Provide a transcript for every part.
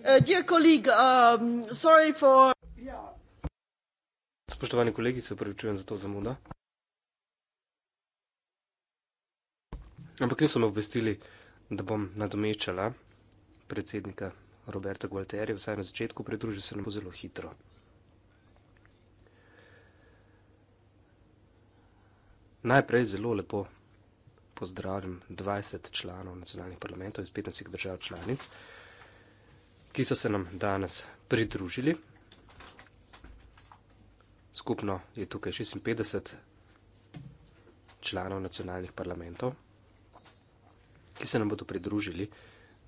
Uh, dear colleague, um, sorry for... yeah. Ja. Spoštovani kolegi, se upravičujem za to zamudo. Ampak niso me obvestili, da bom nadomeščala predsednika Roberta Gualterija, vsaj na začetku, pridružil se nam bo zelo hitro. Najprej zelo lepo pozdravim 20 članov nacionalnih parlamentov iz 15 držav članic. Uh, ki so se nam danes pridružili. Skupno je tukaj 56 članov nacionalnih parlamentov, ki se nam bodo pridružili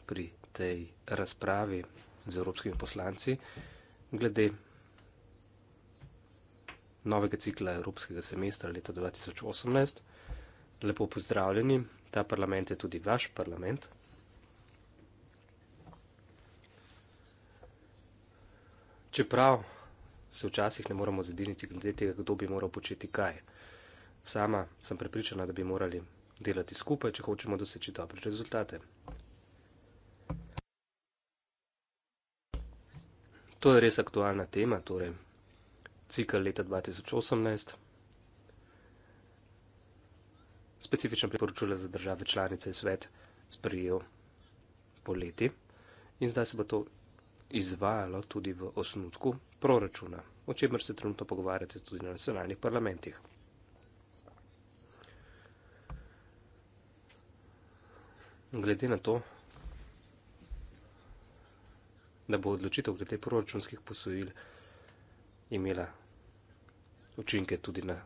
pri tej razpravi z evropskimi poslanci glede novega cikla evropskega semestra leta 2018. Lepo pozdravljeni, ta parlament je tudi vaš parlament. Čeprav se včasih ne moramo zadiniti glede tega, kdo bi moral početi kaj. Sama sem prepričana, da bi morali delati skupaj, če hočemo doseči dobre rezultate. To je res aktualna tema, torej cikl leta 2018. Specifično priporočila za države članice je svet sprijel poleti in zdaj se bo to izvajalo tudi v osnutku proračuna, o čemer se trenutno pogovarjate tudi na nacionalnih parlamentih. Glede na to, da bo odločitev glede proračunskih posojil imela učinke tudi na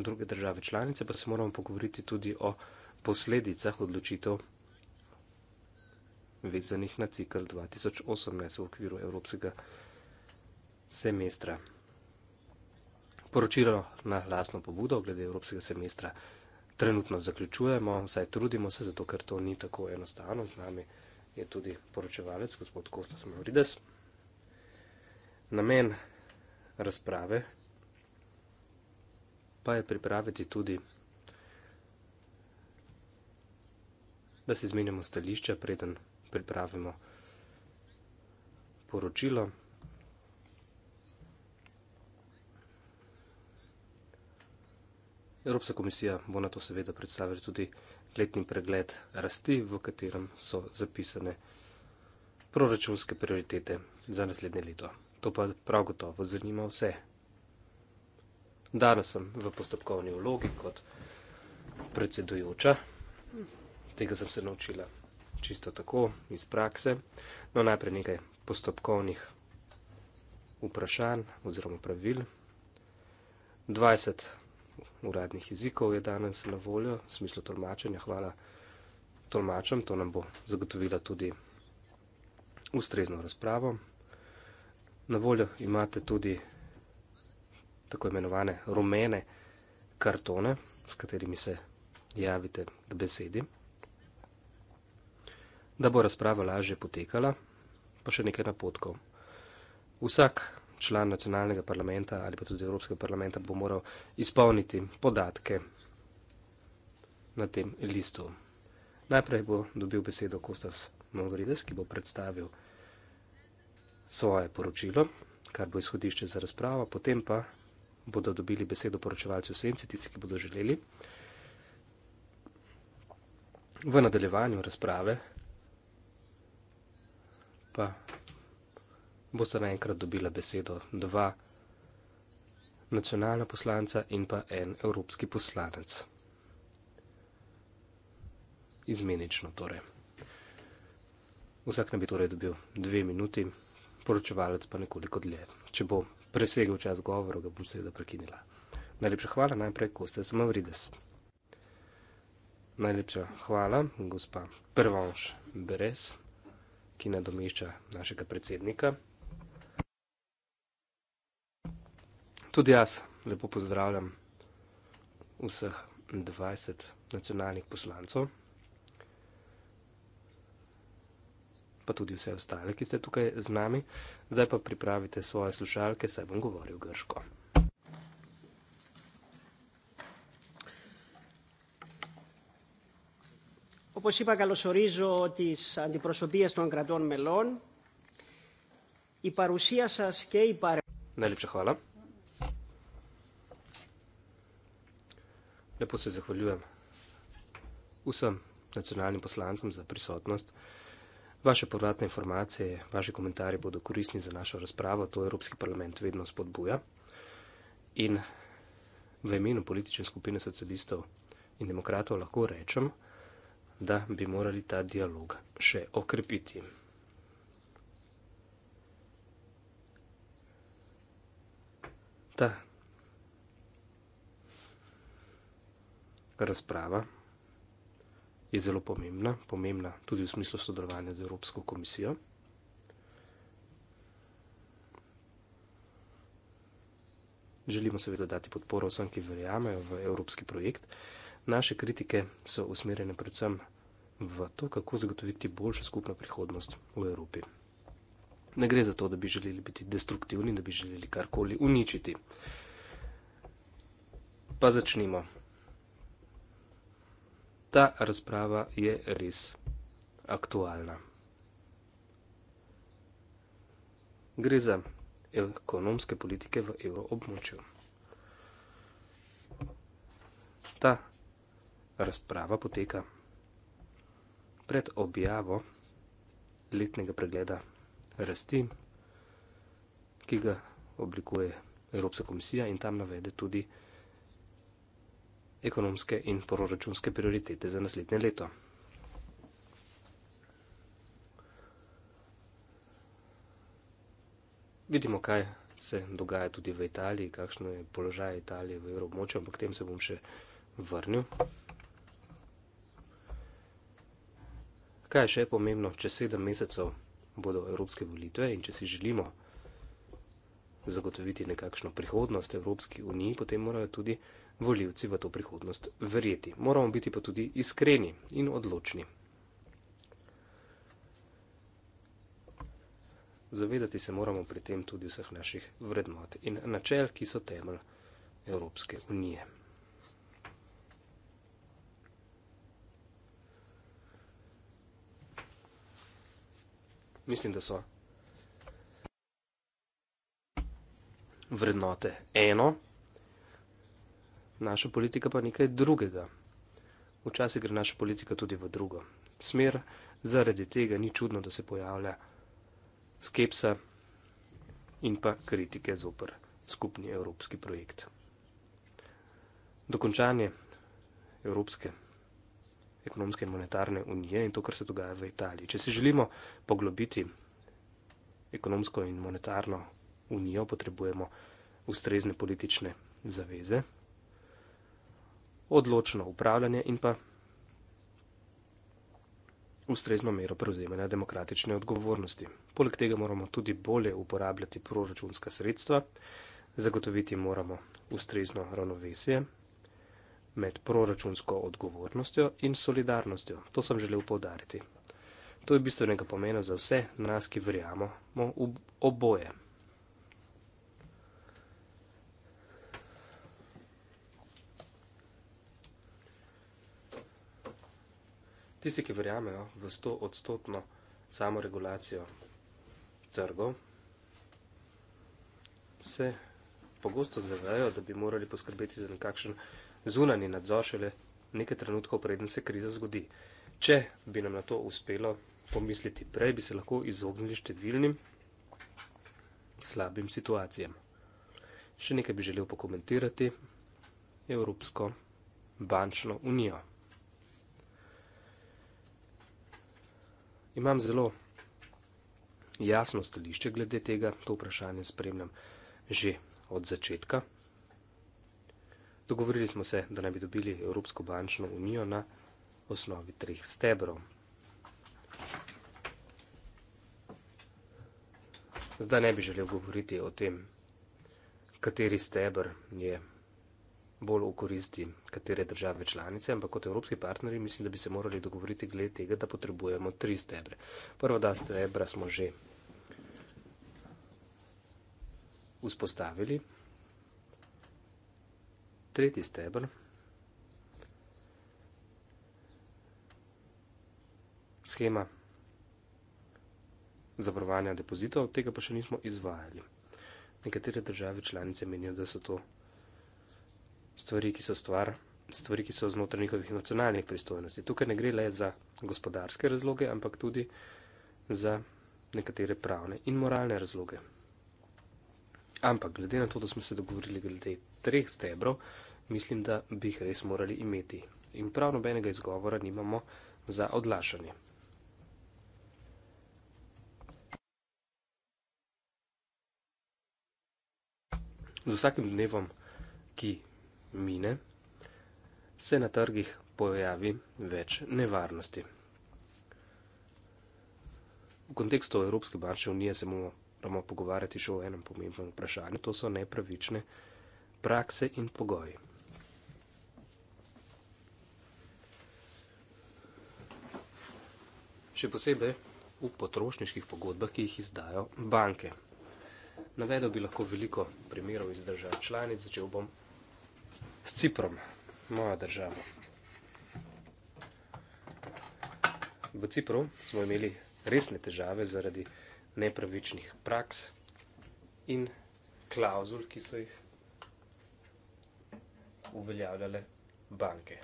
druge države članice, pa se moramo pogovoriti tudi o posledicah odločitev vezanih na cikl 2018 v okviru evropskega semestra. Poročilo na lasno pobudo glede evropskega semestra trenutno zaključujemo, saj trudimo se, zato ker to ni tako enostavno. Z nami je tudi poročevalec, gospod Kostas Morides. Namen razprave pa je pripraviti tudi, da se izmenjamo stališče, preden pripravimo poročilo. Evropska komisija bo na to seveda predstavila tudi letni pregled rasti, v katerem so zapisane proračunske prioritete za naslednje leto. To pa prav gotovo zanima vse. Danes sem v postopkovni vlogi kot predsedujoča. Tega sem se naučila čisto tako iz prakse. No, najprej nekaj postopkovnih vprašanj oziroma pravil. 20 uradnih jezikov je danes na voljo, v smislu tolmačenja, hvala tolmačem, to nam bo zagotovila tudi ustrezno razpravo. Na voljo imate tudi tako imenovane rumene kartone, s katerimi se javite k besedi. Da bo razprava lažje potekala, pa še nekaj napotkov. Vsak član nacionalnega parlamenta ali pa tudi Evropskega parlamenta bo moral izpolniti podatke na tem listu. Najprej bo dobil besedo Kostas Mongorides, ki bo predstavil svoje poročilo, kar bo izhodišče za razpravo, potem pa bodo dobili besedo poročevalci v senci, tisti, ki bodo želeli. V nadaljevanju razprave pa bosta naenkrat dobila besedo dva nacionalna poslanca in pa en evropski poslanec. Izmenično torej. Vsak ne bi torej dobil dve minuti, poročevalec pa nekoliko dlje. Če bo presegel čas govoru, ga bom seveda prekinila. Najlepša hvala, najprej Kostas Mavrides. Najlepša hvala, gospa Prvonš Beres ki nadomešča našega predsednika. Tudi jaz lepo pozdravljam vseh 20 nacionalnih poslancov, pa tudi vse ostale, ki ste tukaj z nami. Zdaj pa pripravite svoje slušalke, saj bom govoril grško. Όπως είπα, καλωσορίζω τις αντιπροσωπείες των κρατών μελών. Η παρουσία σας και η παρέ... Ναι, λείψε χάλα. Lepo se zahvaljujem vsem nacionalnim poslancem za prisotnost. Vaše povratne informacije, vaše komentarje bodo koristni za našo razpravo, to Evropski parlament vedno spodbuja. In v imenu politične skupine socialistov in demokratov lahko rečem, da bi morali ta dialog še okrepiti. Ta razprava je zelo pomembna, pomembna tudi v smislu sodelovanja z Evropsko komisijo. Želimo seveda dati podporo vsem, ki verjamejo v evropski projekt. Naše kritike so usmerjene predvsem v to, kako zagotoviti boljšo skupno prihodnost v Evropi. Ne gre za to, da bi želeli biti destruktivni, da bi želeli karkoli uničiti. Pa začnimo. Ta razprava je res aktualna. Gre za ekonomske politike v evroobmočju. Ta razprava poteka pred objavo letnega pregleda rasti, ki ga oblikuje Evropska komisija in tam navede tudi ekonomske in proračunske prioritete za naslednje leto. Vidimo, kaj se dogaja tudi v Italiji, kakšno je položaj Italije v evroobmočju, ampak tem se bom še vrnil. Kaj je še pomembno, čez sedem mesecev bodo evropske volitve in če si želimo zagotoviti nekakšno prihodnost Evropski uniji, potem morajo tudi voljivci v to prihodnost verjeti. Moramo biti pa tudi iskreni in odločni. Zavedati se moramo pri tem tudi vseh naših vrednot in načel, ki so temelj Evropske unije. Mislim, da so. Vrednote eno, naša politika pa nekaj drugega. Včasih gre naša politika tudi v drugo smer, zaradi tega ni čudno, da se pojavlja skepsa in pa kritike zopr skupni evropski projekt. Dokončanje evropske ekonomske in monetarne unije in to, kar se dogaja v Italiji. Če se želimo poglobiti ekonomsko in monetarno unijo, potrebujemo ustrezne politične zaveze, odločno upravljanje in pa ustrezno mero prevzemanja demokratične odgovornosti. Poleg tega moramo tudi bolje uporabljati proračunska sredstva, zagotoviti moramo ustrezno ravnovesje med proračunsko odgovornostjo in solidarnostjo. To sem želel povdariti. To je bistvenega pomena za vse nas, ki verjamo v oboje. Tisti, ki verjamejo v 100-odstotno samoregulacijo trgov, se pogosto zavedajo, da bi morali poskrbeti za nekakšen zunanji nadzor šele nekaj trenutkov, preden se kriza zgodi. Če bi nam na to uspelo pomisliti prej, bi se lahko izognili številnim slabim situacijam. Še nekaj bi želel pokomentirati. Evropsko bančno unijo. Imam zelo jasno stališče glede tega, to vprašanje spremljam že od začetka. Dogovorili smo se, da naj bi dobili Evropsko bančno unijo na osnovi treh stebrov. Zdaj ne bi želel govoriti o tem, kateri stebr je bolj v koristi katere države članice, ampak kot evropski partneri mislim, da bi se morali dogovoriti glede tega, da potrebujemo tri stebre. Prvo, da stebra smo že vzpostavili tretji stebr. Schema zavarovanja depozitov, tega pa še nismo izvajali. Nekatere države članice menijo, da so to stvari, ki so stvar, stvari, ki so znotraj njihovih nacionalnih pristojnosti. Tukaj ne gre le za gospodarske razloge, ampak tudi za nekatere pravne in moralne razloge. Ampak glede na to, da smo se dogovorili glede treh stebrov, mislim, da bi jih res morali imeti. In prav nobenega izgovora nimamo za odlašanje. Z vsakim dnevom, ki mine, se na trgih pojavi več nevarnosti. V kontekstu Evropske banke unije se moramo pogovarjati še o enem pomembnem vprašanju: to so nepravične prakse in pogoji. še posebej v potrošniških pogodbah, ki jih izdajo banke. Navedel bi lahko veliko primerov iz držav članic, začel bom s Ciprom, moja država. V Cipru smo imeli resne težave zaradi nepravičnih praks in klauzul, ki so jih uveljavljale banke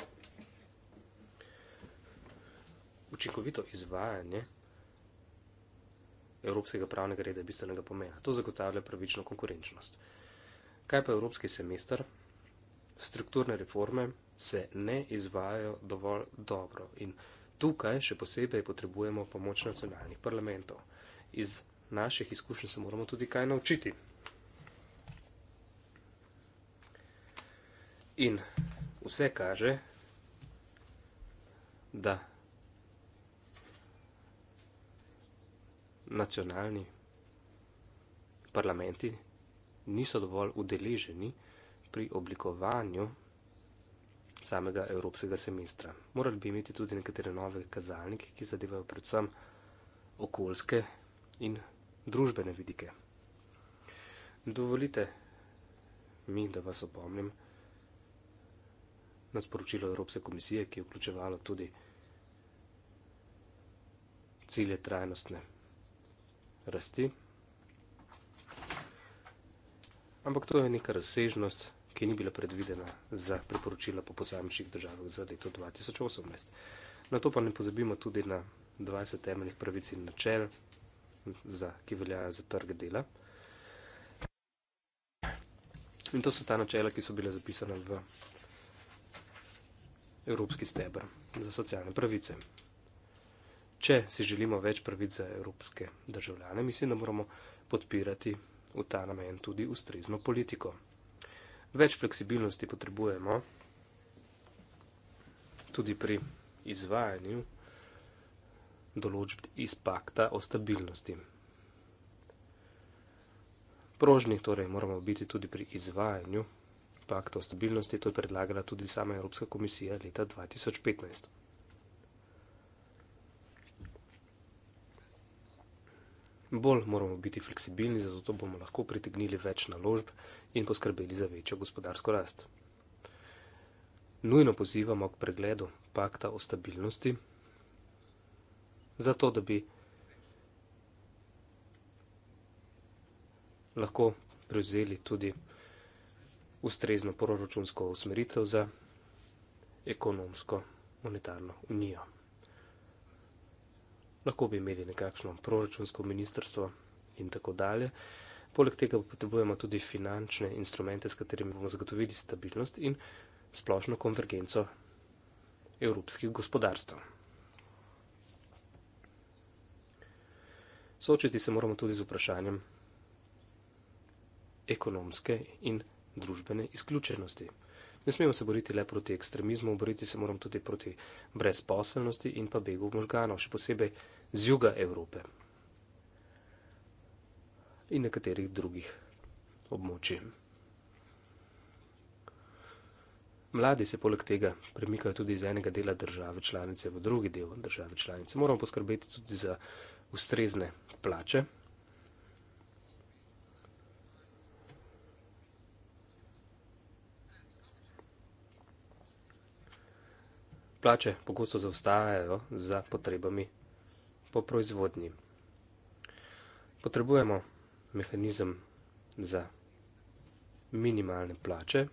učinkovito izvajanje evropskega pravnega reda je bistvenega pomena. To zagotavlja pravično konkurenčnost. Kaj pa evropski semester? Strukturne reforme se ne izvajajo dovolj dobro in tukaj še posebej potrebujemo pomoč nacionalnih parlamentov. Iz naših izkušenj se moramo tudi kaj naučiti. In vse kaže, da nacionalni parlamenti niso dovolj udeleženi pri oblikovanju samega evropskega semestra. Morali bi imeti tudi nekatere nove kazalnike, ki zadevajo predvsem okoljske in družbene vidike. Dovolite mi, da vas opomnim na sporočilo Evropske komisije, ki je vključevalo tudi cilje trajnostne rasti. Ampak to je neka razsežnost, ki ni bila predvidena za priporočila po posamičnih državah za leto 2018. Na to pa ne pozabimo tudi na 20 temeljnih pravic in načel, za, ki veljajo za trg dela. In to so ta načela, ki so bile zapisane v Evropski stebr za socialne pravice če si želimo več pravic za evropske državljane, mislim, da moramo podpirati v ta namen tudi ustrezno politiko. Več fleksibilnosti potrebujemo tudi pri izvajanju določb iz pakta o stabilnosti. Prožni torej moramo biti tudi pri izvajanju pakta o stabilnosti, to je predlagala tudi sama Evropska komisija leta 2015. bolj moramo biti fleksibilni, zato bomo lahko pritegnili več naložb in poskrbeli za večjo gospodarsko rast. Nujno pozivamo k pregledu pakta o stabilnosti, zato da bi lahko prevzeli tudi ustrezno proračunsko usmeritev za ekonomsko monetarno unijo lahko bi imeli nekakšno proračunsko ministrstvo in tako dalje. Poleg tega potrebujemo tudi finančne instrumente, s katerimi bomo zagotovili stabilnost in splošno konvergenco evropskih gospodarstv. Soočiti se moramo tudi z vprašanjem ekonomske in družbene izključenosti. Ne smemo se boriti le proti ekstremizmu, boriti se moramo tudi proti brezposelnosti in pa begu možganov, še posebej z juga Evrope in nekaterih drugih območij. Mladi se poleg tega premikajo tudi iz enega dela države članice v drugi del države članice. Moramo poskrbeti tudi za ustrezne plače. Plače pogosto zaostajajo za potrebami po proizvodnji. Potrebujemo mehanizem za minimalne plače,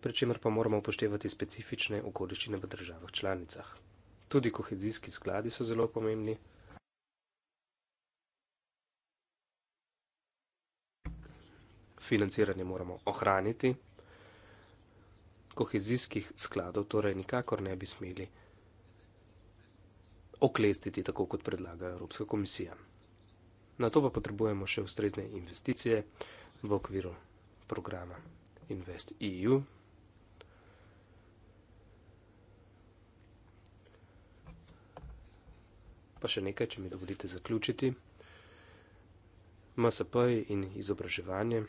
pri čemer pa moramo upoštevati specifične okoliščine v državah članicah. Tudi kohezijski skladi so zelo pomembni. Financiranje moramo ohraniti. Kohezijskih skladov torej nikakor ne bi smeli izgledati oklestiti, tako kot predlaga Evropska komisija. Na to pa potrebujemo še ustrezne investicije v okviru programa Invest EU. Pa še nekaj, če mi dovolite zaključiti. MSP in izobraževanje.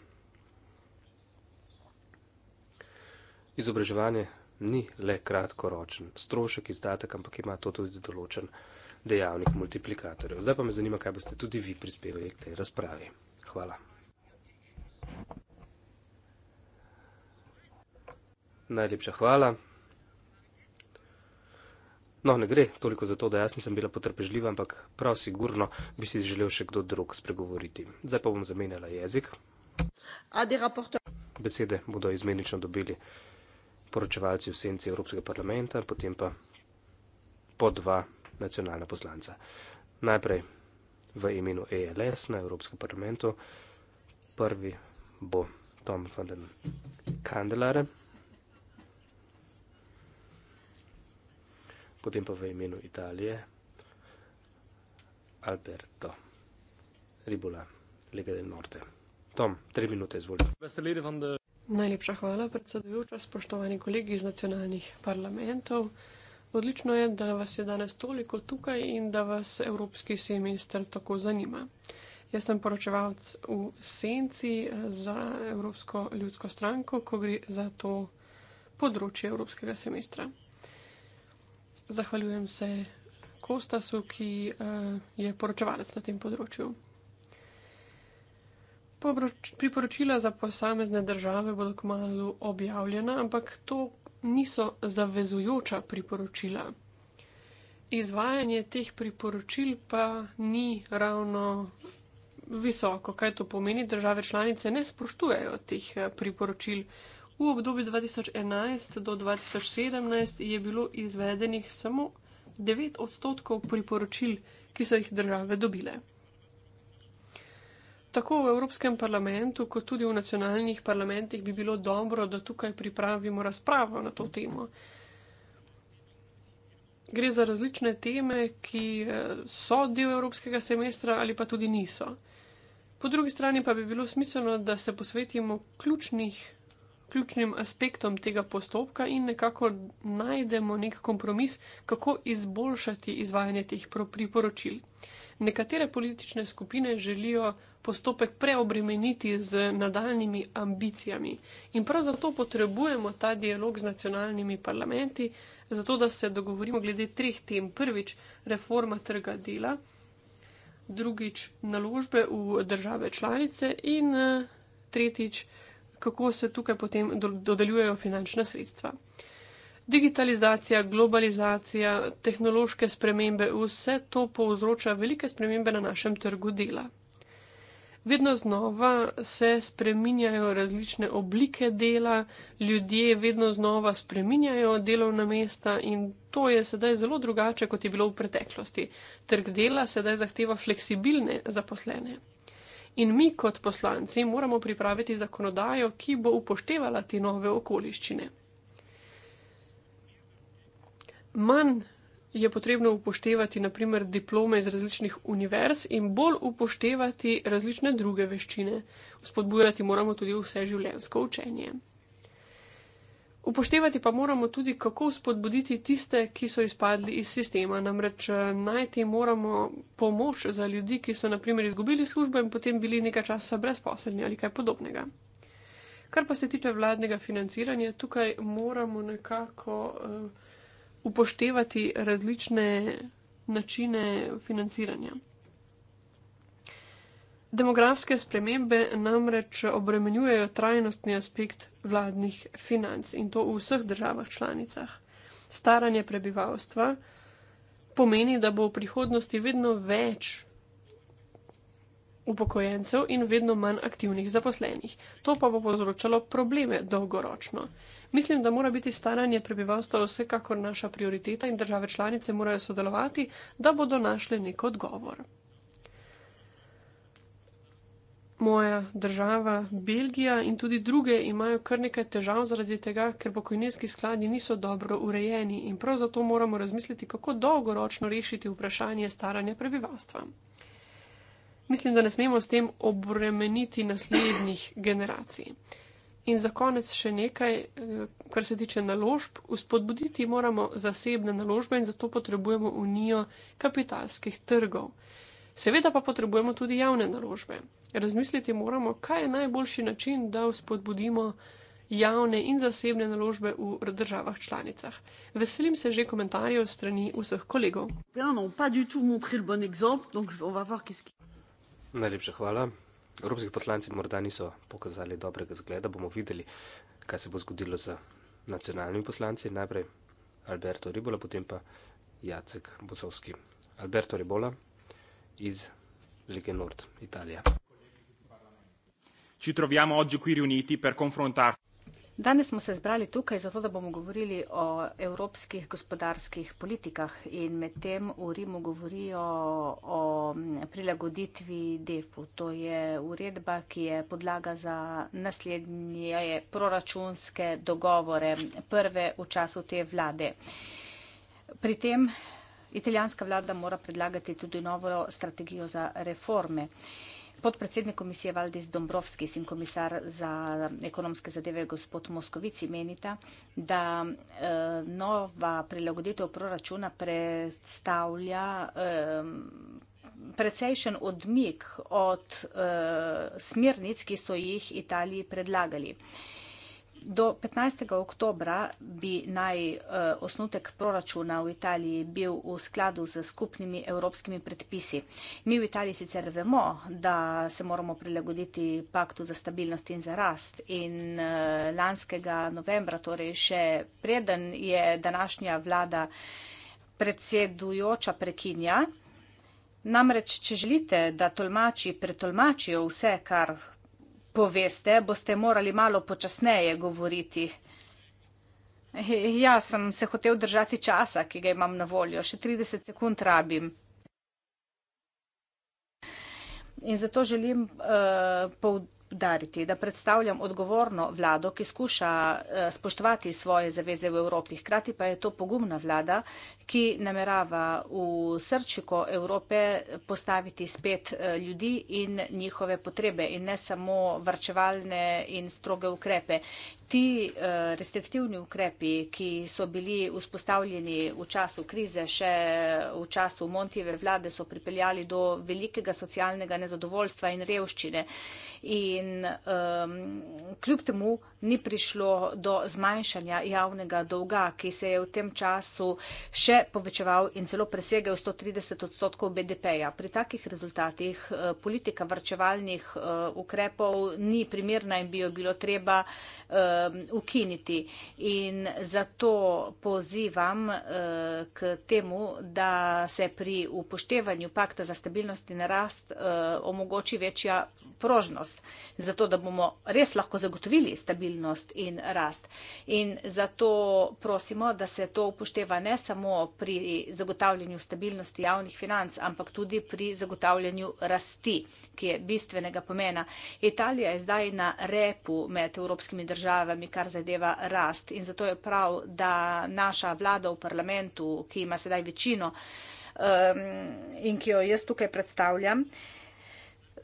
Izobraževanje ni le kratkoročen strošek izdatek, ampak ima to tudi določen dejavnik multiplikatorjev. Zdaj pa me zanima, kaj boste tudi vi prispevali k tej razpravi. Hvala. Najlepša hvala. No, ne gre toliko za to, da jaz nisem bila potrpežljiva, ampak prav sigurno bi si želel še kdo drug spregovoriti. Zdaj pa bom zamenjala jezik. Besede bodo izmenično dobili poročevalci v senci Evropskega parlamenta, potem pa po dva nacionalna poslanca. Najprej v imenu ELS na Evropskem parlamentu, prvi bo Tom van den Kandelare, potem pa v imenu Italije Alberto Ribola, Lega del Norte. Tom, tri minute, izvolite. Najlepša hvala, predsedujoča, spoštovani kolegi iz nacionalnih parlamentov. Odlično je, da vas je danes toliko tukaj in da vas Evropski semester tako zanima. Jaz sem poročevalc v senci za Evropsko ljudsko stranko, ko gre za to področje Evropskega semestra. Zahvaljujem se Kostasu, ki eh, je poročevalec na tem področju. Priporočila za posamezne države bodo kmalo objavljena, ampak to niso zavezujoča priporočila. Izvajanje teh priporočil pa ni ravno visoko, kaj to pomeni. Države članice ne spoštujejo teh eh, priporočil. V obdobju 2011 do 2017 je bilo izvedenih samo 9 odstotkov priporočil, ki so jih države dobile tako v Evropskem parlamentu, kot tudi v nacionalnih parlamentih bi bilo dobro, da tukaj pripravimo razpravo na to temo. Gre za različne teme, ki eh, so del Evropskega semestra ali pa tudi niso. Po drugi strani pa bi bilo smiselno, da se posvetimo ključnih, ključnim aspektom tega postopka in nekako najdemo nek kompromis, kako izboljšati izvajanje teh priporočil. Nekatere politične skupine želijo postopek preobremeniti z nadaljnimi ambicijami. In prav zato potrebujemo ta dialog z nacionalnimi parlamenti, zato da se dogovorimo glede treh tem. Prvič, reforma trga dela, drugič, naložbe v države članice in eh, tretjič, kako se tukaj potem dodeljujejo finančna sredstva. Digitalizacija, globalizacija, tehnološke spremembe, vse to povzroča velike spremembe na našem trgu dela. Vedno znova se spreminjajo različne oblike dela, ljudje vedno znova spreminjajo delovna mesta in to je sedaj zelo drugače, kot je bilo v preteklosti. Trg dela sedaj zahteva fleksibilne zaposlene. In mi kot poslanci moramo pripraviti zakonodajo, ki bo upoštevala te nove okoliščine. Manj je potrebno upoštevati naprimer diplome iz različnih univerz in bolj upoštevati različne druge veščine. Spodbujati moramo tudi vse življensko učenje. Upoštevati pa moramo tudi, kako spodbuditi tiste, ki so izpadli iz sistema. Namreč eh, najti moramo pomoč za ljudi, ki so naprimer izgubili službo in potem bili nekaj časa brezposelni ali kaj podobnega. Kar pa se tiče vladnega financiranja, tukaj moramo nekako. Uh, upoštevati različne načine financiranja. Demografske spremembe namreč obremenjujejo trajnostni aspekt vladnih financ in to v vseh državah članicah. Staranje prebivalstva pomeni, da bo v prihodnosti vedno več upokojencev in vedno manj aktivnih zaposlenih. To pa bo povzročalo probleme dolgoročno. Mislim, da mora biti staranje prebivalstva vsekakor naša prioriteta in države članice morajo sodelovati, da bodo našli nek odgovor. Moja država, Belgija in tudi druge imajo kar nekaj težav zaradi tega, ker pokojninski skladi niso dobro urejeni in prav zato moramo razmisliti, kako dolgoročno rešiti vprašanje staranja prebivalstva. Mislim, da ne smemo s tem obremeniti naslednjih generacij. In za konec še nekaj, eh, kar se tiče naložb. Vzpodbuditi moramo zasebne naložbe in zato potrebujemo unijo kapitalskih trgov. Seveda pa potrebujemo tudi javne naložbe. Razmisliti moramo, kaj je najboljši način, da vzpodbudimo javne in zasebne naložbe v državah članicah. Veselim se že komentarjev strani vseh kolegov. Najlepša hvala. Evropski poslanci morda niso pokazali dobrega zgleda. Bomo videli, kaj se bo zgodilo z nacionalnimi poslanci. Najprej Alberto Ribola, potem pa Jacek Bosovski. Alberto Ribola iz Lige Nord, Italija. Ci troviamo oggi qui riuniti per confrontarci. Danes smo se zbrali tukaj zato, da bomo govorili o evropskih gospodarskih politikah in med tem v Rimu govorijo o prilagoditvi DEF-u. To je uredba, ki je podlaga za naslednje proračunske dogovore, prve v času te vlade. Pri tem italijanska vlada mora predlagati tudi novo strategijo za reforme. Podpredsednik komisije Valdis Dombrovskis in komisar za ekonomske zadeve gospod Moskovici menita, da eh, nova prilagoditev proračuna predstavlja eh, precejšen odmik od eh, smernic, ki so jih Italiji predlagali. Eh, Do 15. oktobra bi naj eh, osnutek proračuna v Italiji bil v skladu z skupnimi evropskimi predpisi. Mi v Italiji sicer vemo, da se moramo prilagoditi paktu za stabilnost in za rast in eh, lanskega novembra, torej še preden je današnja vlada predsedujoča prekinja. Namreč, če želite, da tolmači pretolmačijo vse, kar poveste, boste morali malo počasneje govoriti. Ja, sem se hotel držati časa, ki ga imam na voljo. Še 30 sekund rabim. In zato želim uh, eh, povdariti. Dariti, da predstavljam odgovorno vlado, ki skuša eh, spoštovati svoje zaveze v Evropi. Hkrati pa je to pogumna vlada, ki namerava v srčiko Evrope postaviti spet eh, ljudi in njihove potrebe in ne samo vrčevalne in stroge ukrepe. Ti eh, restriktivni ukrepi, ki so bili vzpostavljeni v času krize, še v času Montijeve vlade, so pripeljali do velikega socialnega nezadovoljstva in revščine. In um, kljub temu ni prišlo do zmanjšanja javnega dolga, ki se je v tem času še povečeval in celo presegel 130 odstotkov BDP-ja. Pri takih rezultatih eh, politika vrčevalnih uh, eh, ukrepov ni primerna in bi jo bilo treba. Uh, Eh, ukiniti. In zato pozivam eh, k temu, da se pri upoštevanju pakta za stabilnost in rast eh, omogoči večja prožnost, zato da bomo res lahko zagotovili stabilnost in rast. In zato prosimo, da se to upošteva ne samo pri zagotavljanju stabilnosti javnih financ, ampak tudi pri zagotavljanju rasti, ki je bistvenega pomena. Italija je zdaj na repu med evropskimi državami težavami, kar zadeva rast. In zato je prav, da naša vlada v parlamentu, ki ima sedaj večino um, in ki jo jaz tukaj predstavljam, uh,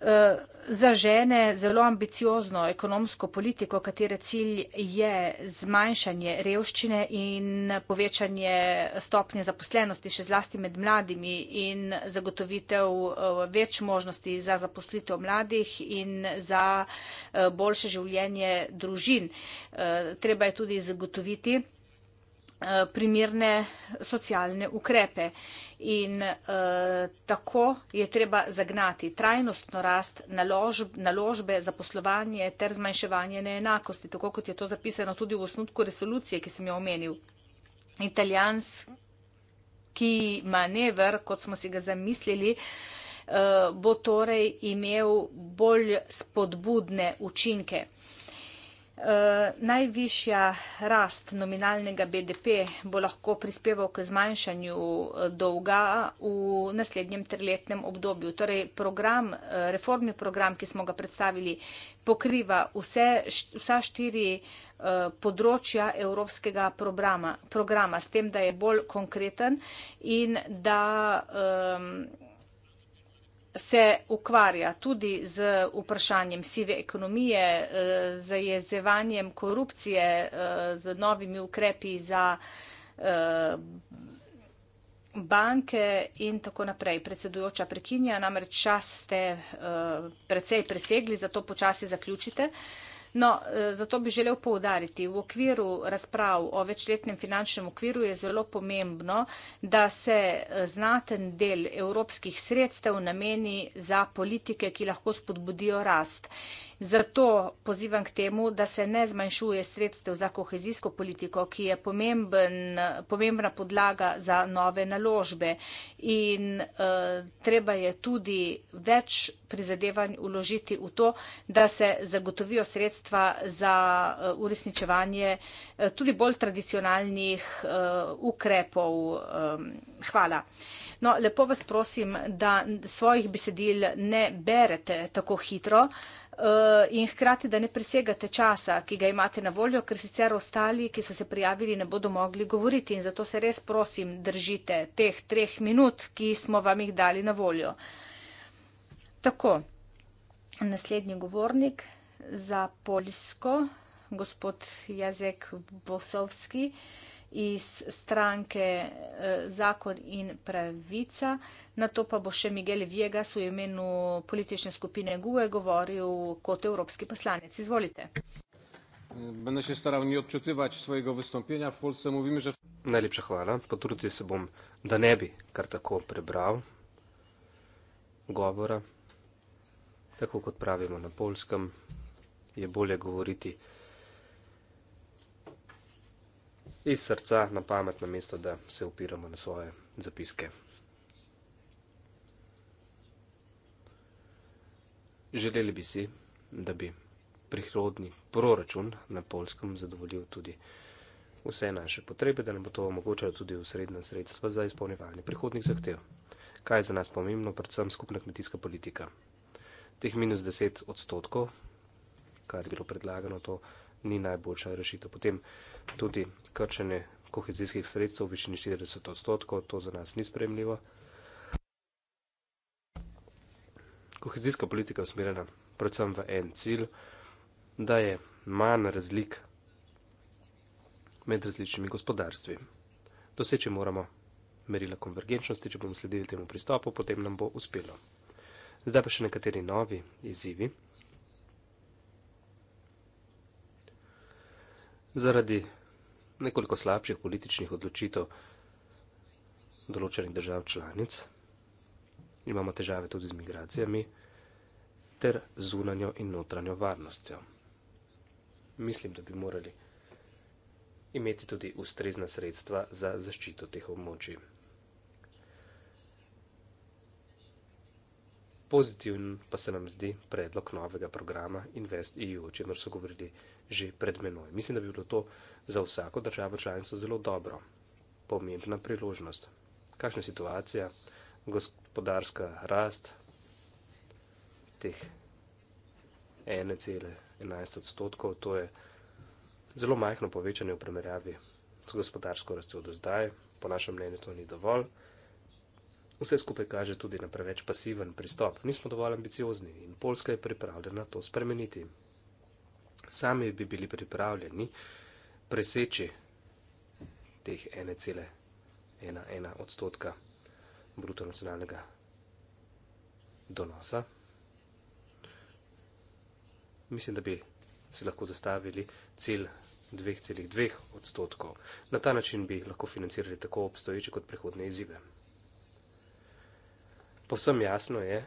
Eh, zažene zelo ambiciozno ekonomsko politiko, katere cilj je zmanjšanje revščine in povečanje stopnje zaposlenosti, še zlasti med mladimi in zagotovitev eh, več možnosti za zaposlitev mladih in za eh, boljše življenje družin. Treba je tudi zagotoviti, Eh, primerne socialne ukrepe. In uh, tako je treba zagnati trajnostno rast naložb, naložbe za poslovanje ter zmanjševanje neenakosti, tako kot je to zapisano tudi v osnutku resolucije, ki sem jo omenil. Italijanski manever, kot smo si ga zamislili, uh, bo torej imel bolj spodbudne učinke. Uh, Eh, najvišja rast nominalnega BDP bo lahko prispeval k zmanjšanju eh, dolga v naslednjem triletnem obdobju. Torej, program, eh, reformni program, ki smo ga predstavili, pokriva vse, vsa štiri področja evropskega programa, programa s tem, da je bolj konkreten in da um, se ukvarja tudi z vprašanjem sive ekonomije, eh, z jezevanjem korupcije, eh, z novimi ukrepi za eh, banke in tako naprej. Predsedujoča prekinja, namreč čas ste precej presegli, zato počasi zaključite. No, e, zato bi želel poudariti, v okviru razprav o večletnem finančnem okviru je zelo pomembno, da se e, znaten del evropskih sredstev nameni za politike, ki lahko spodbudijo rast. Zato pozivam k temu, da se ne zmanjšuje sredstev za kohezijsko politiko, ki je pomemben, pomembna podlaga za nove naložbe. In uh, treba je tudi več prizadevanj uložiti v to, da se zagotovijo sredstva za uh, uresničevanje uh, tudi bolj tradicionalnih uh, ukrepov. Um, hvala. No, lepo vas prosim, da svojih besedil ne berete tako hitro. Uh, Eh, in hkrati, da ne presegate časa, ki ga imate na voljo, ker sicer ostali, ki so se prijavili, ne bodo mogli govoriti. In zato se res prosim, držite teh treh minut, ki smo vam jih dali na voljo. Tako, naslednji govornik za Poljsko, gospod Jazek Bosovski. Uh, iz stranke eh, Zakon in pravica. Na to pa bo še Miguel Viegas v imenu politične skupine GUE govoril kot evropski poslanec. Izvolite. Bene še staral ni občutivač svojega vstopenja v Polsce, mu vim, že... Najlepša hvala, potrudil se bom, da ne bi kar tako prebral govora, tako kot pravimo na polskem, je bolje govoriti vstopenja. iz srca na pamet, na mesto, da se upiramo na svoje zapiske. Želeli bi si, da bi prihodni proračun na polskem zadovoljil tudi vse naše potrebe, da nam bo to omogočalo tudi usredna sredstva za izpolnjevanje prihodnih zahtev. Kaj je za nas pomembno, predvsem skupna kmetijska politika? Teh minus 10 odstotkov, kar je bilo predlagano, to je ni najboljša rešitev. Potem tudi krčenje kohezijskih sredstev v višini 40 odstotkov, to za nas ni spremljivo. Kohezijska politika je usmerjena predvsem v en cilj, da je manj razlik med različnimi gospodarstvi. Doseči moramo merila konvergenčnosti, če bomo sledili temu pristopu, potem nam bo uspelo. Zdaj pa še nekateri novi izzivi. zaradi nekoliko slabših političnih odločitev določenih držav članic, imamo težave tudi z migracijami ter zunanjo in notranjo varnostjo. Mislim, da bi morali imeti tudi ustrezna sredstva za zaščito teh območij. Pozitivn pa se nam zdi predlog novega programa InvestEU, o čemer so govorili že pred menoj. Mislim, da bi bilo to za vsako državo članico zelo dobro. Pomembna priložnost. Kakšna je situacija, gospodarska rast teh 1,11 odstotkov, to je zelo majhno povečanje v primerjavi s gospodarsko rastjo do zdaj. Po našem mnenju to ni dovolj. Vse skupaj kaže tudi na preveč pasiven pristop. Nismo dovolj ambiciozni in Poljska je pripravljena to spremeniti sami bi bili pripravljeni preseči teh 1,11 odstotka bruto nacionalnega donosa. Mislim, da bi si lahko zastavili cilj 2,2 odstotkov. Na ta način bi lahko financirali tako obstoječe kot prihodne izzive. Povsem jasno je,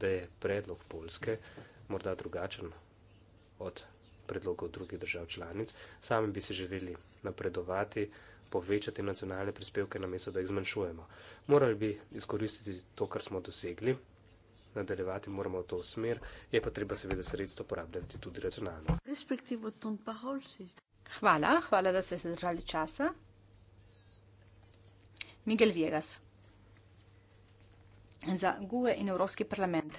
da je predlog Polske morda drugačen od predlogov drugih držav članic. Sami bi si želeli napredovati, povečati nacionalne prispevke, namesto da jih zmanjšujemo. Morali bi izkoristiti to, kar smo dosegli, nadaljevati moramo v to smer, je pa treba seveda sredstvo porabljati tudi racionalno. Hvala, hvala, da ste se držali časa. Miguel Viegas. Za GUE in Evropski parlament.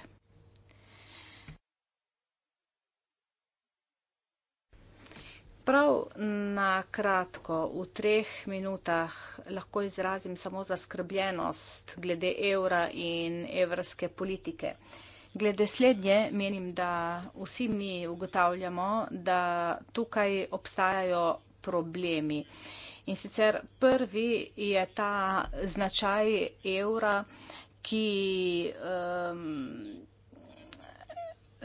prav na kratko, v treh minutah, lahko izrazim samo zaskrbljenost glede evra in evrske politike. Glede slednje, menim, da vsi mi ugotavljamo, da tukaj obstajajo problemi. In sicer prvi je ta značaj evra, ki. Um,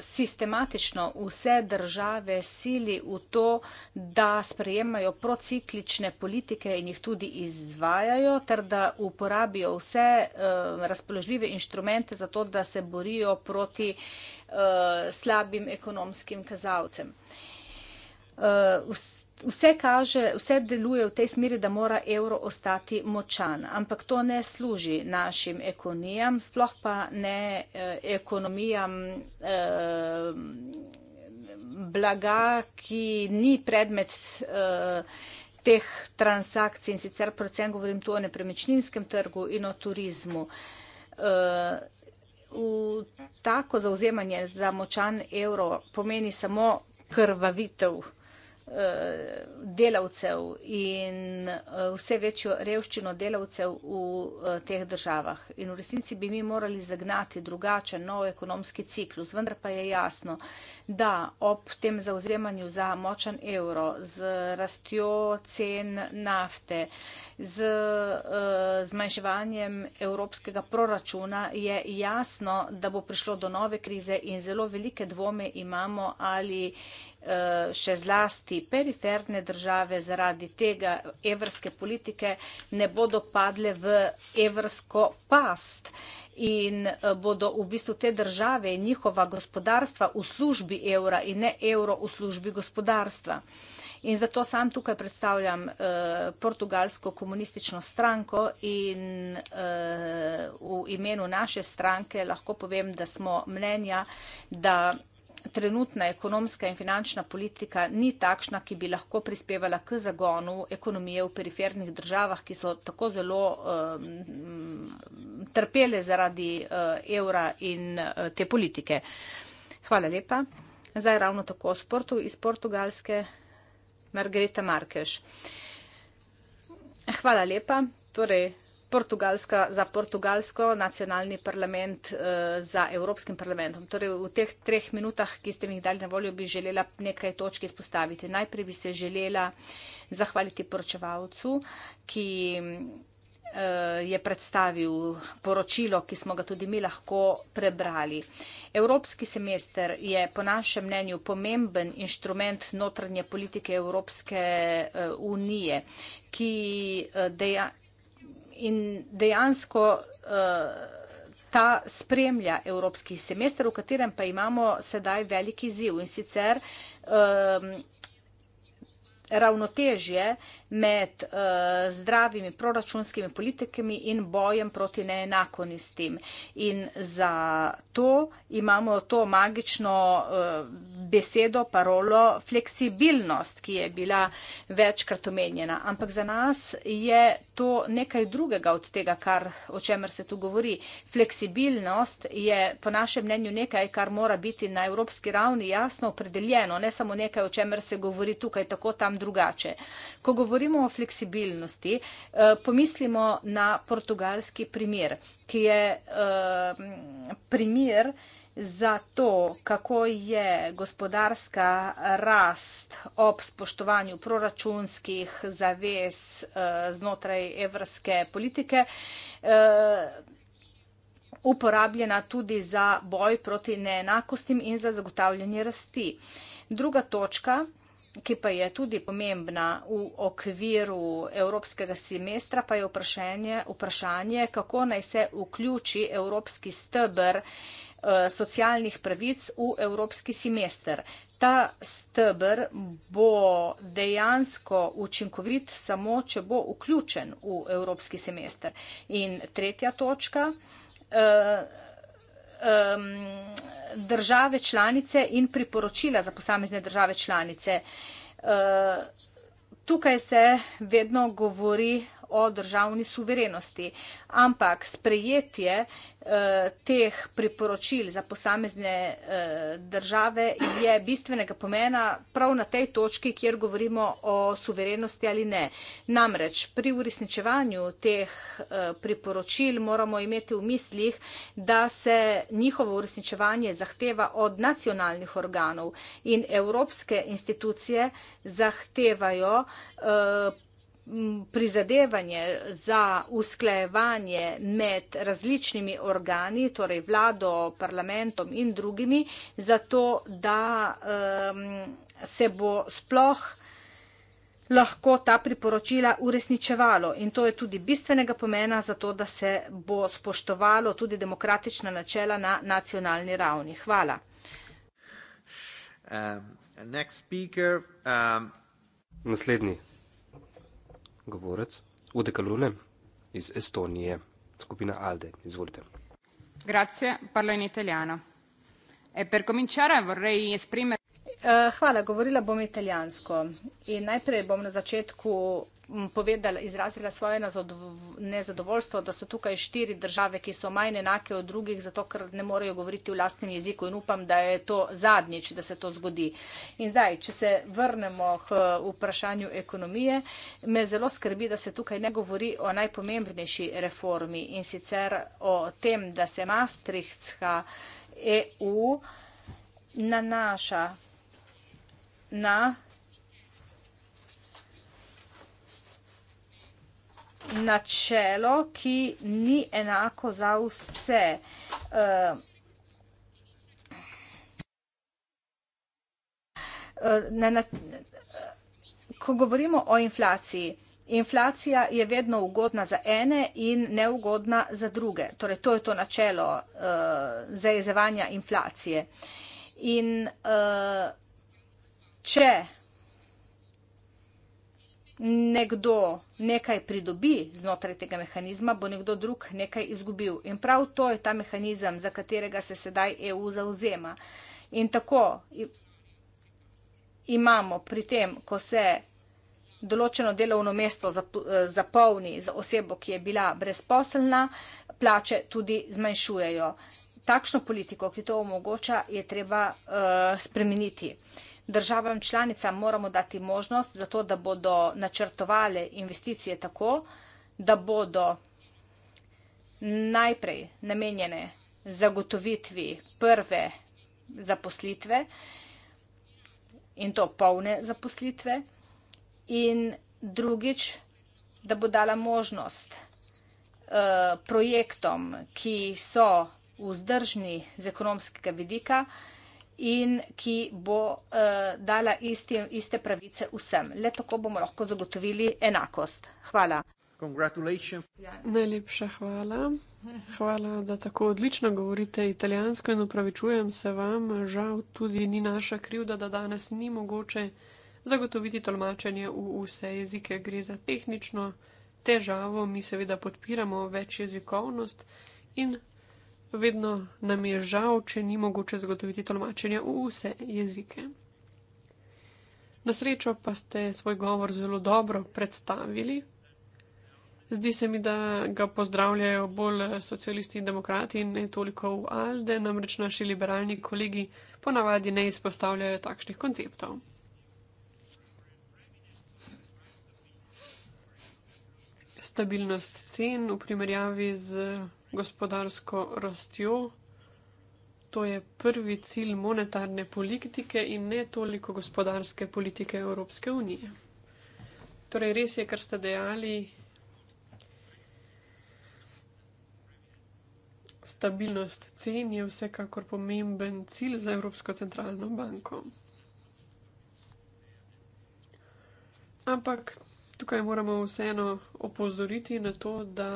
sistematično vse države sili v to, da sprejemajo prociklične politike in jih tudi izvajajo, ter da uporabijo vse uh, razpoložljive inštrumente za to, da se borijo proti uh, slabim ekonomskim kazalcem. Uh, Vse kaže, vse deluje v tej smeri, da mora evro ostati močan, ampak to ne služi našim ekonomijam, sploh pa ne eh, ekonomijam eh, blaga, ki ni predmet eh, teh transakcij in sicer predvsem govorim tu o nepremičninskem trgu in o turizmu. Eh, v tako zauzemanje za močan evro pomeni samo krvavitev. Eh, delavcev in eh, vse večjo revščino delavcev v eh, teh državah. In v resnici bi mi morali zagnati drugačen nov ekonomski ciklus, vendar pa je jasno, da ob tem zauzemanju za močan evro, z rastjo cen nafte, z zmanjševanjem evropskega proračuna je jasno, da bo prišlo do nove krize in zelo velike dvome imamo ali Eh, še zlasti periferne države zaradi tega evrske politike ne bodo padle v evrsko past in eh, bodo v bistvu te države in njihova gospodarstva v službi evra in ne evro v službi gospodarstva. In zato sam tukaj predstavljam eh, portugalsko komunistično stranko in eh, v imenu naše stranke lahko povem, da smo mnenja, da trenutna ekonomska in finančna politika ni takšna, ki bi lahko prispevala k zagonu ekonomije v perifernih državah, ki so tako zelo um, trpele zaradi uh, evra in uh, te politike. Hvala lepa. Zdaj ravno tako o sportu iz Portugalske. Margareta Markeš. Hvala lepa. Torej, Portugalska za Portugalsko, nacionalni parlament uh, za Evropskim parlamentom. Torej, v teh treh minutah, ki ste mi jih dali na voljo, bi želela nekaj točk izpostaviti. Najprej bi se želela zahvaliti poročevalcu, ki eh, je predstavil poročilo, ki smo ga tudi mi lahko prebrali. Evropski semester je po našem mnenju pomemben inštrument notranje politike Evropske eh, unije, ki dejansko in dejansko eh, ta spremlja evropski semester, v katerem pa imamo sedaj veliki ziv in sicer eh, ravnotežje med uh, zdravimi proračunskimi politikami in bojem proti neenakonistim. In za to imamo to magično uh, besedo, parolo, fleksibilnost, ki je bila večkrat omenjena. Ampak za nas je to nekaj drugega od tega, kar, o čemer se tu govori. Fleksibilnost je po našem mnenju nekaj, kar mora biti na evropski ravni jasno opredeljeno, ne samo nekaj, o čemer se govori tukaj tako tam drugače. Ko govorimo o fleksibilnosti, eh, pomislimo na portugalski primer, ki je eh, primer za to, kako je gospodarska rast ob spoštovanju proračunskih zavez eh, znotraj evrske politike uporabljena tudi za boj proti neenakostim in za zagotavljanje rasti. Druga točka ki pa je tudi pomembna v okviru evropskega semestra, pa je vprašanje, vprašanje kako naj se vključi evropski stebr eh, socialnih pravic v evropski semester. Ta stebr bo dejansko učinkovit samo, če bo vključen v evropski semester. In tretja točka. Uh, um, države članice in priporočila za posamezne države članice. Uh, tukaj se vedno govori o državni suverenosti. Ampak sprejetje eh, teh priporočil za posamezne eh, države je bistvenega pomena prav na tej točki, kjer govorimo o suverenosti ali ne. Namreč pri uresničevanju teh eh, priporočil moramo imeti v mislih, da se njihovo uresničevanje zahteva od nacionalnih organov in evropske institucije zahtevajo prizadevanje za usklajevanje med različnimi organi, torej vlado, parlamentom in drugimi, zato da um, se bo sploh lahko ta priporočila uresničevalo. In to je tudi bistvenega pomena za to, da se bo spoštovalo tudi demokratična načela na nacionalni ravni. Hvala. Um, speaker, um... Naslednji govorec Udeka Lune iz Estonije, skupina Alde. Izvolite. Grazie, parlo in italijano. E per cominciare vorrei esprimere. Uh, hvala, govorila bom italijansko. In najprej bom na začetku povedala, izrazila svoje nezadovoljstvo, da so tukaj štiri države, ki so manj enake od drugih, zato ker ne morejo govoriti v lastnem jeziku in upam, da je to zadnjič, da se to zgodi. In zdaj, če se vrnemo k uh, vprašanju ekonomije, me zelo skrbi, da se tukaj ne govori o najpomembnejši reformi in sicer o tem, da se Maastrichtska EU nanaša na načelo, ki ni enako za vse. Eh, na, na, ko govorimo o inflaciji, inflacija je vedno ugodna za ene in neugodna za druge. Torej, to je to načelo uh, eh, zajezevanja inflacije. In uh, če nekdo nekaj pridobi znotraj tega mehanizma, bo nekdo drug nekaj izgubil. In prav to je ta mehanizem, za katerega se sedaj EU zauzema. In tako imamo pri tem, ko se določeno delovno mesto eh, zapolni za osebo, ki je bila brezposelna, plače tudi zmanjšujejo. Takšno politiko, ki to omogoča, je treba uh, spremeniti. Uh, Državam članicam moramo dati možnost za to, da bodo načrtovali investicije tako, da bodo najprej namenjene zagotovitvi prve zaposlitve in to polne zaposlitve in drugič, da bo dala možnost eh, projektom, ki so vzdržni z ekonomskega vidika, in ki bo uh, dala isti, iste pravice vsem. Le tako bomo lahko zagotovili enakost. Hvala. Najlepša hvala. Hvala, da tako odlično govorite italijansko in upravičujem se vam. Žal tudi ni naša krivda, da danes ni mogoče zagotoviti tolmačenje v vse jezike. Gre za tehnično težavo. Mi seveda podpiramo večjezikovnost in vedno nam je žal, če ni mogoče zagotoviti tolmačenja v vse jezike. Na srečo pa ste svoj govor zelo dobro predstavili. Zdi se mi, da ga pozdravljajo bolj socialisti in demokrati in ne toliko v Alde, namreč naši liberalni kolegi ponavadi ne izpostavljajo takšnih konceptov. Stabilnost cen v primerjavi z gospodarsko rastjo. To je prvi cilj monetarne politike in ne toliko gospodarske politike Evropske unije. Torej, res je, kar ste dejali, stabilnost cen je vsekakor pomemben cilj za Evropsko centralno banko. Ampak tukaj moramo vseeno opozoriti na to, da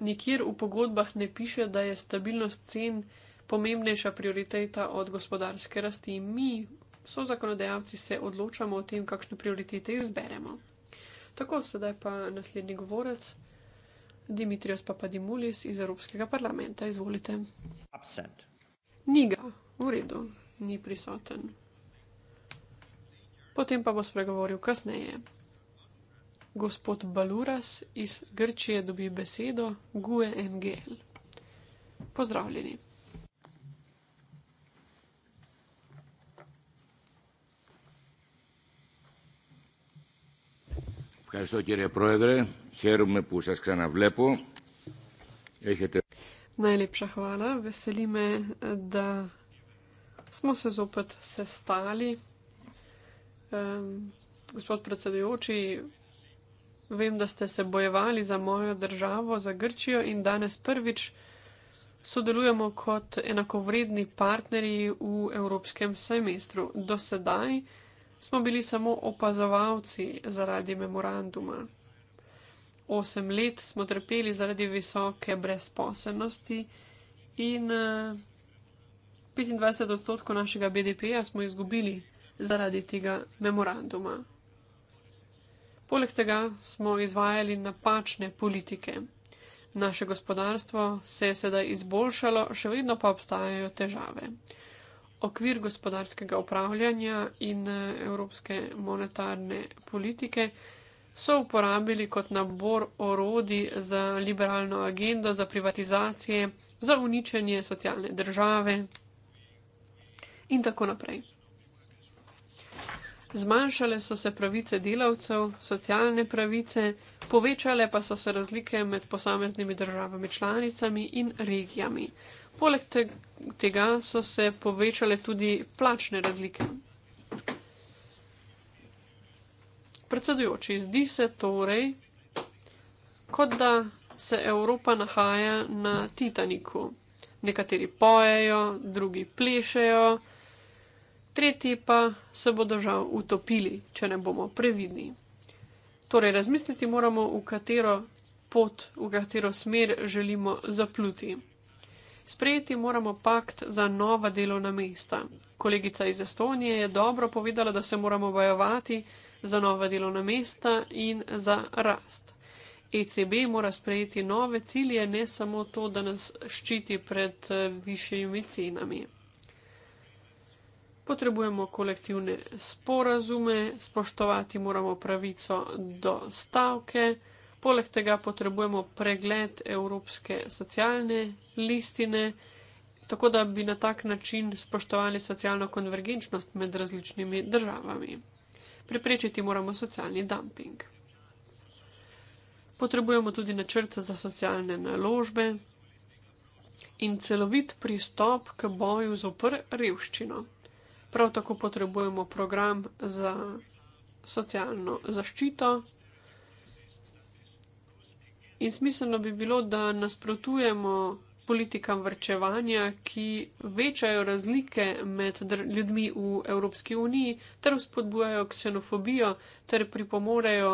nikjer v pogodbah ne piše, da je stabilnost cen pomembnejša prioriteta od gospodarske rasti. Mi, so zakonodajalci, se odločamo o tem, kakšne prioritete izberemo. Tako, sedaj pa naslednji govorec, Dimitrios Papadimulis iz Evropskega parlamenta. Izvolite. Absent. Ni ga, v redu, ni prisoten. Potem pa bo spregovoril kasneje gospod Baluras iz Grčije dobi besedo Gue Engel. Pozdravljeni. Ευχαριστώ κύριε Πρόεδρε. Χαίρομαι που σας ξαναβλέπω. Έχετε... Najlepša hvala, veseli me, da smo se zopet sestali. Um, gospod predsedujoči, Vem, da ste se bojevali za mojo državo, za Grčijo in danes prvič sodelujemo kot enakovredni partnerji v evropskem semestru. Do sedaj smo bili samo opazovalci zaradi memoranduma. Osem let smo trpeli zaradi visoke brezposelnosti in 25 eh, odstotkov našega BDP-ja smo izgubili zaradi tega memoranduma. Poleg tega smo izvajali napačne politike. Naše gospodarstvo se je sedaj izboljšalo, še vedno pa obstajajo težave. Okvir gospodarskega upravljanja in eh, evropske monetarne politike so uporabili kot nabor orodi za liberalno agendo, za privatizacije, za uničenje socialne države in tako naprej. Zmanjšale so se pravice delavcev, socialne pravice, povečale pa so se razlike med posameznimi državami članicami in regijami. Poleg tega so se povečale tudi plačne razlike. Predsedujoči, zdi se torej, kot da se Evropa nahaja na Titaniku. Nekateri pojejo, drugi plešejo tretji pa se bodo žal utopili, če ne bomo previdni. Torej, razmisliti moramo, v katero pot, v katero smer želimo zapluti. Sprejeti moramo pakt za nova delovna mesta. Kolegica iz Estonije je dobro povedala, da se moramo bojevati za nova delovna mesta in za rast. ECB mora sprejeti nove cilje, ne samo to, da nas ščiti pred eh, višjimi cenami potrebujemo kolektivne sporazume, spoštovati moramo pravico do stavke, poleg tega potrebujemo pregled Evropske socialne listine, tako da bi na tak način spoštovali socialno konvergenčnost med različnimi državami. Preprečiti moramo socialni dumping. Potrebujemo tudi načrt za socialne naložbe in celovit pristop k boju z opr revščino. Prav tako potrebujemo program za socialno zaščito. In smiselno bi bilo, da nasprotujemo politikam vrčevanja, ki večajo razlike med ljudmi v Evropski uniji ter spodbujajo ksenofobijo ter pripomorejo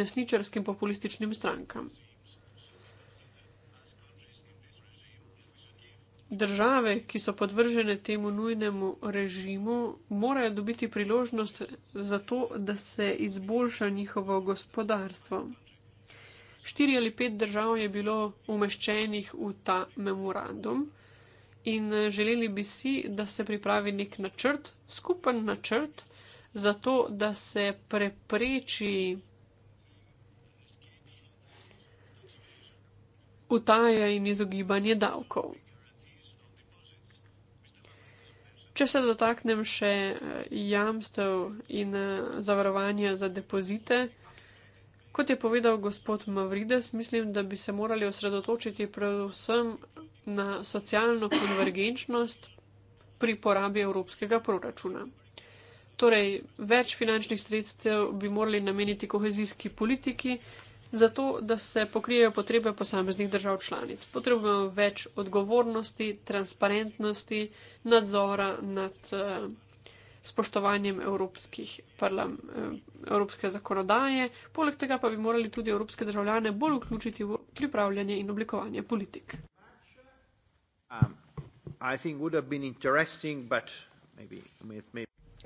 desničarskim populističnim strankam. države, ki so podvržene temu nujnemu režimu, morajo dobiti priložnost za to, da se izboljša njihovo gospodarstvo. Štiri ali pet držav je bilo umeščenih v ta memorandum in želeli bi si, da se pripravi nek načrt, skupen načrt, za to, da se prepreči utaja in izogibanje davkov. Če se dotaknem še eh, jamstev in eh, zavarovanja za depozite, kot je povedal gospod Mavrides, mislim, da bi se morali osredotočiti predvsem na socialno konvergenčnost pri porabi evropskega proračuna. Torej, več finančnih sredstev bi morali nameniti kohezijski politiki, zato da se pokrijejo potrebe posameznih držav članic. Potrebujemo več odgovornosti, transparentnosti, nadzora nad uh, spoštovanjem evropskih parlam, uh, evropske zakonodaje, poleg tega pa bi morali tudi evropske državljane bolj vključiti v pripravljanje in oblikovanje politik. Um,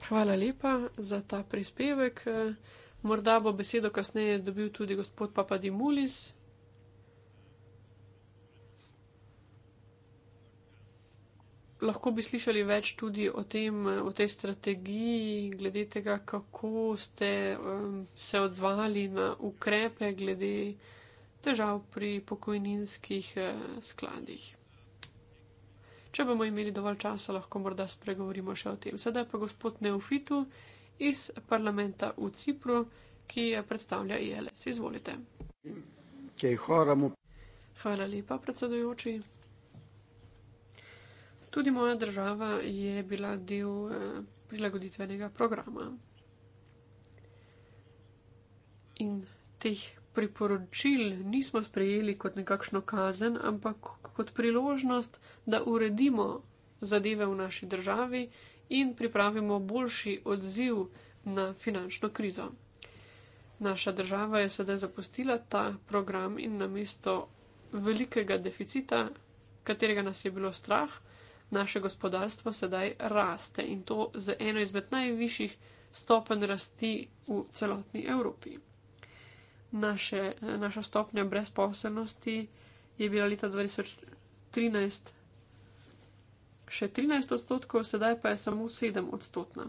Hvala lepa za ta prispevek. Uh, Morda bo besedo kasneje dobil tudi gospod Papadimulis. Lahko bi slišali več tudi o, tem, o tej strategiji, glede tega, kako ste um, se odzvali na ukrepe glede težav pri pokojninskih uh, skladih. Če bomo imeli dovolj časa, lahko morda spregovorimo še o tem. Sedaj pa gospod Neufitu iz parlamenta v Cipru, ki je predstavlja ILS. Izvolite. Hvala lepa, predsedujoči. Tudi moja država je bila del eh, prilagoditvenega programa. In teh priporočil nismo sprejeli kot nekakšno kazen, ampak kot priložnost, da uredimo zadeve v naši državi, in pripravimo boljši odziv na finančno krizo. Naša država je sedaj zapustila ta program in namesto velikega deficita, katerega nas je bilo strah, naše gospodarstvo sedaj raste in to z eno izmed najvišjih stopen rasti v celotni Evropi. Naše, naša stopnja brezposelnosti je bila leta 2014 še 13 odstotkov, sedaj pa je samo 7 odstotna.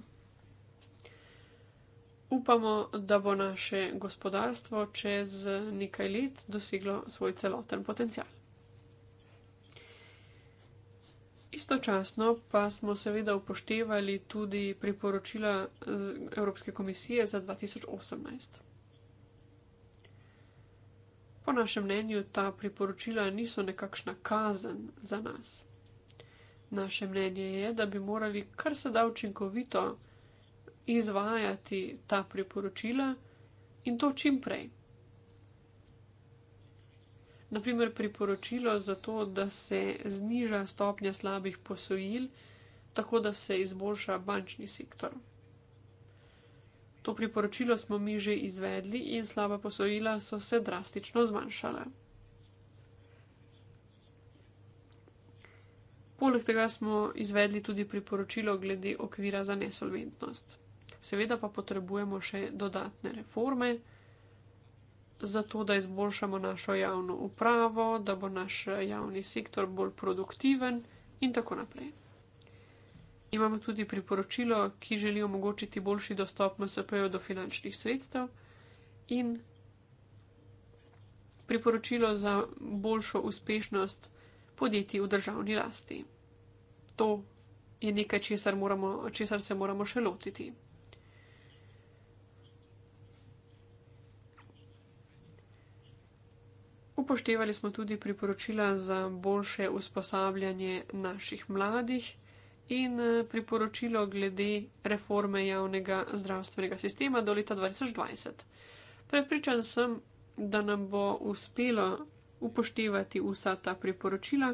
Upamo, da bo naše gospodarstvo čez nekaj let doseglo svoj celoten potencial. Istočasno pa smo seveda upoštevali tudi priporočila Evropske komisije za 2018. Po našem mnenju ta priporočila niso nekakšna kazen za nas. Naše mnenje je, da bi morali kar se da učinkovito izvajati ta priporočila in to čim prej. Naprimer, priporočilo za to, da se zniža stopnja slabih posojil, tako da se izboljša bančni sektor. To priporočilo smo mi že izvedli in slaba posojila so se drastično zmanjšala. Poleg tega smo izvedli tudi priporočilo glede okvira za nesolventnost. Seveda pa potrebujemo še dodatne reforme, zato da izboljšamo našo javno upravo, da bo naš javni sektor bolj produktiven in tako naprej. Imamo tudi priporočilo, ki želi omogočiti boljši dostop MSP-jev do finančnih sredstev in priporočilo za boljšo uspešnost podjetij v državni lasti to je nekaj, česar, moramo, česar se moramo še lotiti. Upoštevali smo tudi priporočila za boljše usposabljanje naših mladih in eh, priporočilo glede reforme javnega zdravstvenega sistema do leta 2020. Prepričan sem, da nam bo uspelo upoštevati vsa ta priporočila.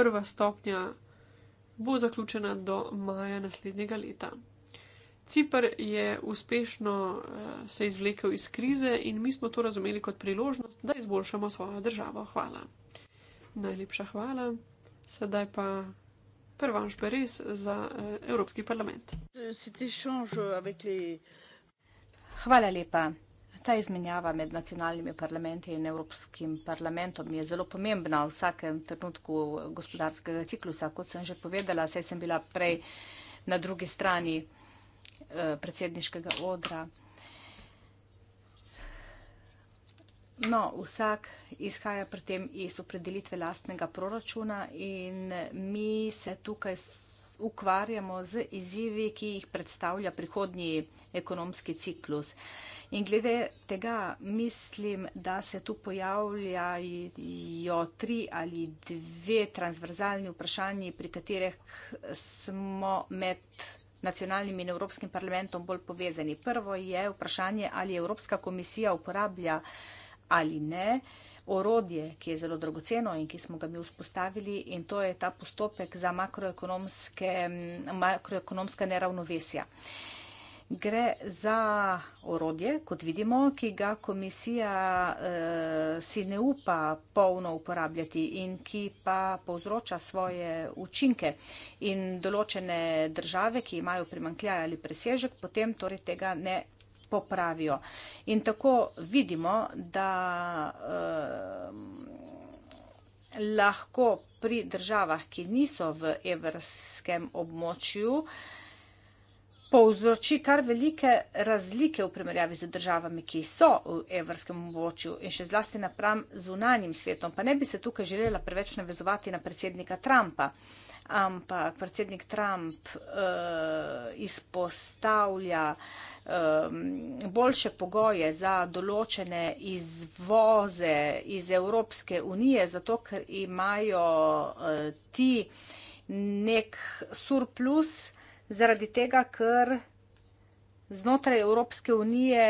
Prva stopnja bo zaključena do maja naslednjega leta. Cipr je uspešno eh, se izvlekel iz krize in mi smo to razumeli kot priložnost, da izboljšamo svojo državo. Hvala. Najlepša hvala. Sedaj pa prvanš beres za eh, Evropski parlament. Hvala lepa ta izmenjava med nacionalnimi parlamenti in Evropskim parlamentom je zelo pomembna v vsakem trenutku gospodarskega ciklusa. Kot sem že povedala, saj sem bila prej na drugi strani eh, predsedniškega odra. No, vsak izhaja pri tem iz opredelitve lastnega proračuna in mi se tukaj ukvarjamo z izzivi, ki jih predstavlja prihodnji ekonomski ciklus. In glede tega mislim, da se tu pojavljajo tri ali dve transverzalni vprašanji, pri katerih smo med nacionalnim in Evropskim parlamentom bolj povezani. Prvo je vprašanje, ali Evropska komisija uporablja ali ne uh, orodje, ki je zelo dragoceno in ki smo ga mi vzpostavili, in to je ta postopek za makroekonomske, makroekonomske neravnovesja. Gre za orodje, kot vidimo, ki ga komisija eh, si ne upa polno uporabljati in ki pa povzroča svoje učinke. In določene države, ki imajo primankljaj ali presežek, potem torej tega ne popravijo. In tako vidimo, da eh, lahko pri državah, ki niso v evrskem območju, povzroči kar velike razlike v primerjavi z državami, ki so v evrskem območju in še zlasti napram zunanjim svetom. Pa ne bi se tukaj želela preveč navezovati na predsednika Trumpa. Eh, ampak predsednik Trump uh, izpostavlja um, boljše pogoje za določene izvoze iz Evropske unije, zato ker imajo uh, ti nek surplus zaradi tega, ker znotraj Evropske unije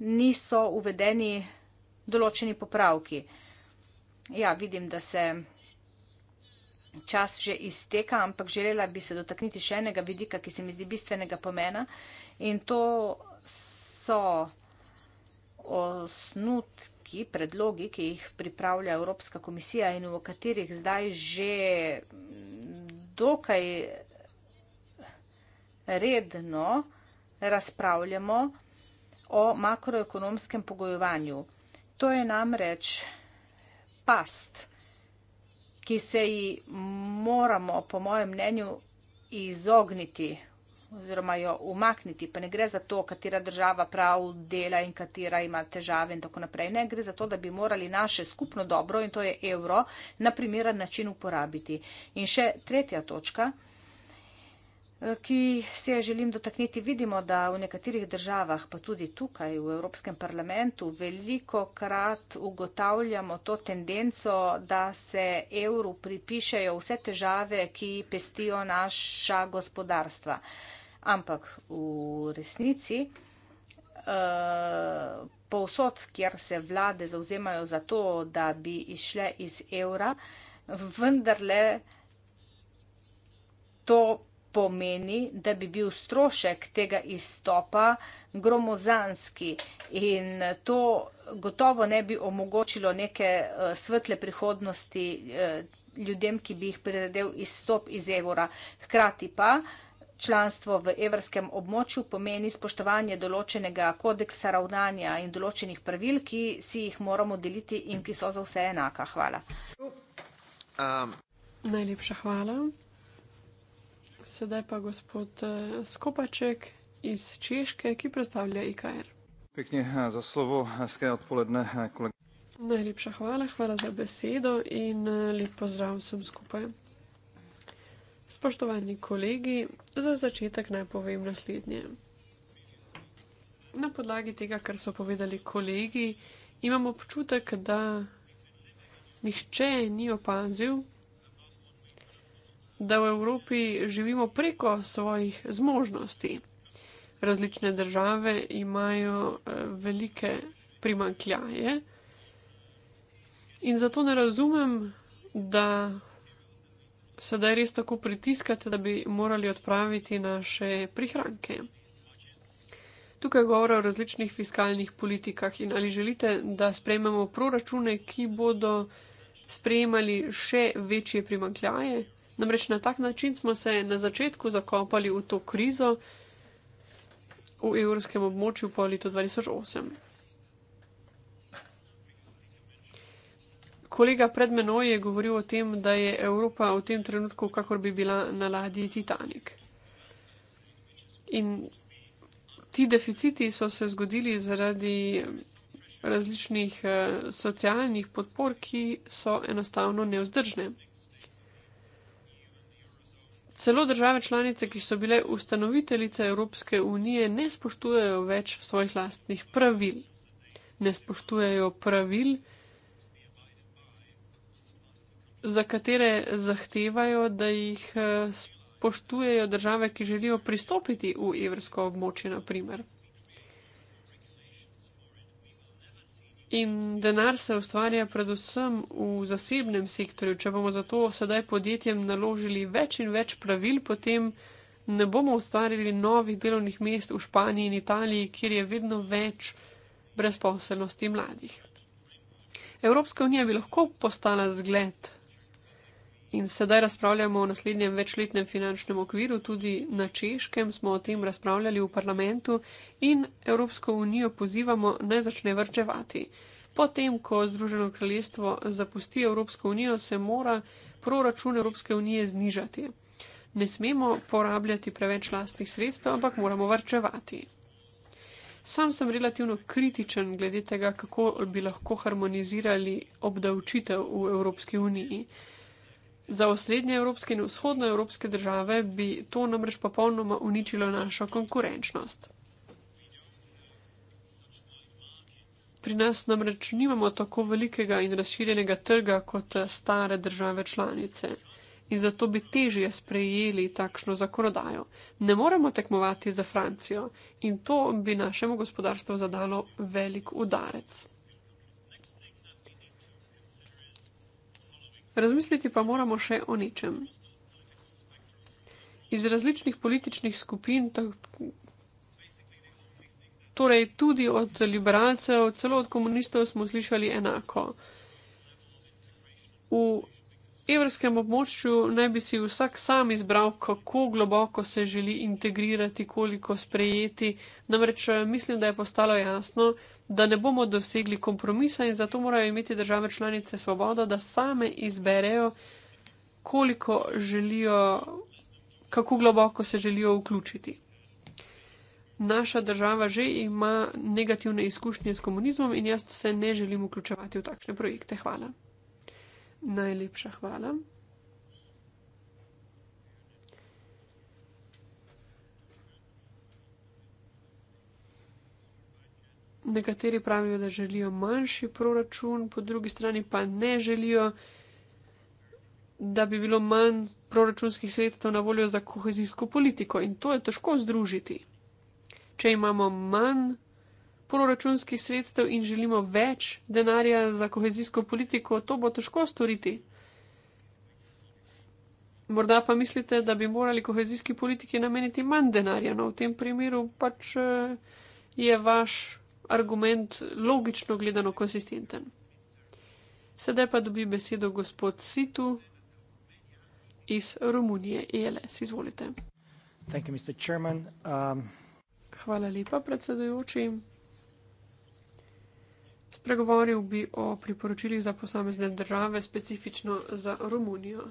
niso uvedeni določeni popravki. Ja, vidim, da se čas že izteka, ampak želela bi se dotakniti še enega vidika, ki se mi zdi bistvenega pomena in to so osnutki, predlogi, ki jih pripravlja Evropska komisija in v katerih zdaj že dokaj redno razpravljamo o makroekonomskem pogojevanju. To je namreč past ki se ji moramo, po mojem mnenju, izogniti oziroma jo umakniti. Pa ne gre za to, katera država prav dela in katera ima težave in tako naprej. Ne gre za to, da bi morali naše skupno dobro in to je evro na primeren način uporabiti. In še tretja točka. Eh, ki se je želim dotakniti. Vidimo, da v nekaterih državah, pa tudi tukaj v Evropskem parlamentu, veliko krat ugotavljamo to tendenco, da se evru pripišejo vse težave, ki pestijo naša gospodarstva. Ampak v resnici, eh, povsod, kjer se vlade zauzemajo za to, da bi išle iz evra, vendarle to pomeni, da bi bil strošek tega izstopa gromozanski in to gotovo ne bi omogočilo neke eh, svetle prihodnosti eh, ljudem, ki bi jih priredel izstop iz evra. Hkrati pa članstvo v evrskem območju pomeni spoštovanje določenega kodeksa ravnanja in določenih pravil, ki si jih moramo deliti in ki so za vse enaka. Hvala. Um. Najlepša hvala sedaj pa gospod eh, Skopaček iz Češke, ki predstavlja IKR. Pekne eh, za slovo, eh, skaj odpoledne, kolega. Najlepša hvala, hvala za besedo in lep pozdrav vsem skupaj. Spoštovani kolegi, za začetek naj povem naslednje. Na podlagi tega, kar so povedali kolegi, imam občutek, da nihče ni opazil, da v Evropi živimo preko svojih zmožnosti. Različne države imajo eh, velike primankljaje in zato ne razumem, da sedaj res tako pritiskate, da bi morali odpraviti naše prihranke. Tukaj govorijo o različnih fiskalnih politikah in ali želite, da sprejmemo proračune, ki bodo sprejemali še večje primankljaje. Namreč na tak način smo se na začetku zakopali v to krizo v evropskem območju po letu 2008. Kolega pred menoj je govoril o tem, da je Evropa v tem trenutku, kakor bi bila na ladji Titanik. In ti deficiti so se zgodili zaradi različnih eh, socialnih podpor, ki so enostavno neozdržne. Celo države članice, ki so bile ustanoviteljice Evropske unije, ne spoštujejo več svojih lastnih pravil. Ne spoštujejo pravil, za katere zahtevajo, da jih eh, spoštujejo države, ki želijo pristopiti v evrsko območje, naprimer. In denar se ustvarja predvsem v zasebnem sektorju. Če bomo zato sedaj podjetjem naložili več in več pravil, potem ne bomo ustvarili novih delovnih mest v Španiji in Italiji, kjer je vedno več brezposelnosti mladih. Evropska unija bi lahko postala zgled In sedaj razpravljamo o naslednjem večletnem finančnem okviru, tudi na češkem smo o tem razpravljali v parlamentu in Evropsko unijo pozivamo naj začne vrčevati. Potem, ko Združeno kraljestvo zapusti Evropsko unijo, se mora proračun Evropske unije znižati. Ne smemo porabljati preveč lastnih sredstev, ampak moramo vrčevati. Sam sem relativno kritičen glede tega, kako bi lahko harmonizirali obdavčitev v Evropski uniji. Za osrednje evropske in vzhodno evropske države bi to namreč popolnoma uničilo našo konkurenčnost. Pri nas namreč nimamo tako velikega in razširjenega trga kot stare države članice in zato bi težje sprejeli takšno zakonodajo. Ne moremo tekmovati za Francijo in to bi našemu gospodarstvu zadalo velik udarec. Razmisliti pa moramo še o nečem. Iz različnih političnih skupin, torej tudi od liberalcev, celo od komunistov, smo slišali enako. V evrskem območju naj bi si vsak sam izbral, kako globoko se želi integrirati, koliko sprejeti. Namreč eh, mislim, da je postalo jasno, da ne bomo dosegli kompromisa in zato morajo imeti države članice svobodo, da same izberejo, koliko želijo, kako globoko se želijo vključiti. Naša država že ima negativne izkušnje s komunizmom in jaz se ne želim vključevati v takšne projekte. Hvala. Najlepša hvala. Nekateri pravijo, da želijo manjši proračun, po drugi strani pa ne želijo, da bi bilo manj proračunskih sredstev na voljo za kohezijsko politiko in to je težko združiti. Če imamo manj proračunskih sredstev in želimo več denarja za kohezijsko politiko, to bo težko storiti. Morda pa mislite, da bi morali kohezijski politiki nameniti manj denarja, no v tem primeru pač eh, je vaš argument logično gledano konsistenten. Sedaj pa dobi besedo gospod Situ iz Romunije, ELS, izvolite. Thank you, Mr. Chairman. Um... Hvala lepa, predsedujoči. Spregovoril bi o priporočilih za posamezne države, specifično za Romunijo.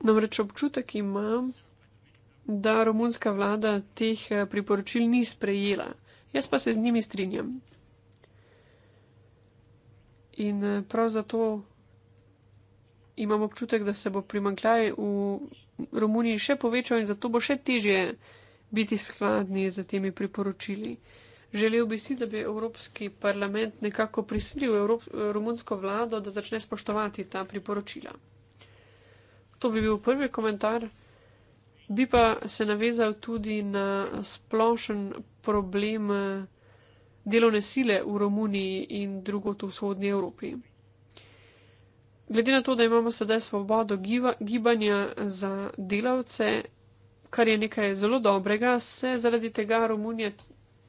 Namreč občutek imam, da romunska vlada teh eh, priporočil ni sprejela. Jaz pa se z njimi strinjam. In eh, prav zato imamo občutek, da se bo primankljaj v Romuniji še povečal in zato bo še težje biti skladni z temi priporočili. Želel bi si, da bi Evropski parlament nekako prisilil Evrop romunsko vlado, da začne spoštovati ta priporočila. To bi bil prvi komentar. Bi pa se navezal tudi na splošen problem eh, delovne sile v Romuniji in drugot v vzhodnji Evropi. Glede na to, da imamo sedaj svobodo giva, gibanja za delavce, kar je nekaj zelo dobrega, se zaradi tega Romunija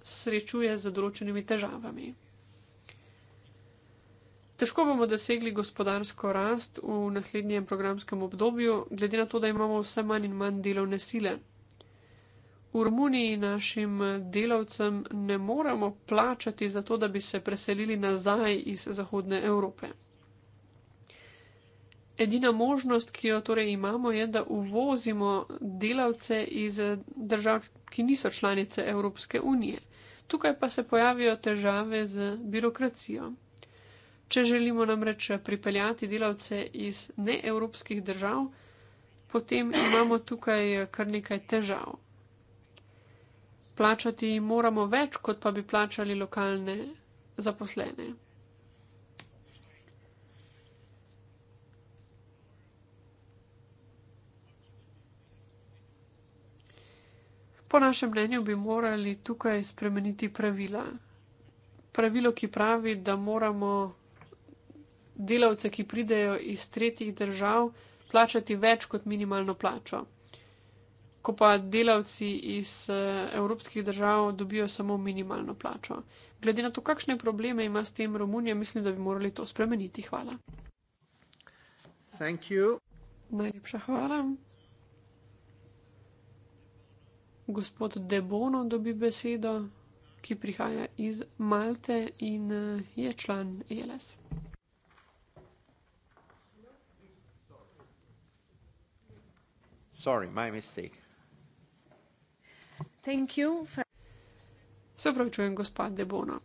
srečuje z določenimi težavami. Težko bomo dosegli gospodarsko rast v naslednjem programskem obdobju, glede na to, da imamo vse manj in manj delovne sile. V Romuniji našim delavcem ne moremo plačati za to, da bi se preselili nazaj iz Zahodne Evrope. Edina možnost, ki jo torej imamo, je, da uvozimo delavce iz držav, ki niso članice Evropske unije. Tukaj pa se pojavijo težave z birokracijo. Če želimo namreč pripeljati delavce iz neevropskih držav, potem imamo tukaj kar nekaj težav. Plačati moramo več, kot pa bi plačali lokalne zaposlene. Po našem mnenju bi morali tukaj spremeniti pravila. Pravilo, ki pravi, da moramo delavce, ki pridejo iz tretjih držav, plačati več kot minimalno plačo. Ko pa delavci iz eh, evropskih držav dobijo samo minimalno plačo. Glede na to, kakšne probleme ima s tem Romunija, mislim, da bi morali to spremeniti. Hvala. Najlepša hvala. Gospod Debono dobi besedo, ki prihaja iz Malte in eh, je član ELS. Sorry, my mistake. Thank you. Se pravi, čujem gospa Debona.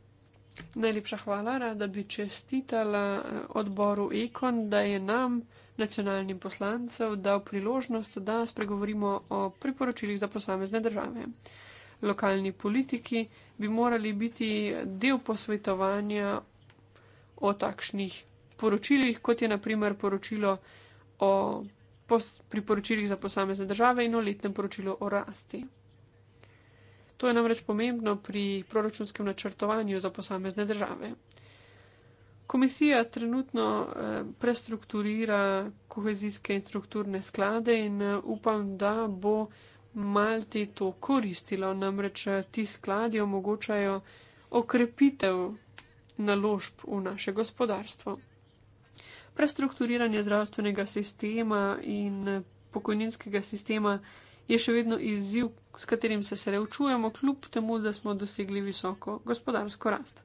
Najlepša hvala, rada bi čestitala eh, odboru Ekon, da je nam, nacionalnim poslancem, dal priložnost, da spregovorimo o priporočilih za posamezne države. Lokalni politiki bi morali biti del posvetovanja o takšnih poročilih, kot je naprimer poročilo o priporočilih za posamezne države in o letnem poročilu o rasti. To je namreč pomembno pri proračunskem načrtovanju za posamezne države. Komisija trenutno eh, prestrukturira kohezijske in strukturne sklade in eh, upam, da bo Malti to koristilo. Namreč eh, ti skladi omogočajo okrepitev naložb v naše gospodarstvo prestrukturiranje zdravstvenega sistema in pokojninskega sistema je še vedno izziv, s katerim se srečujemo, kljub temu, da smo dosegli visoko gospodarsko rast.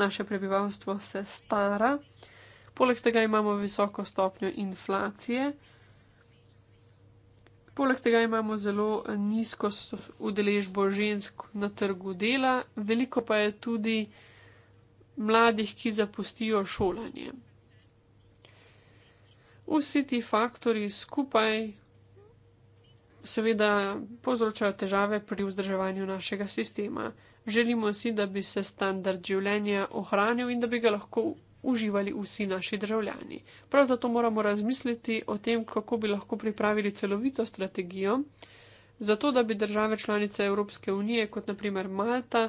Naše prebivalstvo se stara, poleg tega imamo visoko stopnjo inflacije, poleg tega imamo zelo nizko udeležbo žensk na trgu dela, veliko pa je tudi mladih, ki zapustijo šolanje vsi ti faktori skupaj seveda povzročajo težave pri vzdrževanju našega sistema. Želimo si, da bi se standard življenja ohranil in da bi ga lahko uživali vsi naši državljani. Prav zato moramo razmisliti o tem, kako bi lahko pripravili celovito strategijo, zato da bi države članice Evropske unije, kot naprimer Malta,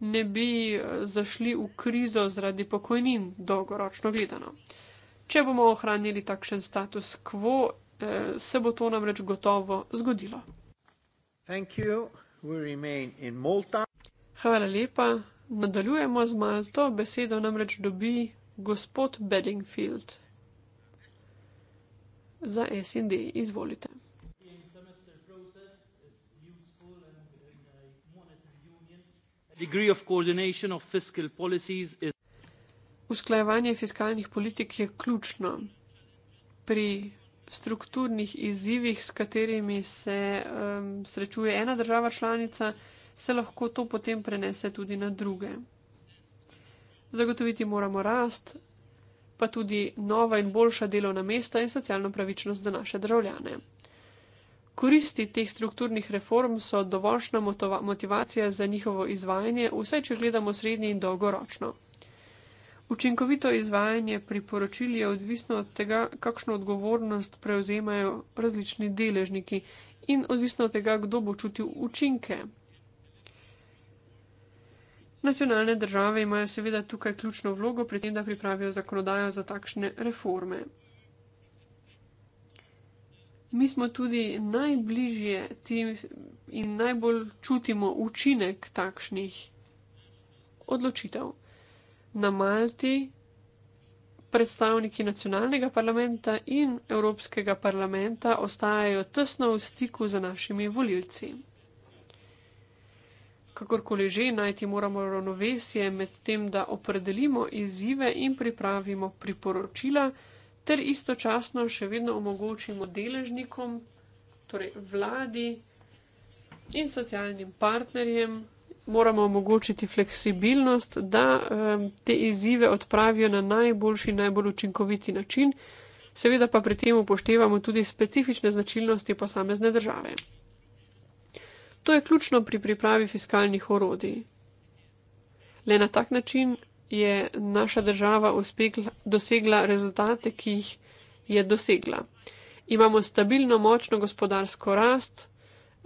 ne bi eh, zašli v krizo zaradi pokojnin dolgoročno gledano. Če bomo ohranili takšen status quo, eh, se bo to namreč gotovo zgodilo. Hvala lepa. Nadaljujemo z Malto. Besedo namreč dobi gospod Beddingfield. Za SND, izvolite. Degree of coordination of fiscal policies is. Usklajevanje fiskalnih politik je ključno pri strukturnih izzivih, s katerimi se um, srečuje ena država članica, se lahko to potem prenese tudi na druge. Zagotoviti moramo rast, pa tudi nova in boljša delovna mesta in socialno pravičnost za naše državljane. Koristi teh strukturnih reform so dovoljšna motiva motivacija za njihovo izvajanje, vsaj če gledamo srednji in dolgoročno. Učinkovito izvajanje priporočil je odvisno od tega, kakšno odgovornost prevzemajo različni deležniki in odvisno od tega, kdo bo čutil učinke. Nacionalne države imajo seveda tukaj ključno vlogo pri tem, da pripravijo zakonodajo za takšne reforme. Mi smo tudi najbližje tim in najbolj čutimo učinek takšnih odločitev na Malti predstavniki nacionalnega parlamenta in Evropskega parlamenta ostajajo tesno v stiku z našimi voljivci. Kakorkoli že, najti moramo ravnovesje med tem, da opredelimo izzive in pripravimo priporočila, ter istočasno še vedno omogočimo deležnikom, torej vladi in socialnim partnerjem, moramo omogočiti fleksibilnost, da um, te izzive odpravijo na najboljši, najbolj učinkoviti način, seveda pa pri tem upoštevamo tudi specifične značilnosti posamezne države. To je ključno pri pripravi fiskalnih orodij. Le na tak način je naša država uspekla, dosegla rezultate, ki jih je dosegla. Imamo stabilno, močno gospodarsko rast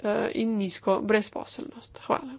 uh, in nizko brezposelnost. Hvala.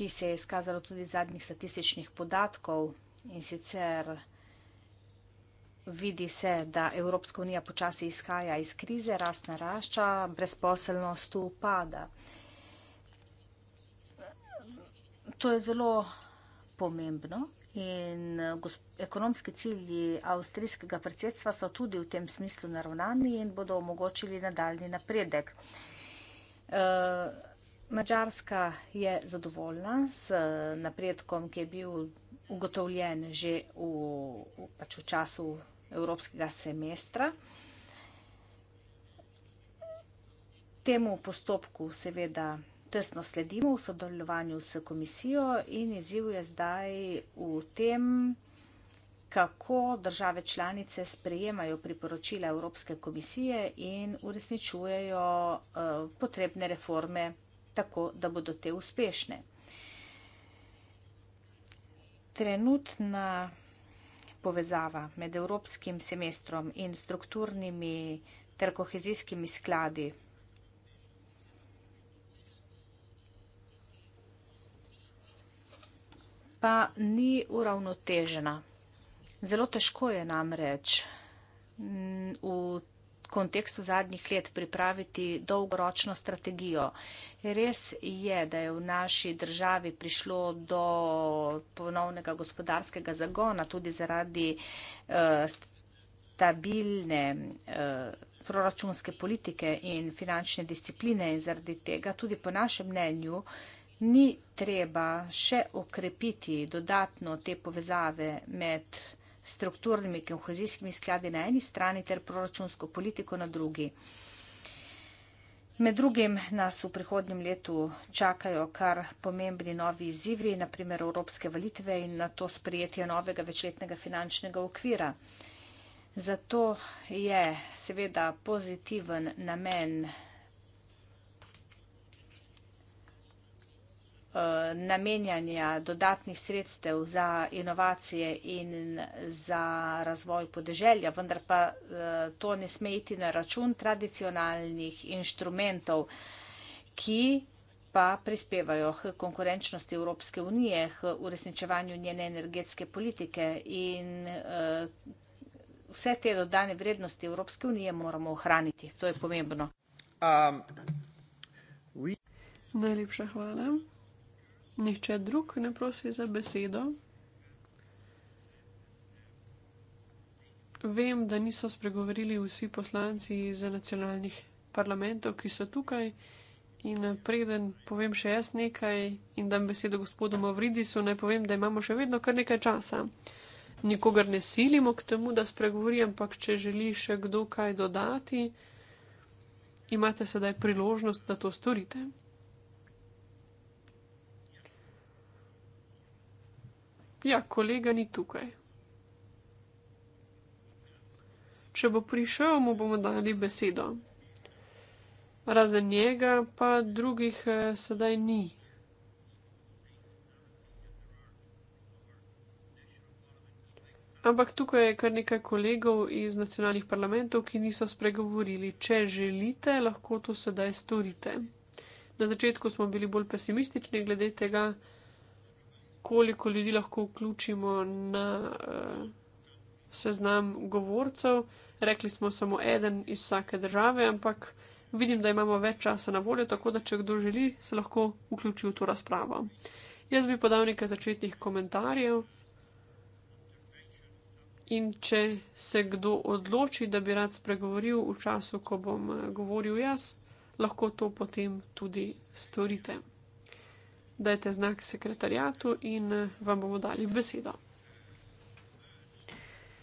ki se je izkazalo tudi iz zadnjih statističnih podatkov in sicer vidi se, da Evropska unija počasi izhaja iz krize, rast narašča, brezposelnost upada. To je zelo pomembno in ekonomski cilji avstrijskega predsedstva so tudi v tem smislu naravnani in bodo omogočili nadaljni napredek. Uh, Mačarska je zadovoljna z eh, napredkom, ki je bil ugotovljen že v, pač v času evropskega semestra. Temu postopku seveda tesno sledimo v sodelovanju s komisijo in izziv je zdaj v tem, kako države članice sprejemajo priporočila Evropske komisije in uresničujejo uh, potrebne reforme tako, da bodo te uspešne. Trenutna povezava med evropskim semestrom in strukturnimi ter kohezijskimi skladi pa ni uravnotežena. Zelo težko je namreč v tem, kontekstu zadnjih let pripraviti dolgoročno strategijo. Res je, da je v naši državi prišlo do ponovnega gospodarskega zagona tudi zaradi eh, stabilne eh, proračunske politike in finančne discipline in zaradi tega tudi po našem mnenju ni treba še okrepiti dodatno te povezave med državami strukturnimi kohezijskimi skladi na eni strani ter proračunsko politiko na drugi. Med drugim nas v prihodnjem letu čakajo kar pomembni novi izzivi, naprimer Evropske valitve in na to sprejetje novega večletnega finančnega okvira. Zato je seveda pozitiven namen Eh, namenjanja dodatnih sredstev za inovacije in za razvoj podeželja, vendar pa eh, to ne sme iti na račun tradicionalnih inštrumentov, ki pa prispevajo k konkurenčnosti Evropske unije, k uresničevanju njene energetske politike in eh, vse te dodane vrednosti Evropske unije moramo ohraniti. To je pomembno. Um, we... Najlepša hvala nihče drug ne prosi za besedo. Vem, da niso spregovorili vsi poslanci iz nacionalnih parlamentov, ki so tukaj. In preden povem še jaz nekaj in dam besedo gospodu Mavridisu, naj povem, da imamo še vedno kar nekaj časa. Nikogar ne silimo k temu, da spregovori, ampak če želi še kdo kaj dodati, imate sedaj priložnost, da to storite. Ja, kolega ni tukaj. Če bo prišel, mu bomo dali besedo. Razen njega, pa drugih eh, sedaj ni. Ampak tukaj je kar nekaj kolegov iz nacionalnih parlamentov, ki niso spregovorili. Če želite, lahko to sedaj storite. Na začetku smo bili bolj pesimistični glede tega koliko ljudi lahko vključimo na uh, seznam govorcev. Rekli smo samo eden iz vsake države, ampak vidim, da imamo več časa na voljo, tako da če kdo želi, se lahko vključi v to razpravo. Jaz bi podal nekaj začetnih komentarjev. In če se kdo odloči, da bi rad spregovoril v času, ko bom eh, govoril jaz, lahko to potem tudi storite dajte znak sekretarjatu in eh, vam bomo dali besedo.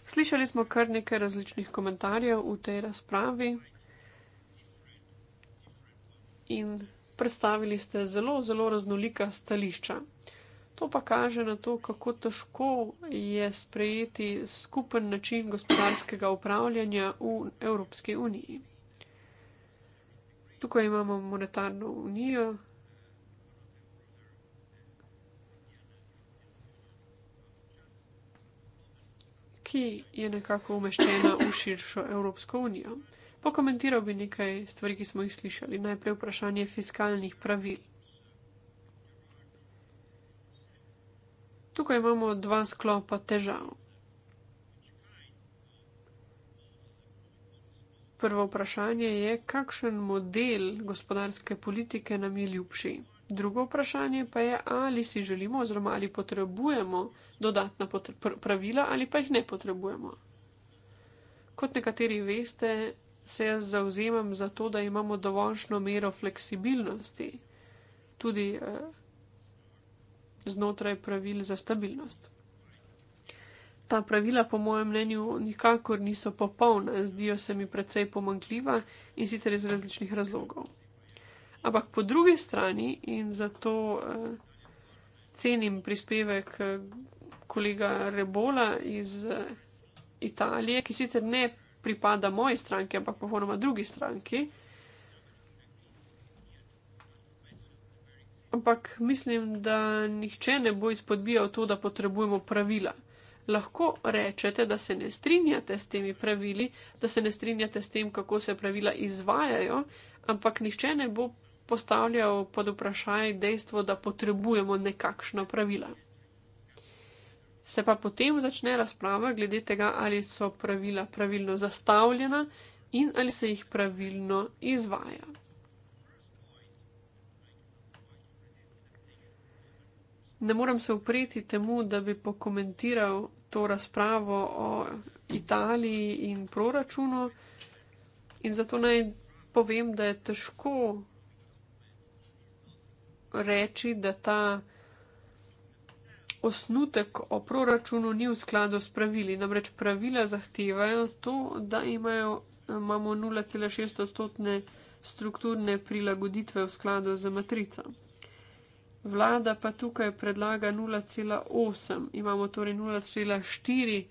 Slišali smo kar nekaj različnih komentarjev v tej razpravi in predstavili ste zelo, zelo raznolika stališča. To pa kaže na to, kako težko je sprejeti skupen način gospodarskega upravljanja v Evropski uniji. Tukaj imamo monetarno unijo, ki je nekako umeščena v širšo Evropsko unijo. Pokomentiral bi nekaj stvari, ki smo jih slišali. Najprej vprašanje fiskalnih pravil. Tukaj imamo dva sklopa težav. Prvo vprašanje je, kakšen model gospodarske politike nam je ljubši. Drugo vprašanje pa je, ali si želimo oziroma ali potrebujemo dodatna potre pr pravila ali pa jih ne potrebujemo. Kot nekateri veste, se jaz zauzemam za to, da imamo dovoljšno mero fleksibilnosti tudi eh, znotraj pravil za stabilnost. Ta pravila, po mojem mnenju, nikakor niso popolna, zdijo se mi precej pomankljiva in sicer iz različnih razlogov. Ampak po drugi strani, in zato uh, cenim prispevek eh, kolega Rebola iz uh, Italije, ki sicer ne pripada moji stranki, ampak popolnoma drugi stranki. Ampak mislim, da nihče ne bo izpodbijal to, da potrebujemo pravila. Lahko rečete, da se ne strinjate s temi pravili, da se ne strinjate s tem, kako se pravila izvajajo, ampak nihče ne bo postavljal pod vprašanje dejstvo, da potrebujemo nekakšna pravila. Se pa potem začne razprava glede tega, ali so pravila pravilno zastavljena in ali se jih pravilno izvaja. Ne morem se upreti temu, da bi pokomentiral to razpravo o Italiji in proračunu, in zato naj povem, da je težko reči, da ta osnutek o proračunu ni v skladu s pravili. Namreč pravila zahtevajo to, da imajo, imamo 0,6 odstotne strukturne prilagoditve v skladu z matrico. Vlada pa tukaj predlaga 0,8, imamo torej 0,4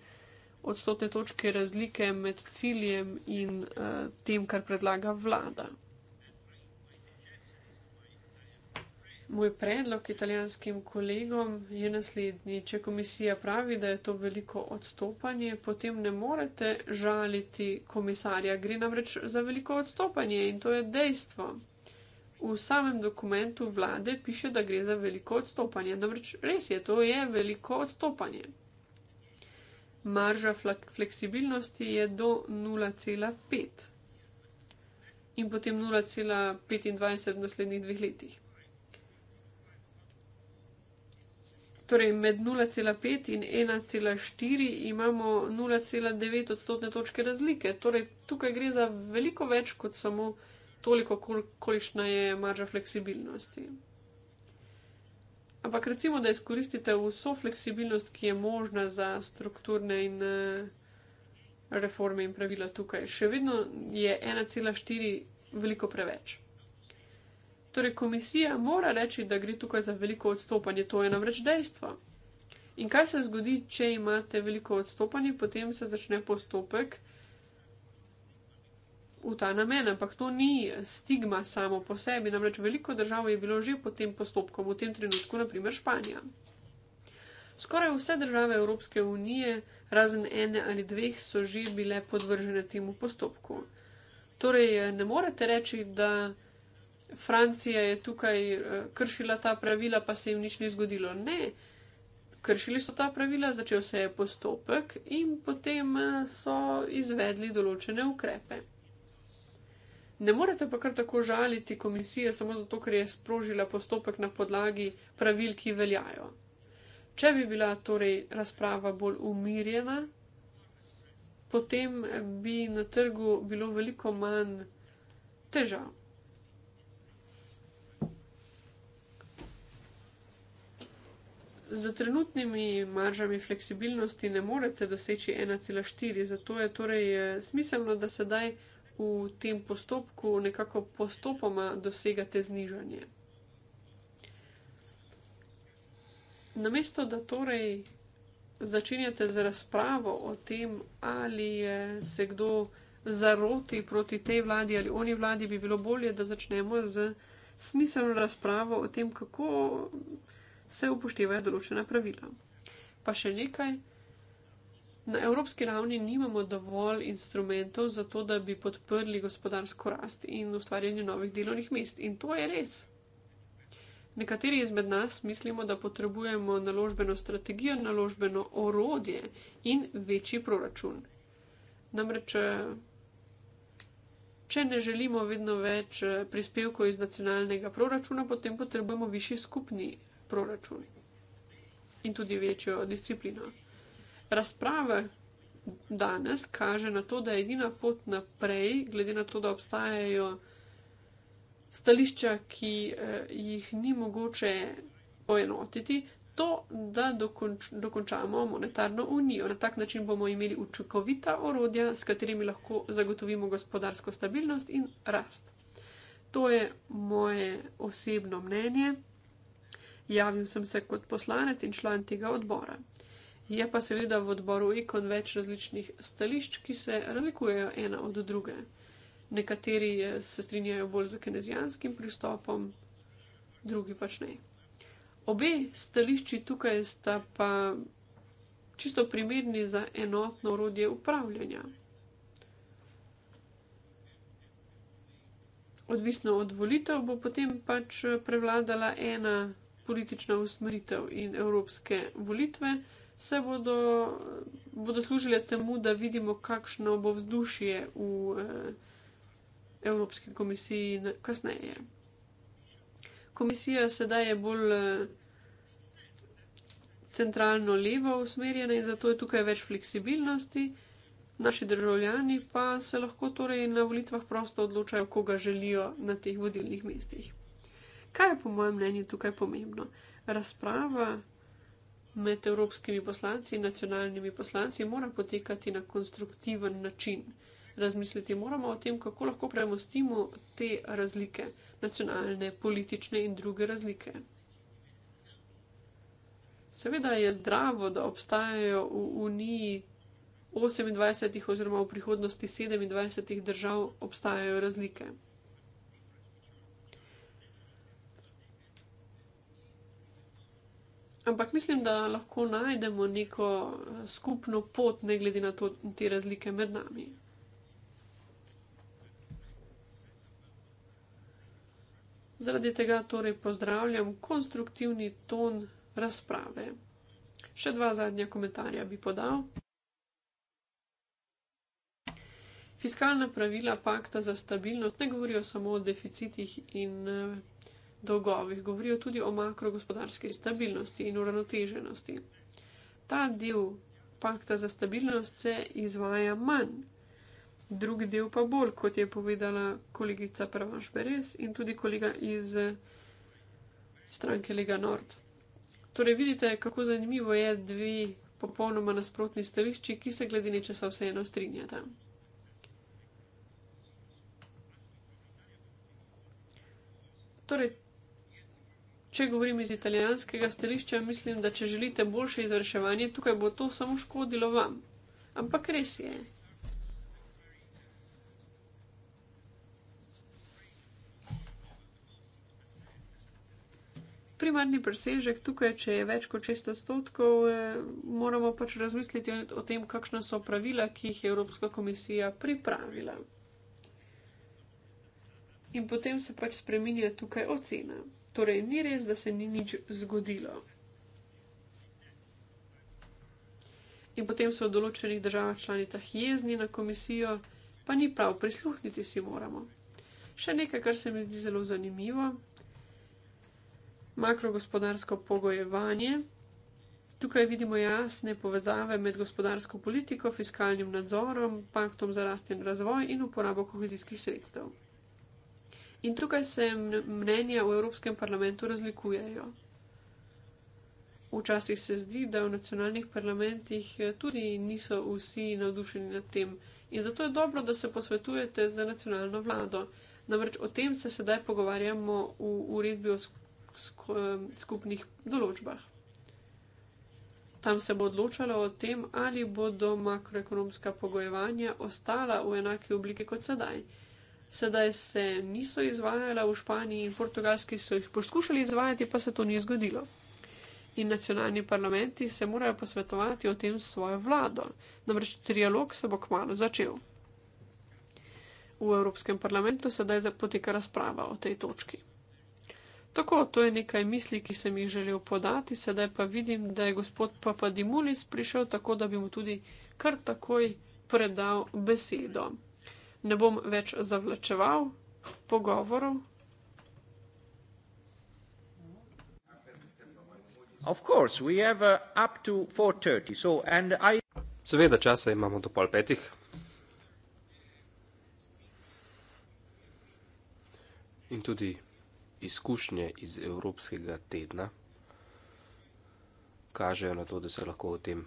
odstotne točke razlike med ciljem in uh, tem, kar predlaga vlada. Moj predlog italijanskim kolegom je naslednji: če komisija pravi, da je to veliko odstopanje, potem ne morete žaliti komisarja. Gre namreč za veliko odstopanje in to je dejstvo. V samem dokumentu vlade piše, da gre za veliko odstopanje. Namreč res je, to je veliko odstopanje. Marža fleksibilnosti je do 0,5 in potem 0,25 v naslednjih dveh letih. torej med 0,5 in 1,4 imamo 0,9 odstotne točke razlike. Torej, tukaj gre za veliko več kot samo toliko, kolikšna je marža fleksibilnosti. Ampak recimo, da izkoristite vso fleksibilnost, ki je možna za strukturne in reforme in pravila tukaj. Še vedno je 1,4 veliko preveč. Torej, komisija mora reči, da gre tukaj za veliko odstopanje, to je namreč dejstvo. In kaj se zgodi, če imate veliko odstopanje, potem se začne postopek v ta namen. Ampak to ni stigma samo po sebi, namreč veliko držav je bilo že pod tem postopkom, v tem trenutku, naprimer Španija. Skoraj vse države Evropske unije, razen ene ali dveh, so že bile podvržene temu postopku. Torej, ne morete reči, da. Francija je tukaj eh, kršila ta pravila, pa se jim nič ni zgodilo. Ne, kršili so ta pravila, začel se je postopek in potem eh, so izvedli določene ukrepe. Ne morete pa kar tako žaliti komisije, samo zato, ker je sprožila postopek na podlagi pravil, ki veljajo. Če bi bila torej razprava bolj umirjena, potem bi na trgu bilo veliko manj težav. Z trenutnimi maržami fleksibilnosti ne morete doseči 1,4, zato je torej eh, smiselno, da sedaj v tem postopku nekako postopoma dosegate znižanje. Namesto da torej začenjate z razpravo o tem, ali je se kdo zaroti proti tej vladi ali oni vladi, bi bilo bolje, da začnemo z smiselno razpravo o tem, kako se upoštevajo določena pravila. Pa še nekaj. Na evropski ravni nimamo dovolj instrumentov za to, da bi podprli gospodarsko rast in ustvarjanje novih delovnih mest. In to je res. Nekateri izmed nas mislimo, da potrebujemo naložbeno strategijo, naložbeno orodje in večji proračun. Namreč, če ne želimo vedno več eh, prispevkov iz nacionalnega proračuna, potem potrebujemo višji skupni proračun in tudi večjo disciplino. Razprave danes kaže na to, da je edina pot naprej, glede na to, da obstajajo stališča, ki eh, jih ni mogoče poenotiti, to, da dokonč dokončamo monetarno unijo. Na tak način bomo imeli učinkovita orodja, s katerimi lahko zagotovimo gospodarsko stabilnost in rast. To je moje osebno mnenje. Javil sem se kot poslanec in član tega odbora. Je pa seveda v odboru ikon več različnih stališč, ki se razlikujejo ena od druge. Nekateri se strinjajo bolj z kenezijanskim pristopom, drugi pač ne. Obe stališči tukaj sta pa čisto primerni za enotno urodje upravljanja. Odvisno od volitev bo potem pač prevladala ena politična usmeritev in evropske volitve se bodo, bodo služile temu, da vidimo, kakšno bo vzdušje v eh, Evropski komisiji kasneje. Komisija sedaj je bolj eh, centralno levo usmerjena in zato je tukaj več fleksibilnosti. Naši državljani pa se lahko torej na volitvah prosto odločajo, koga želijo na teh vodilnih mestih. Kaj je po mojem mnenju tukaj pomembno? Razprava med evropskimi poslanci in nacionalnimi poslanci mora potekati na konstruktiven način. Razmisliti moramo o tem, kako lahko premostimo te razlike, nacionalne, politične in druge razlike. Seveda je zdravo, da obstajajo v Uniji 28 oziroma v prihodnosti 27 držav obstajajo razlike. Ampak mislim, da lahko najdemo neko eh, skupno pot, ne glede na to, te razlike med nami. Zaradi tega torej pozdravljam konstruktivni ton razprave. Še dva zadnja komentarja bi podal. Fiskalna pravila pakta za stabilnost ne govorijo samo o deficitih in eh, dolgovih, govorijo tudi o makrogospodarski stabilnosti in uravnoteženosti. Ta del pakta za stabilnost se izvaja manj, drugi del pa bolj, kot je povedala kolegica Pravaš Beres in tudi kolega iz stranke Lega Nord. Torej vidite, kako zanimivo je dve popolnoma nasprotni stališči, ki se glede nečesa vseeno strinjata. Torej, Če govorim iz italijanskega stališča, mislim, da če želite boljše izvrševanje, tukaj bo to samo škodilo vam. Ampak res je. Primarni presežek tukaj, če je več kot 600 odstotkov, eh, moramo pač razmisliti o tem, kakšna so pravila, ki jih je Evropska komisija pripravila. In potem se pač spreminja tukaj ocena. Torej, ni res, da se ni nič zgodilo. In potem so v določenih državah članicah jezni na komisijo, pa ni prav, prisluhniti si moramo. Še nekaj, kar se mi zdi zelo zanimivo, makrogospodarsko pogojevanje. Tukaj vidimo jasne povezave med gospodarsko politiko, fiskalnim nadzorom, paktom za rast in razvoj in uporabo kohezijskih sredstev. In tukaj se mnenja v Evropskem parlamentu razlikujejo. Včasih se zdi, da v nacionalnih parlamentih eh, tudi niso vsi navdušeni nad tem. In zato je dobro, da se posvetujete z nacionalno vlado. Namreč o tem se sedaj pogovarjamo v uredbi o eh, skupnih določbah. Tam se bo odločalo o tem, ali bodo makroekonomska pogojevanja ostala v enaki obliki kot sedaj sedaj se niso izvajale v Španiji in Portugalski so jih poskušali izvajati, pa se to ni zgodilo. In nacionalni parlamenti se morajo posvetovati o tem s svojo vlado, namreč trialog se bo kmalo začel. V Evropskem parlamentu sedaj poteka razprava o tej točki. Tako, to je nekaj misli, ki sem jih želel podati, sedaj pa vidim, da je gospod Papa Dimulis prišel tako, da bi mu tudi kar takoj predal besedo ne bom več zavlačeval pogovorov. Uh, Seveda, časa imamo do pol petih. In tudi izkušnje iz Evropskega tedna kažejo na to, da se lahko o tem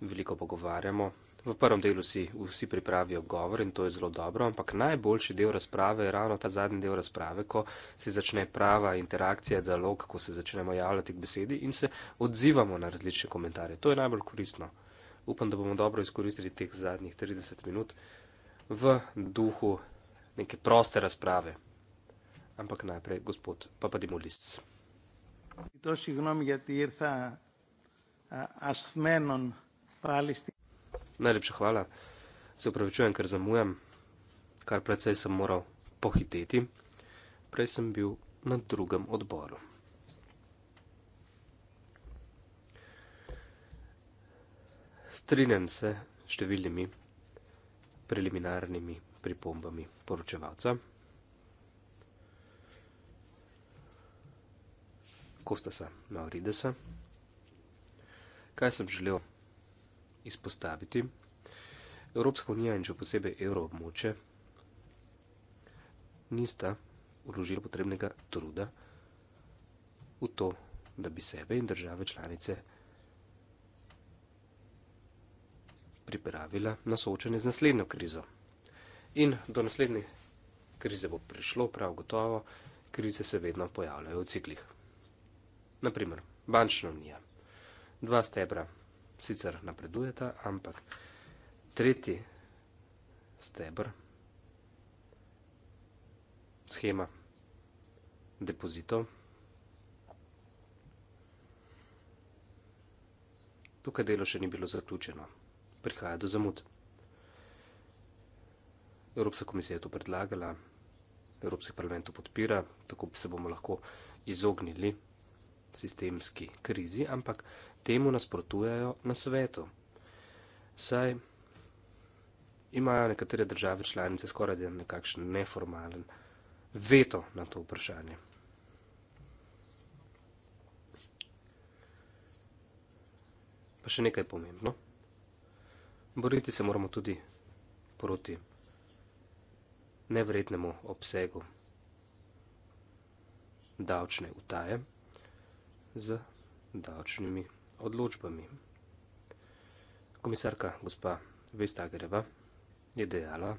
veliko pogovarjamo. V prvem delu si vsi pripravijo govor in to je zelo dobro, ampak najboljši del razprave je ravno ta zadnji del razprave, ko se začne prava interakcija, dialog, ko se začnemo javljati k besedi in se odzivamo na različne komentarje. To je najbolj koristno. Upam, da bomo dobro izkoristili teh zadnjih 30 minut v duhu neke proste razprave. Ampak najprej, gospod Papa Dimulis. Tosi gnom, jati irta asmenon palisti. Najlepša hvala. Se upravičujem, ker zamujam, kar precej sem moral pohiteti. Prej sem bil na drugem odboru. Strinjam se s številnimi preliminarnimi pripombami poročevalca. Kostasa Mauridesa. Kaj sem želel izpostaviti. Evropska unija in še posebej evroobmoče nista uložila potrebnega truda v to, da bi sebe in države članice pripravila na soočanje z naslednjo krizo. In do naslednje krize bo prišlo, prav gotovo, krize se vedno pojavljajo v ciklih. Naprimer, bančna unija. Dva stebra sicer napredujeta, ampak tretji stebr, schema depozitov. Tukaj delo še ni bilo zaključeno, prihaja do zamud. Evropska komisija je to predlagala, Evropski parlament to podpira, tako bi se bomo lahko izognili sistemski krizi, ampak temu nasprotujejo na svetu. Saj imajo nekatere države članice skoraj da nekakšen neformalen veto na to vprašanje. Pa še nekaj pomembno. Boriti se moramo tudi proti nevrednemu obsegu davčne utaje z davčnimi odločbami. Komisarka gospa Vestagereva je dejala,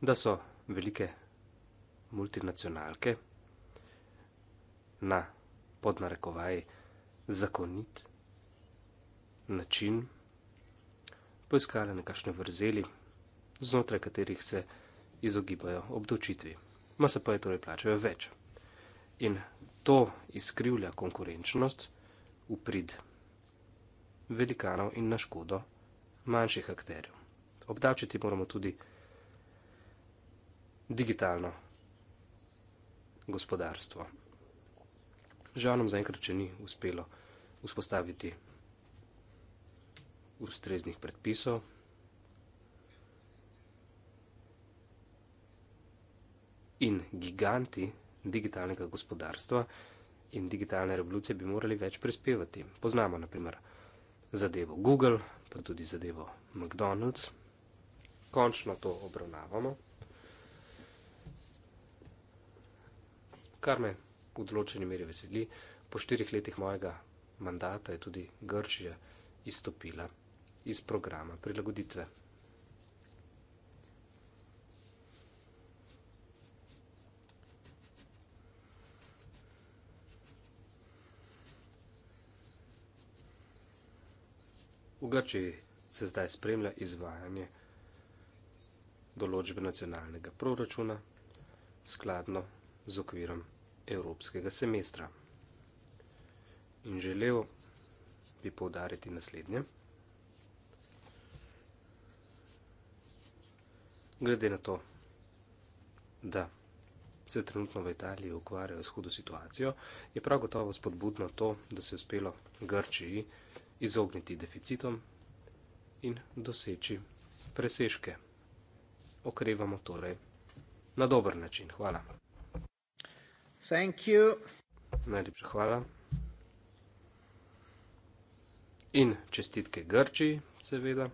da so velike multinacionalke na podnarekovaj zakonit način poiskale nekašne vrzeli, znotraj katerih se izogibajo obdočitvi. Masa pa je torej plačajo več. In to izkrivlja konkurenčnost v prid velikanov in na škodo manjših akterjev. Obdavčiti moramo tudi digitalno gospodarstvo. Žal nam zaenkrat, če ni uspelo vzpostaviti ustreznih predpisov, in giganti digitalnega gospodarstva, in digitalne revolucije bi morali več prispevati. Poznamo naprimer zadevo Google, pa tudi zadevo McDonald's. Končno to obravnavamo. Kar me v odločeni meri veseli, po štirih letih mojega mandata je tudi Grčija izstopila iz programa prilagoditve. V Grčiji se zdaj spremlja izvajanje določbe nacionalnega proračuna skladno z okvirom evropskega semestra. In želel bi povdariti naslednje. Glede na to, da se trenutno v Italiji ukvarjajo s hudo situacijo, je prav gotovo spodbudno to, da se je uspelo Grčiji izogniti deficitom in doseči presežke. Okrevamo torej na dober način. Hvala. Thank you. Najlepša hvala. In čestitke Grči, seveda.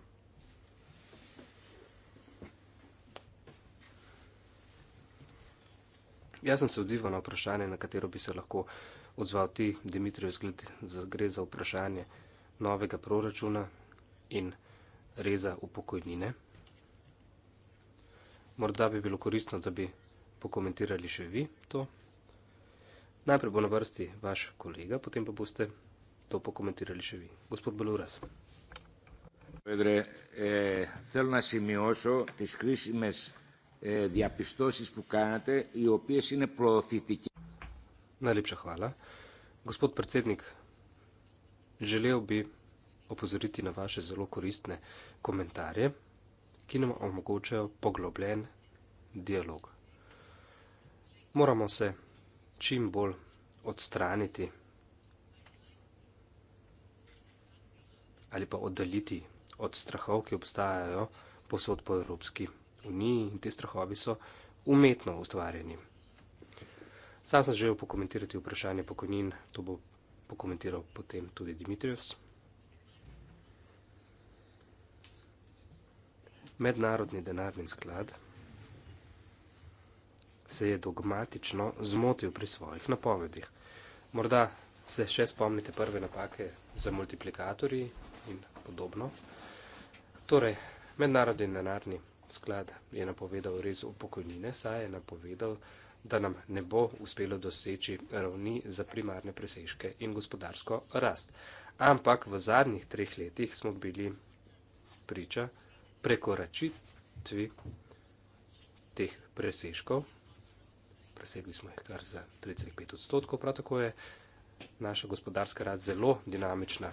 Jaz sem se odzival na vprašanje, na katero bi se lahko odzval ti, Dimitrijo, zgled, gre za vprašanje novega proračuna in reza v pokojnine. Morda bi bilo koristno, da bi pokomentirali še vi to. Najprej bo na vrsti vaš kolega, potem pa boste to pokomentirali še vi. Gospod Beluras. Pedre, zelo eh, nasimioso tis krisimes eh, diapistosis pokajate i opije sine prolofitike. Najlepša hvala. Gospod predsednik Želel bi opozoriti na vaše zelo koristne komentarje, ki nam omogočajo poglobljen dialog. Moramo se čim bolj odstraniti ali pa oddaljiti od strahov, ki obstajajo posod po Evropski uniji in te strahovi so umetno ustvarjeni. Sam sem želel pokomentirati vprašanje pokojnin, to bo pokomentiral potem tudi Dimitrijevs. Mednarodni denarni sklad se je dogmatično zmotil pri svojih napovedih. Morda se še spomnite prve napake za multiplikatorji in podobno. Torej, Mednarodni denarni sklad je napovedal res upokojnine, saj je napovedal, da nam ne bo uspelo doseči ravni za primarne presežke in gospodarsko rast. Ampak v zadnjih treh letih smo bili priča prekoračitvi teh presežkov. Presegli smo jih kar za 3,5 odstotkov, prav tako je naša gospodarska rast zelo dinamična.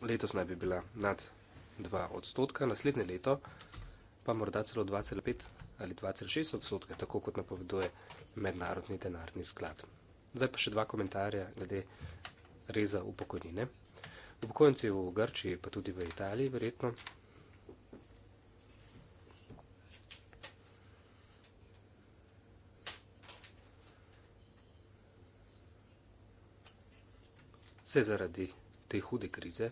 Letos naj bi bila nad 2 odstotka, naslednje leto pa morda celo 2,5 ali 2,6 odstotka, tako kot napoveduje mednarodni denarni sklad. Zdaj pa še dva komentarja glede reza v pokojnine. Upokojenci v Grčiji, pa tudi v Italiji, verjetno. Se zaradi te hude krize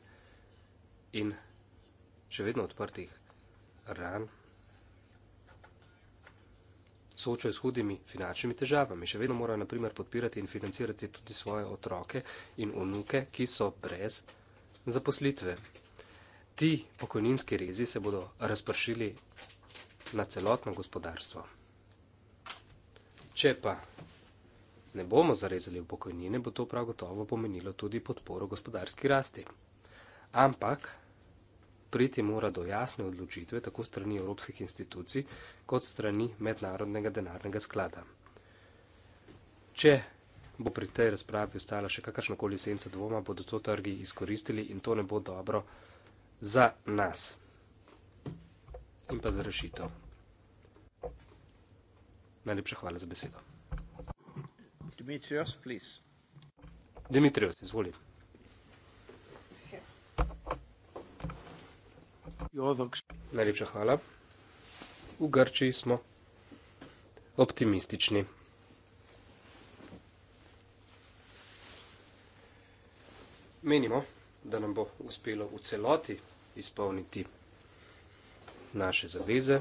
in še vedno odprtih ran soočajo s hudimi finančnimi težavami. Še vedno morajo, na primer, podpirati in financirati tudi svoje otroke in unuke, ki so brez zaposlitve. Ti pokojninski rezi se bodo razpršili na celotno gospodarstvo. Če pa ne bomo zarezali v pokojnine, bo to prav gotovo pomenilo tudi podporo gospodarski rasti. Ampak priti mora do jasne odločitve tako strani evropskih institucij kot strani mednarodnega denarnega sklada. Če bo pri tej razpravi ostala še kakršnakoli senca dvoma, bodo to trgi izkoristili in to ne bo dobro za nas in pa za rešitev. Najlepša hvala za besedo. Dimitrios, please. Dimitrios, izvolite. Najlepša hvala. V Grčiji smo optimistični. Menimo, da nam bo uspelo v celoti izpolniti naše zaveze,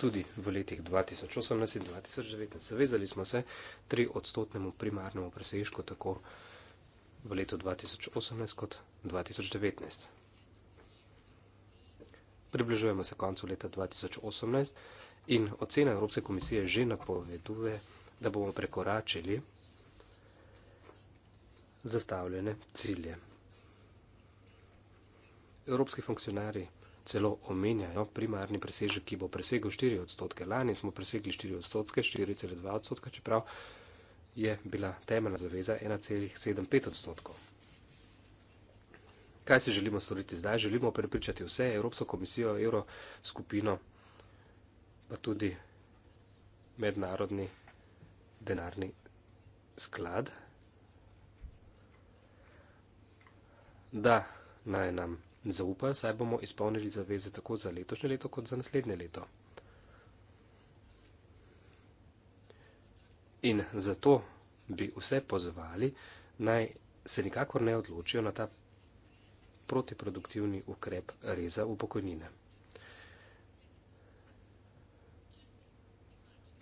tudi v letih 2018 in 2019. Zavezali smo se tri odstotnemu primarnemu presežku, tako v letu 2018 kot 2019 približujemo se koncu leta 2018 in ocena Evropske komisije že napoveduje, da bomo prekoračili zastavljene cilje. Evropski funkcionari celo omenjajo primarni presežek, ki bo presegel 4 odstotke. Lani smo presegli 4 odstotke, 4,2 odstotka, čeprav je bila temeljna zaveza 1,75 odstotkov kaj si želimo storiti zdaj? Želimo prepričati vse Evropsko komisijo, Evroskupino, pa tudi mednarodni denarni sklad, da naj nam zaupajo, saj bomo izpolnili zaveze tako za letošnje leto, kot za naslednje leto. In zato bi vse pozvali, naj se nikakor ne odločijo na ta protiproduktivni ukrep reza v pokojnine.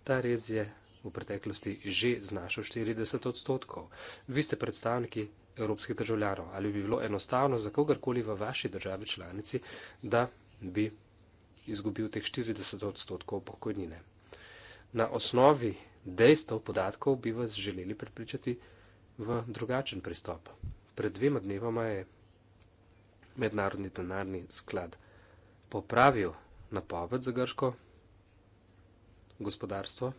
Ta rez je v preteklosti že znašal 40 odstotkov. Vi ste predstavniki evropskih državljanov. Ali bi bilo enostavno za kogarkoli v vaši državi članici, da bi izgubil teh 40 odstotkov pokojnine? Na osnovi dejstev podatkov bi vas želeli prepričati v drugačen pristop. Pred dvema dnevama je mednarodni denarni sklad popravil napoved za grško gospodarstvo.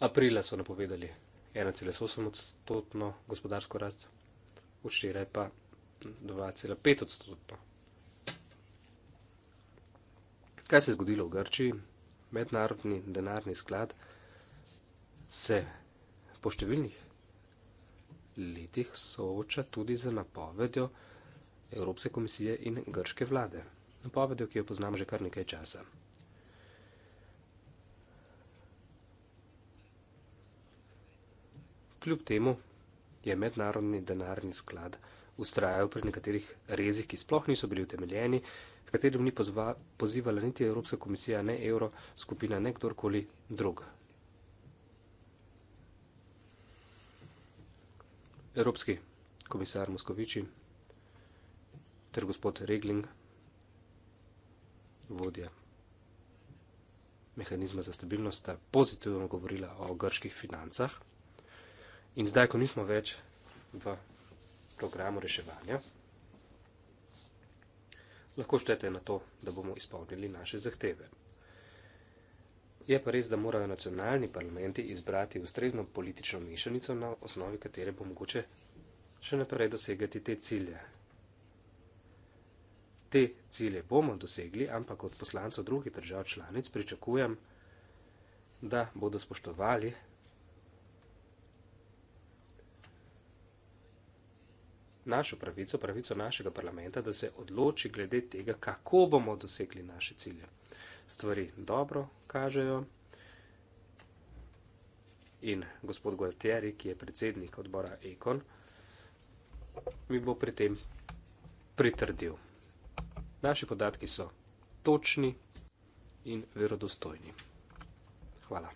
Aprila so napovedali 1,8 odstotno gospodarsko rast, včeraj pa 2,5 odstotno. Kaj se je zgodilo v Grčiji? Mednarodni denarni sklad se po številnih letih sooča tudi z napovedjo Evropske komisije in grške vlade. Napovedjo, ki jo poznamo že kar nekaj časa. Kljub temu je mednarodni denarni sklad ustrajal pri nekaterih rezih, ki sploh niso bili utemeljeni, katerim ni pozva, pozivala niti Evropska komisija, ne evro, skupina, ne kdorkoli drug. Evropski komisar Moskoviči ter gospod Regling, vodja mehanizma za stabilnost, sta pozitivno govorila o grških financah. In zdaj, ko nismo več v programu reševanja, lahko štete na to, da bomo izpolnili naše zahteve. Je pa res, da morajo nacionalni parlamenti izbrati ustrezno politično mišljenico, na osnovi katere bo mogoče še naprej dosegati te cilje. Te cilje bomo dosegli, ampak od poslancev drugih držav članic pričakujem, da bodo spoštovali našo pravico, pravico našega parlamenta, da se odloči glede tega, kako bomo dosegli naše cilje. Stvari dobro, kažejo. In gospod Gualtieri, ki je predsednik odbora Ekon, mi bo pri tem pritrdil. Naši podatki so točni in verodostojni. Hvala.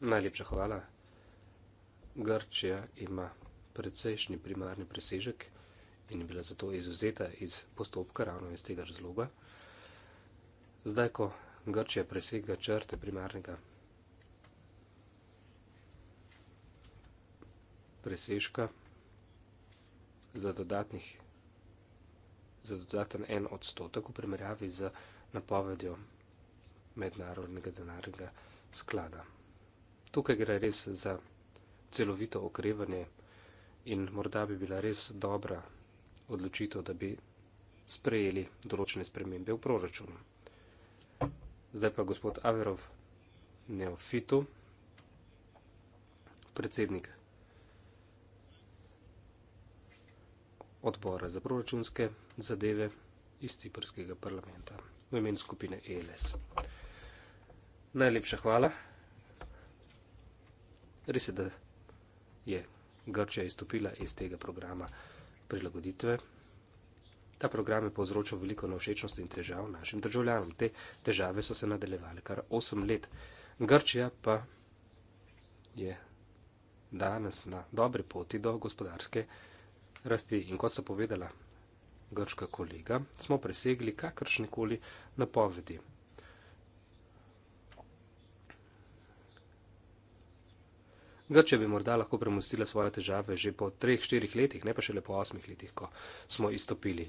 Najlepša hvala. Grčija ima precejšnji primarni presežek in je bila zato izuzeta iz postopka ravno iz tega razloga. Zdaj, ko Grčija presega črte primarnega presežka za dodatnih za dodaten en odstotek v primerjavi z napovedjo mednarodnega denarnega sklada. Tukaj gre res za celovito okrevanje in morda bi bila res dobra odločitev, da bi sprejeli določene spremembe v proračunu. Zdaj pa gospod Averov Neofitu, predsednik odbora za proračunske zadeve iz Ciprskega parlamenta v imenu skupine ELS. Najlepša hvala. Res je, da je Grčija izstopila iz tega programa prilagoditve. Ta program je povzročil veliko neošečnosti in težav našim državljanom. Te težave so se nadaljevale kar 8 let. Grčija pa je danes na dobri poti do gospodarske rasti. In kot so povedala grška kolega, smo presegli kakršne koli napovedi. Grčija bi morda lahko premustila svoje težave že po treh, štirih letih, ne pa šele po osmih letih, ko smo izstopili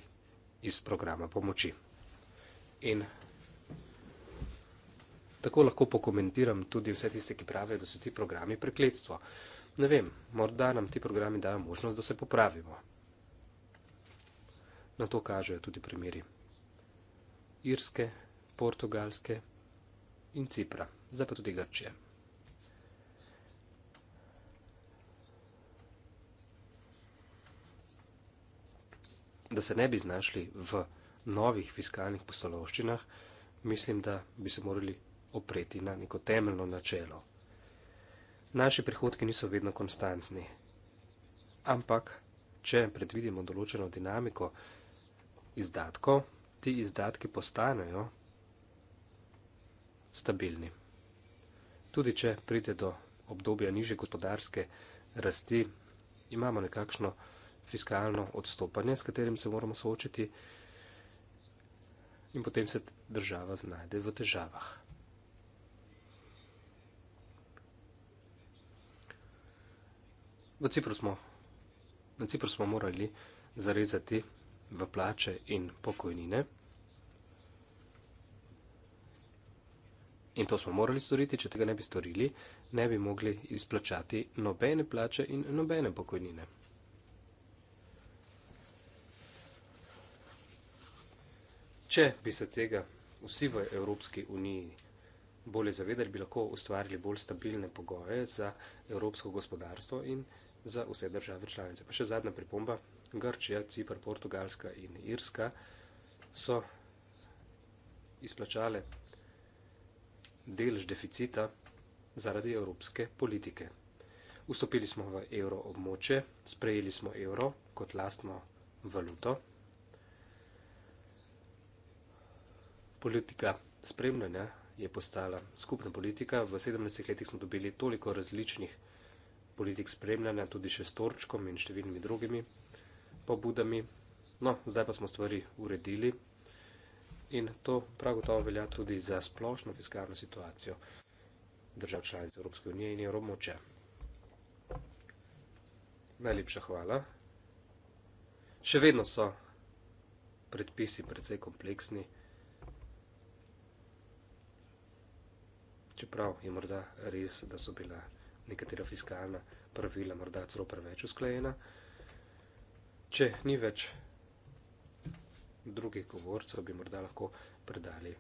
iz programa pomoči. In tako lahko pokomentiram tudi vse tiste, ki pravijo, da so ti programi prekletstvo. Ne vem, morda nam ti programi dajo možnost, da se popravimo. Na to kažejo tudi primeri Irske, Portugalske in Cipra, zdaj pa tudi Grčije. da se ne bi znašli v novih fiskalnih poslovščinah, mislim, da bi se morali opreti na neko temeljno načelo. Naši prihodki niso vedno konstantni, ampak če predvidimo določeno dinamiko izdatkov, ti izdatki postanejo stabilni. Tudi če pride do obdobja niže gospodarske rasti, imamo nekakšno fiskalno odstopanje, s katerim se moramo soočiti, in potem se država znajde v težavah. V Cipru smo, na Cipru smo morali zarezati v plače in pokojnine. In to smo morali storiti, če tega ne bi storili, ne bi mogli izplačati nobene plače in nobene pokojnine. Če bi se tega vsi v Evropski uniji bolje zavedali, bi lahko ustvarili bolj stabilne pogoje za evropsko gospodarstvo in za vse države članice. Pa še zadnja pripomba. Grčija, Cipr, Portugalska in Irska so izplačale delž deficita zaradi evropske politike. Vstopili smo v evro območje, sprejeli smo evro kot lastno valuto. politika spremljanja je postala skupna politika. V 70 letih smo dobili toliko različnih politik spremljanja, tudi še s Torčkom in številnimi drugimi pobudami. No, zdaj pa smo stvari uredili in to prav gotovo velja tudi za splošno fiskalno situacijo držav članic Evropske unije in Evromoče. Najlepša hvala. Še vedno so predpisi precej kompleksni. čeprav je morda res, da so bila nekatera fiskalna pravila morda celo preveč usklajena. Če ni več drugih govorcev, bi morda lahko predali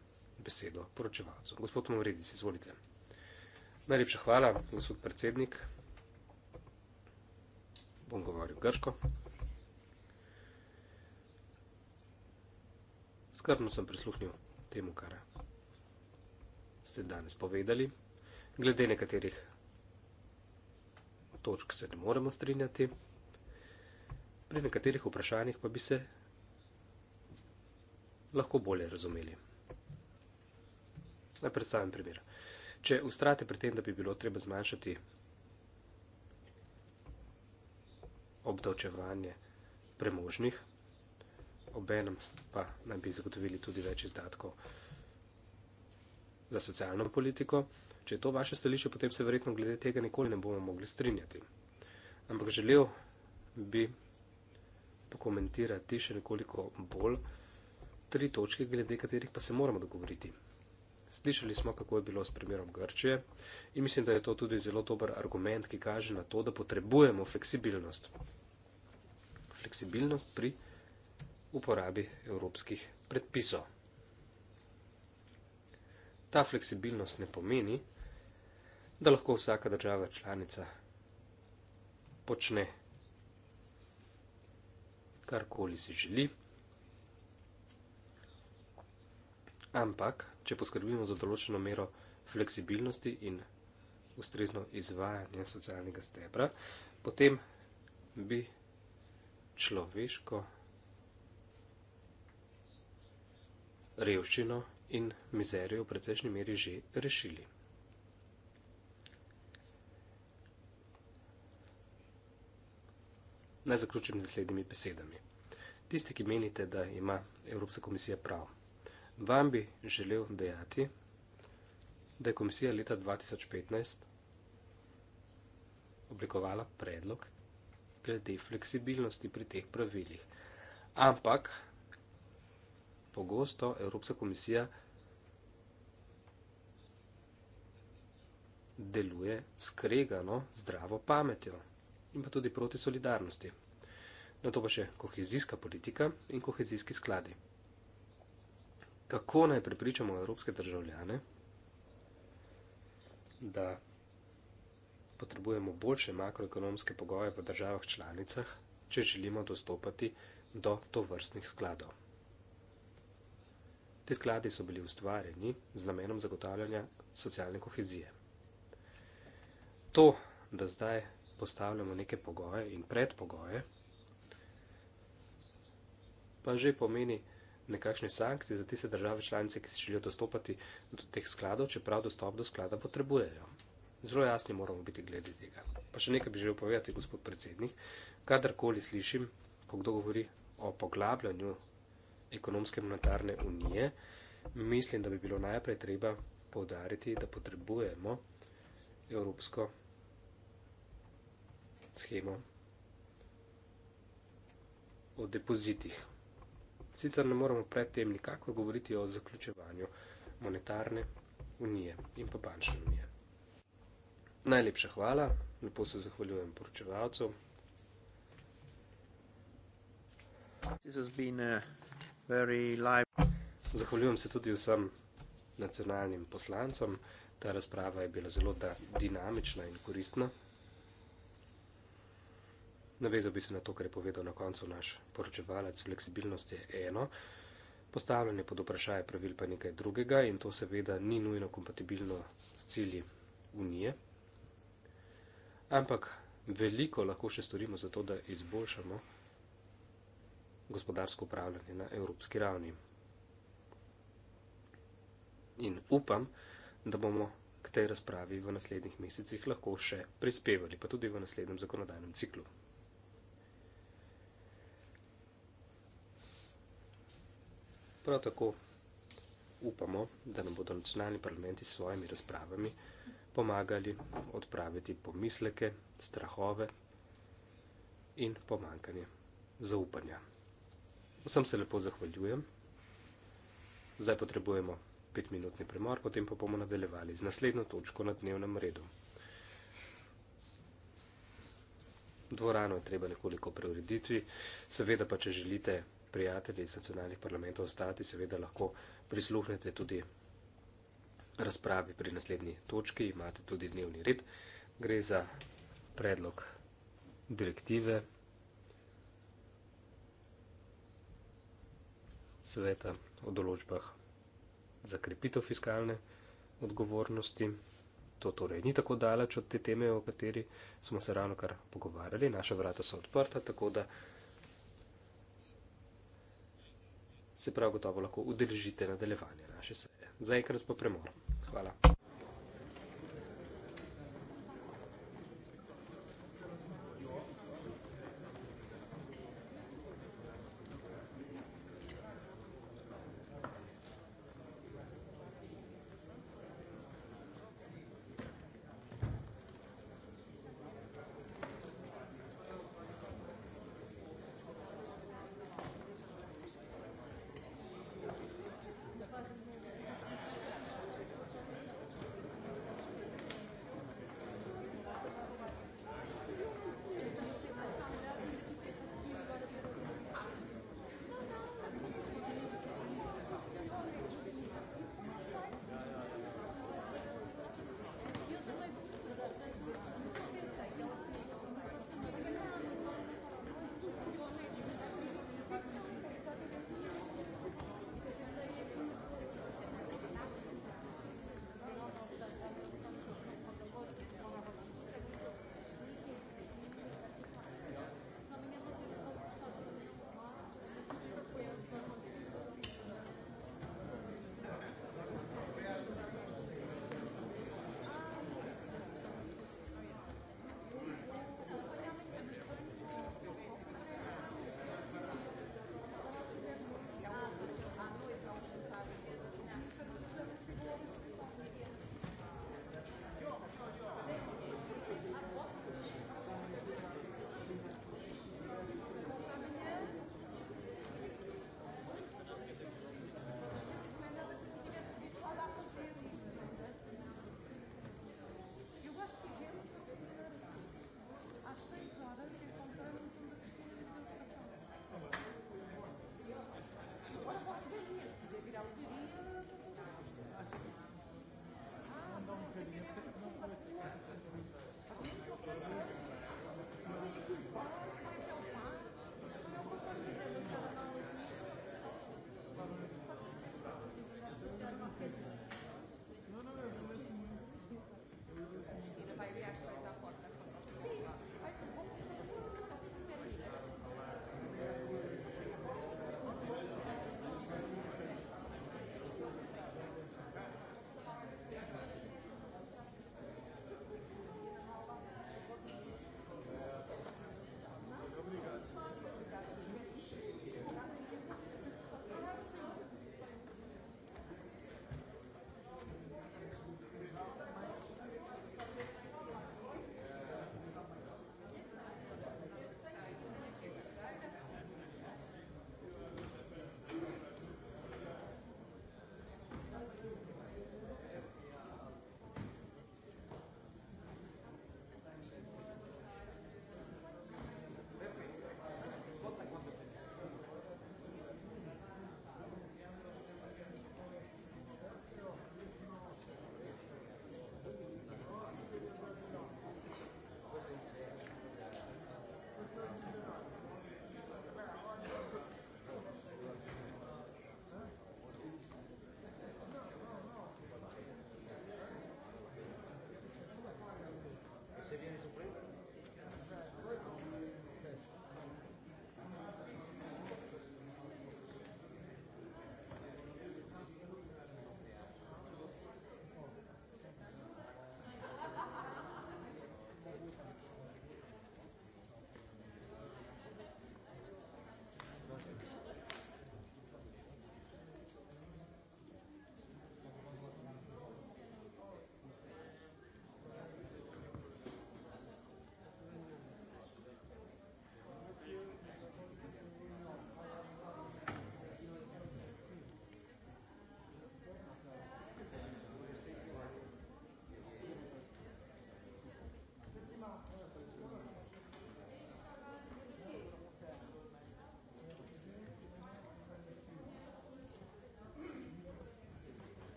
besedo poročevalcu. Gospod Mavredis, izvolite. Najlepša hvala, gospod predsednik. Bom govoril grško. Skrbno sem prisluhnil temu, kar je ste danes povedali, glede nekaterih točk se ne moremo strinjati, pri nekaterih vprašanjih pa bi se lahko bolje razumeli. Naj predstavim primer. Če ustrate pri tem, da bi bilo treba zmanjšati obdavčevanje premožnih, obenem pa naj bi zagotovili tudi več izdatkov za socialno politiko. Če je to vaše stališče, potem se verjetno glede tega nikoli ne bomo mogli strinjati. Ampak želel bi pokomentirati še nekoliko bolj tri točke, glede katerih pa se moramo dogovoriti. Slišali smo, kako je bilo s primerom Grčije in mislim, da je to tudi zelo dober argument, ki kaže na to, da potrebujemo fleksibilnost. Fleksibilnost pri uporabi evropskih predpisov. Ta fleksibilnost ne pomeni, da lahko vsaka država članica počne karkoli si želi, ampak če poskrbimo za določeno mero fleksibilnosti in ustrezno izvajanje socialnega stebra, potem bi človeško revščino in mizerijo v precejšnji meri že rešili. Naj zaključim z naslednjimi besedami. Tisti, ki menite, da ima Evropska komisija prav, vam bi želel dejati, da je komisija leta 2015 oblikovala predlog glede fleksibilnosti pri teh pravilih. Ampak pogosto Evropska komisija deluje skregano zdravo pametjo in pa tudi proti solidarnosti. Na to pa še kohezijska politika in kohezijski skladi. Kako naj prepričamo evropske državljane, da potrebujemo boljše makroekonomske pogoje v državah članicah, če želimo dostopati do tovrstnih skladov? Te skladi so bili ustvarjeni z namenom zagotavljanja socialne kohezije. To, da zdaj postavljamo neke pogoje in predpogoje, pa že pomeni nekakšne sankcije za tiste države članice, ki si želijo dostopati do teh skladov, čeprav dostop do sklada potrebujejo. Zelo jasni moramo biti glede tega. Pa še nekaj bi želel povedati, gospod predsednik. Kadarkoli slišim, ko kdo govori o poglabljanju ekonomske monetarne unije, mislim, da bi bilo najprej treba povdariti, da potrebujemo evropsko schemo o depozitih. Sicer ne moramo predtem nikako govoriti o zaključevanju monetarne unije in pa bančne unije. Najlepša hvala, lepo se zahvaljujem poročevalcu. This has been uh... Zahvaljujem se tudi vsem nacionalnim poslancem. Ta razprava je bila zelo dinamična in koristna. Navezal bi se na to, kar je povedal na koncu naš poročevalec. Fleksibilnost je eno, postavljanje pod vprašanje pravil pa nekaj drugega in to seveda ni nujno kompatibilno s cilji unije. Ampak veliko lahko še storimo za to, da izboljšamo gospodarsko upravljanje na evropski ravni. In upam, da bomo k tej razpravi v naslednjih mesecih lahko še prispevali, pa tudi v naslednjem zakonodajnem ciklu. Prav tako upamo, da nam bodo nacionalni parlamenti s svojimi razpravami pomagali odpraviti pomisleke, strahove in pomankanje zaupanja. Vsem se lepo zahvaljujem. Zdaj potrebujemo petminutni premor, potem pa bomo nadaljevali z naslednjo točko na dnevnem redu. Dvorano je treba nekoliko preurediti. Seveda pa, če želite prijatelji iz nacionalnih parlamentov ostati, seveda lahko prisluhnete tudi razpravi pri naslednji točki. Imate tudi dnevni red. Gre za predlog direktive 2021-2021. sveta o določbah za krepitev fiskalne odgovornosti. To torej ni tako daleč od te teme, o kateri smo se ravno kar pogovarjali. Naša vrata so odprta, tako da se prav gotovo lahko udeležite nadaljevanja naše seje. Zaenkrat pa premor. Hvala.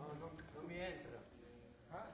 No, no, no mi entra. ¿Ah?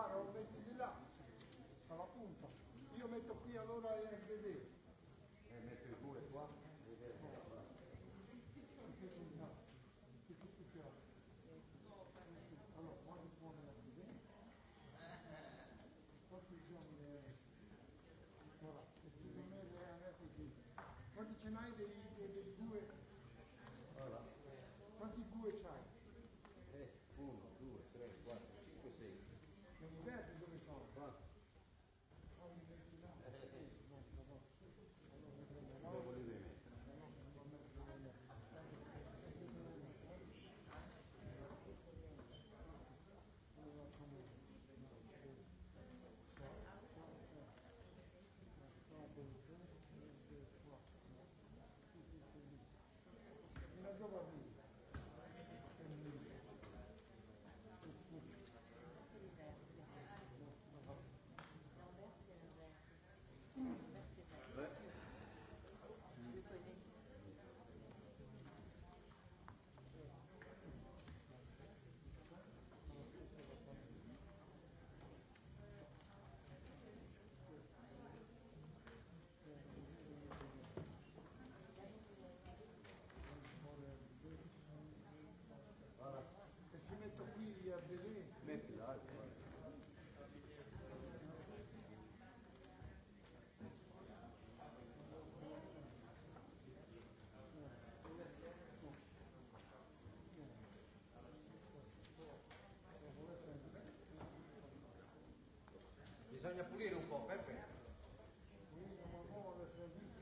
fare aumenti di là. Allora, appunto, io metto qui allora eh, Bisogna pulire un po', Peppe. Quindi non ho la sentita,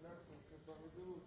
l'acqua si è parlato.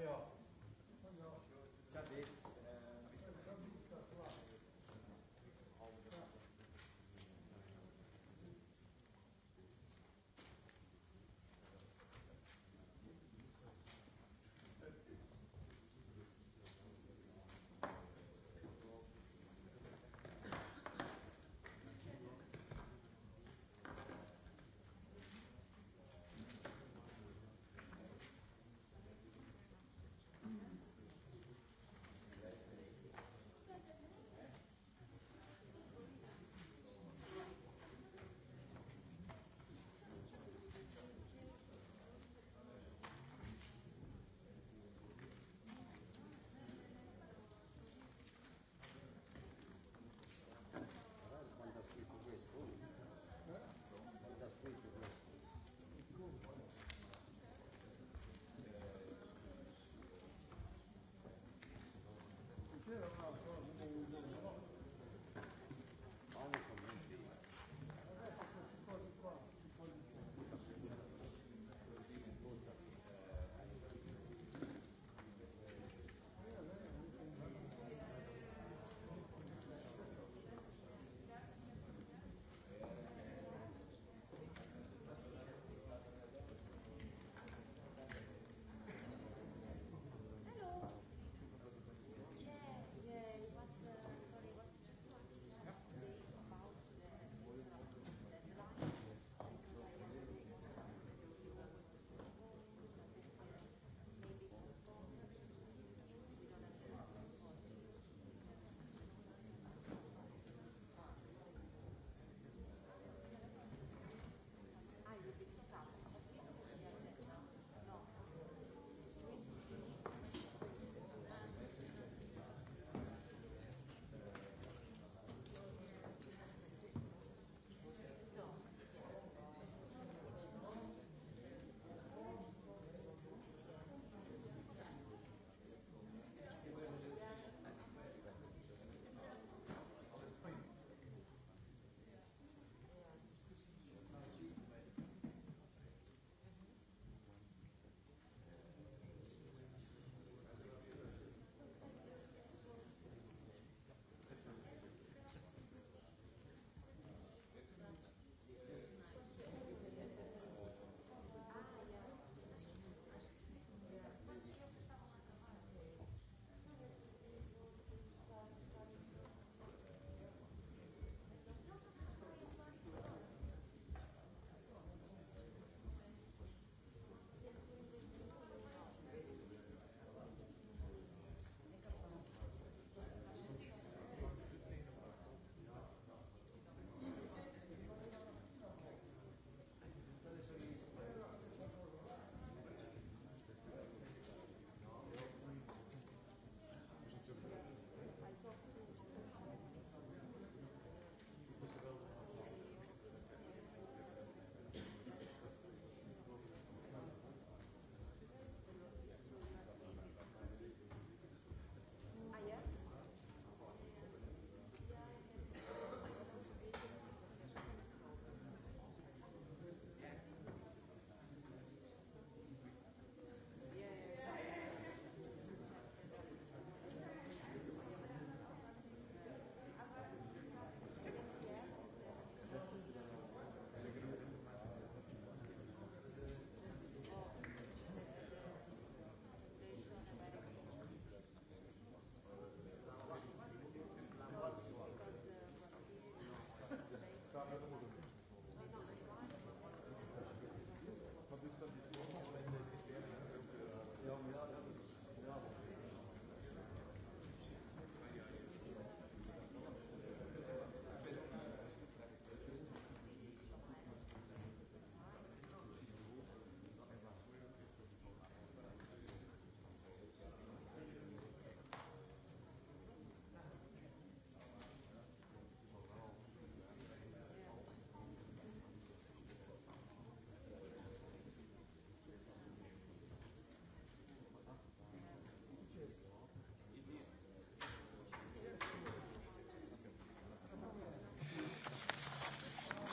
Yeah.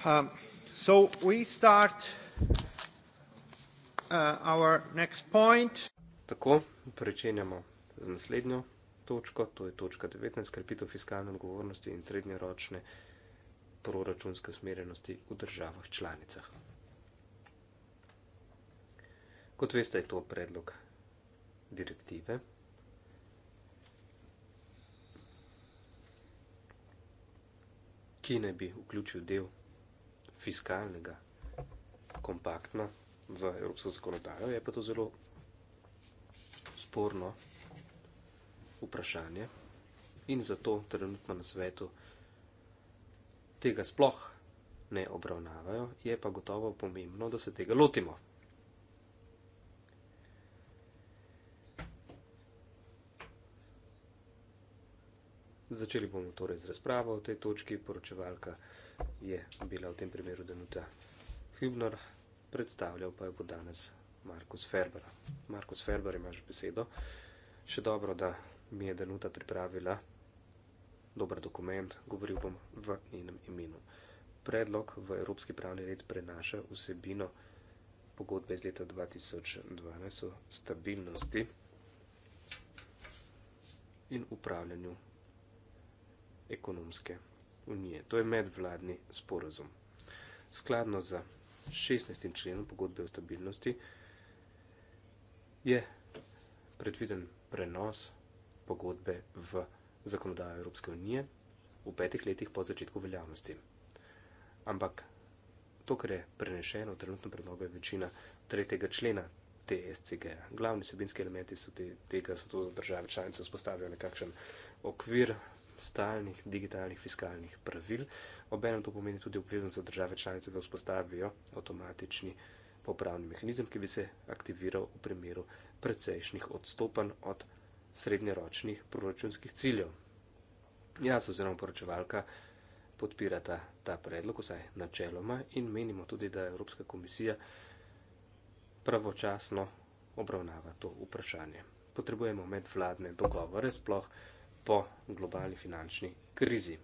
Um, so we start uh, our next point. Tako, prečenjamo z naslednjo točko, to je točka 19, krepitev fiskalne odgovornosti in srednjeročne proračunske usmerjenosti v državah članicah. Kot veste, je to predlog direktive. Ki naj bi vključil del fiskalnega kompakta v evropsko zakonodajo, je pa to zelo sporno vprašanje in zato trenutno na svetu tega sploh ne obravnavajo, je pa gotovo pomembno, da se tega lotimo. Začeli bomo torej z razpravo o tej točki. Poročevalka je bila v tem primeru Denuta Hübner, predstavljal pa jo bo danes Markus Ferber. Markus Ferber, imaš besedo. Še dobro, da mi je Denuta pripravila dober dokument, govoril bom v njenem imenu. Predlog v Evropski pravni red prenaša vsebino pogodbe iz leta 2012 o stabilnosti in upravljanju ekonomske unije. To je medvladni sporozum. Skladno z 16. členom pogodbe o stabilnosti je predviden prenos pogodbe v zakonodajo Evropske unije v petih letih po začetku veljavnosti. Ampak to, kar je prenešeno, trenutno predloga je večina tretjega člena TSCG. Glavni sebinski elementi so te, tega, so to, da države članice vzpostavijo nekakšen okvir stalnih digitalnih fiskalnih pravil. Obenem to pomeni tudi obveznost države članice, da vzpostavijo avtomatični popravni mehanizem, ki bi se aktiviral v primeru precejšnjih odstopanj od srednjeročnih proračunskih ciljev. Jaz oziroma poročevalka podpirata ta predlog, vsaj načeloma, in menimo tudi, da Evropska komisija pravočasno obravnava to vprašanje. Potrebujemo medvladne dogovore, sploh po globalni finančni krizi.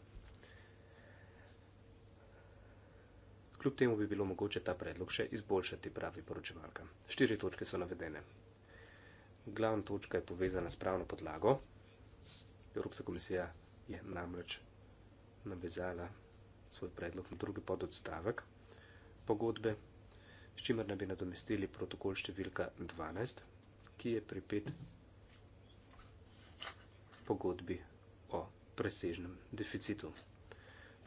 Kljub temu bi bilo mogoče ta predlog še izboljšati, pravi poročevalka. Štiri točke so navedene. Glavna točka je povezana s pravno podlago. Evropska komisija je namreč navezala svoj predlog na drugi pododstavek pogodbe, s čimer naj bi nadomestili protokol številka 12, ki je pripet pogodbi o presežnem deficitu.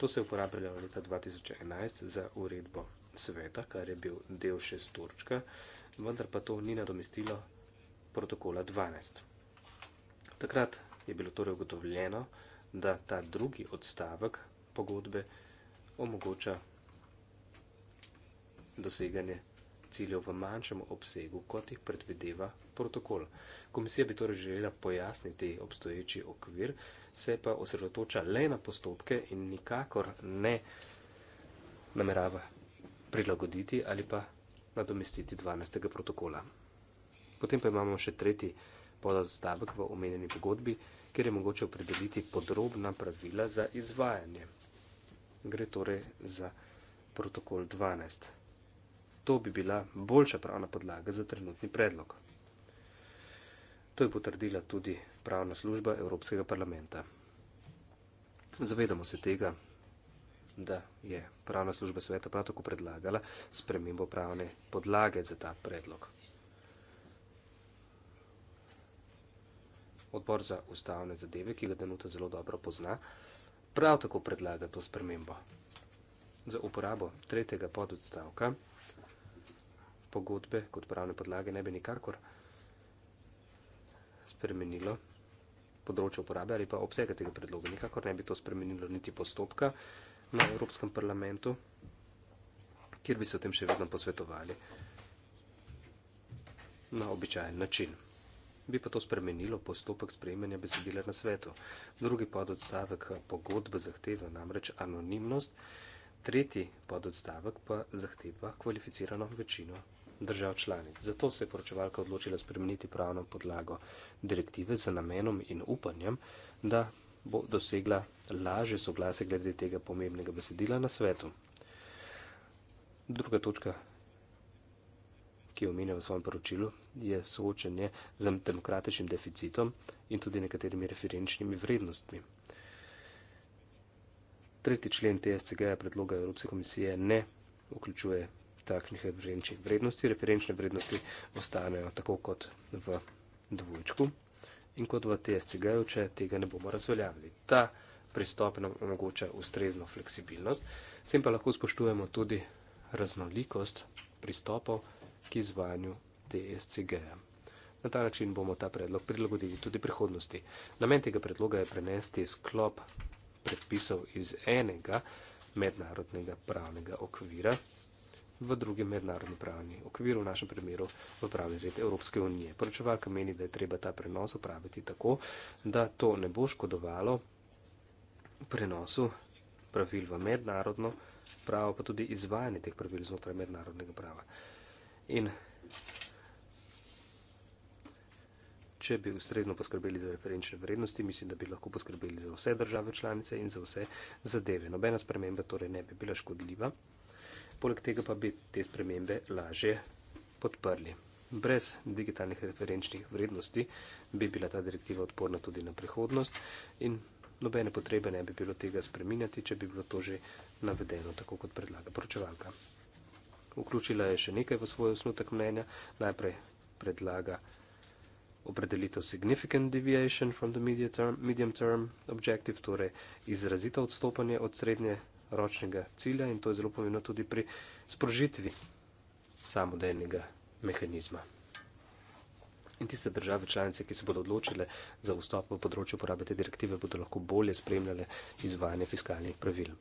To se je uporabljalo leta 2011 za uredbo sveta, kar je bil del še z točka, vendar pa to ni nadomestilo protokola 12. Takrat je bilo torej ugotovljeno, da ta drugi odstavek pogodbe omogoča doseganje ciljev v manjšem obsegu, kot jih predvideva protokol. Komisija bi torej želela pojasniti obstoječi okvir, se pa osredotoča le na postopke in nikakor ne namerava prilagoditi ali pa nadomestiti 12. protokola. Potem pa imamo še tretji podazdavek v omenjeni pogodbi, kjer je mogoče opredeliti podrobna pravila za izvajanje. Gre torej za protokol 12 to bi bila boljša pravna podlaga za trenutni predlog. To je potrdila tudi pravna služba Evropskega parlamenta. Zavedamo se tega, da je pravna služba sveta prav tako predlagala spremembo pravne podlage za ta predlog. Odbor za ustavne zadeve, ki ga Danuta zelo dobro pozna, prav tako predlaga to spremembo. Za uporabo tretjega pododstavka pogodbe kot pravne podlage ne bi nikakor spremenilo področje uporabe ali pa obsega tega predloga. Nikakor ne bi to spremenilo niti postopka na Evropskem parlamentu, kjer bi se o tem še vedno posvetovali na običajen način. Bi pa to spremenilo postopek sprejemanja besedila na svetu. Drugi pododstavek pogodbe zahteva namreč anonimnost, tretji pododstavek pa zahteva kvalificirano večino držav članic. Zato se je poročevalka odločila spremeniti pravno podlago direktive z namenom in upanjem, da bo dosegla laže soglase glede tega pomembnega besedila na svetu. Druga točka, ki jo omenja v svojem poročilu, je soočenje z demokratičnim deficitom in tudi nekaterimi referenčnimi vrednostmi. Tretji člen TSCG predloga Evropske komisije ne vključuje takšnih referenčnih vrednosti. Referenčne vrednosti ostanejo tako kot v dvojčku in kot v TSCG-ju, če tega ne bomo razveljavili. Ta pristop nam omogoča ustrezno fleksibilnost, s tem pa lahko spoštujemo tudi raznolikost pristopov k izvajanju TSCG-ja. Na ta način bomo ta predlog prilagodili tudi prihodnosti. Namen tega predloga je prenesti sklop predpisov iz enega mednarodnega pravnega okvira v drugem mednarodnem pravnem okviru, v našem primeru v pravni red Evropske unije. Poročevalka meni, da je treba ta prenos upraviti tako, da to ne bo škodovalo prenosu pravil v mednarodno pravo, pa tudi izvajanje teh pravil znotraj mednarodnega prava. In če bi ustrezno poskrbeli za referenčne vrednosti, mislim, da bi lahko poskrbeli za vse države članice in za vse zadeve. Nobena sprememba torej ne bi bila škodljiva poleg tega pa bi te spremembe lažje podprli. Brez digitalnih referenčnih vrednosti bi bila ta direktiva odporna tudi na prihodnost in nobene potrebe ne bi bilo tega spreminjati, če bi bilo to že navedeno, tako kot predlaga poročevalka. Vključila je še nekaj v svoj osnutek mnenja. Najprej predlaga opredelitev significant deviation from the medium term, medium term objective, torej izrazito odstopanje od srednje ročnega cilja in to je zelo pomembno tudi pri sprožitvi samodejnega mehanizma. In tiste države članice, ki se bodo odločile za vstop v področju uporabe te direktive, bodo lahko bolje spremljale izvajanje fiskalnih pravil.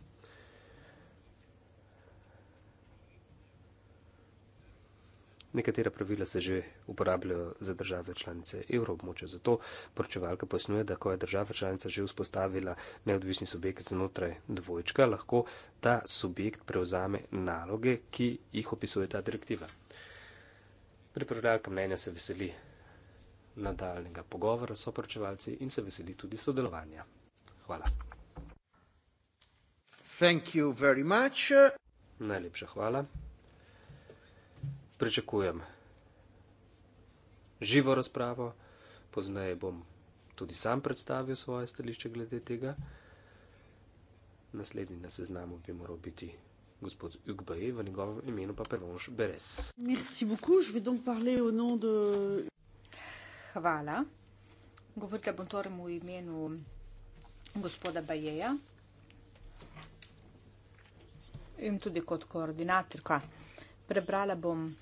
Nekatera pravila se že uporabljajo za države članice evroobmočja. Zato poročevalka pojasnjuje, da ko je država članica že vzpostavila neodvisni subjekt znotraj dvojčka, lahko ta subjekt prevzame naloge, ki jih opisuje ta direktiva. Pripravljalka mnenja se veseli nadaljnega pogovora s oporočevalci in se veseli tudi sodelovanja. Hvala. Thank you very much. Najlepša hvala pričakujem živo razpravo, poznaj bom tudi sam predstavil svoje stališče glede tega. Naslednji na seznamu bi moral biti gospod Ugbaje, v njegovem imenu pa Prvonš Beres. Beaucoup, de... Hvala. Govorila bom torej v imenu gospoda Bajeja in tudi kot koordinatorka. Prebrala bom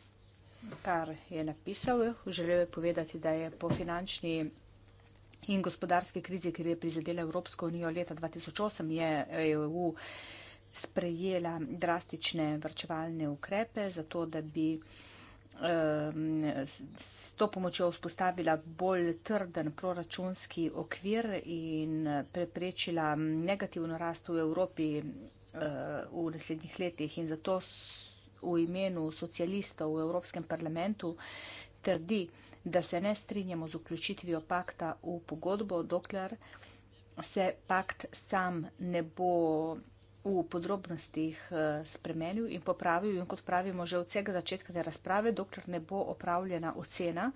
kar je napisal. Želel je povedati, da je po finančni in gospodarski krizi, ki je prizadela Evropsko unijo leta 2008, je EU sprejela drastične vrčevalne ukrepe, zato da bi s to pomočjo vzpostavila bolj trden proračunski okvir in preprečila negativno rast v Evropi eh, v naslednjih letih. In zato v imenu socialistov v Evropskem parlamentu trdi, da se ne strinjamo z vključitvijo pakta v pogodbo, dokler se pakt sam ne bo v podrobnostih eh, spremenil in popravil in kot pravimo že od vsega začetka te razprave, dokler ne bo opravljena ocena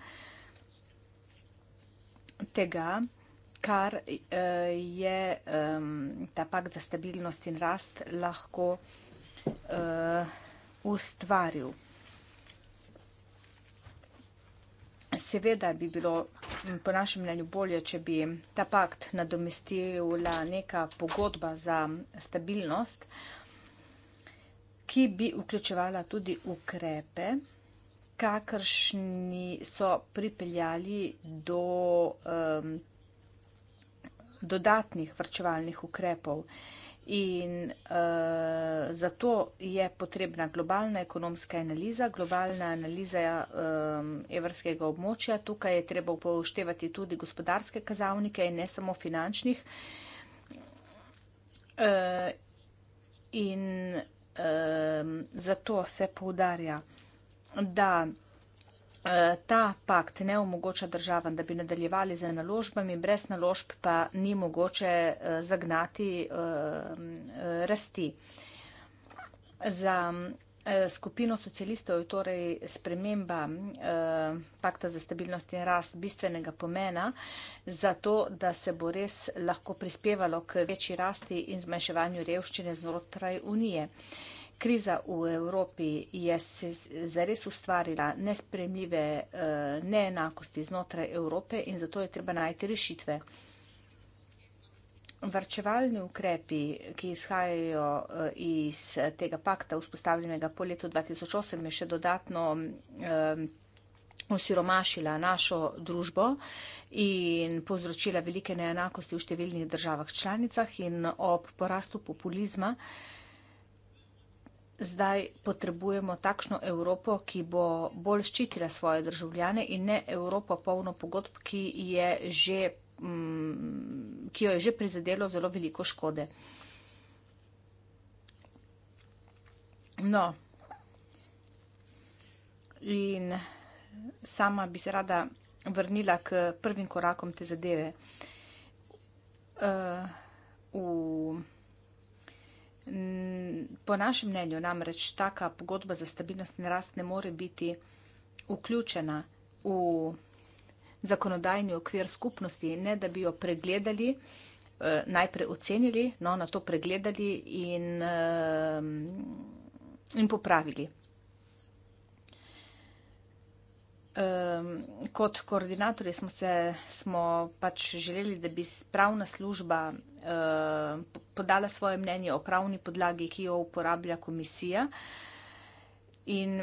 tega, kar eh, je ta pakt za stabilnost in rast lahko vsega. Eh, ustvaril. Seveda bi bilo po našem mnenju bolje, če bi ta pakt nadomestila neka pogodba za stabilnost, ki bi vključevala tudi ukrepe, kakršni so pripeljali do um, dodatnih vrčevalnih ukrepov. Uh, In uh, zato je potrebna globalna ekonomska analiza, globalna analiza um, evrskega območja. Tukaj je treba upoštevati tudi gospodarske kazavnike in ne samo finančnih. Uh, in um, zato se poudarja, da. Eh, ta pakt ne omogoča državam, da bi nadaljevali z naložbami, brez naložb pa ni mogoče eh, zagnati eh, rasti. Za skupino socialistov je torej sprememba pakta za stabilnost in rast bistvenega pomena za to, da se bo res lahko prispevalo k večji rasti in zmanjševanju revščine znotraj unije kriza v Evropi je se zares ustvarila nespremljive eh, neenakosti znotraj Evrope in zato je treba najti rešitve. Vrčevalni ukrepi, ki izhajajo eh, iz tega pakta, vzpostavljenega po letu 2008, je še dodatno eh, osiromašila našo družbo in povzročila velike neenakosti v številnih državah članicah in ob porastu populizma uh, zdaj potrebujemo takšno Evropo, ki bo bolj ščitila svoje državljane in ne Evropo polno pogodb, ki, je že, mm, ki jo je že prizadelo zelo veliko škode. No, in sama bi se rada vrnila k prvim korakom te zadeve. Uh, Po našem mnenju namreč taka pogodba za stabilnost in rast ne more biti vključena v zakonodajni okvir skupnosti, ne da bi jo pregledali, eh, najprej ocenili, no na to pregledali in, eh, in popravili. um, kot koordinatorji smo, se, smo pač želeli, da bi pravna služba uh, podala svoje mnenje o pravni podlagi, ki jo uporablja komisija. In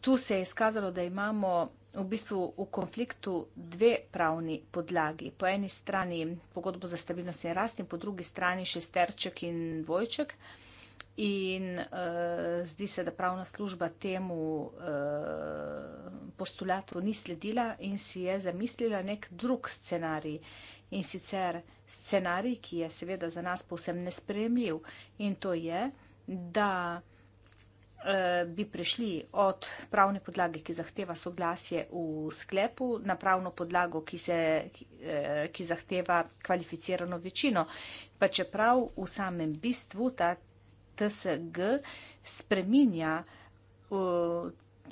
tu se je izkazalo, da imamo v bistvu v konfliktu dve pravni podlagi. Po eni strani pogodbo za stabilnost in rast in po drugi strani šesterček in dvojček. Uh, In uh, zdi se, da pravna služba temu uh, postulatu ni sledila in si je zamislila nek drug scenarij. In sicer scenarij, ki je seveda za nas povsem nespremljiv in to je, da eh, bi prišli od pravne podlage, ki zahteva soglasje v sklepu, na pravno podlago, ki, se, ki zahteva kvalificirano večino. Pa čeprav v samem bistvu ta TSG spreminja uh,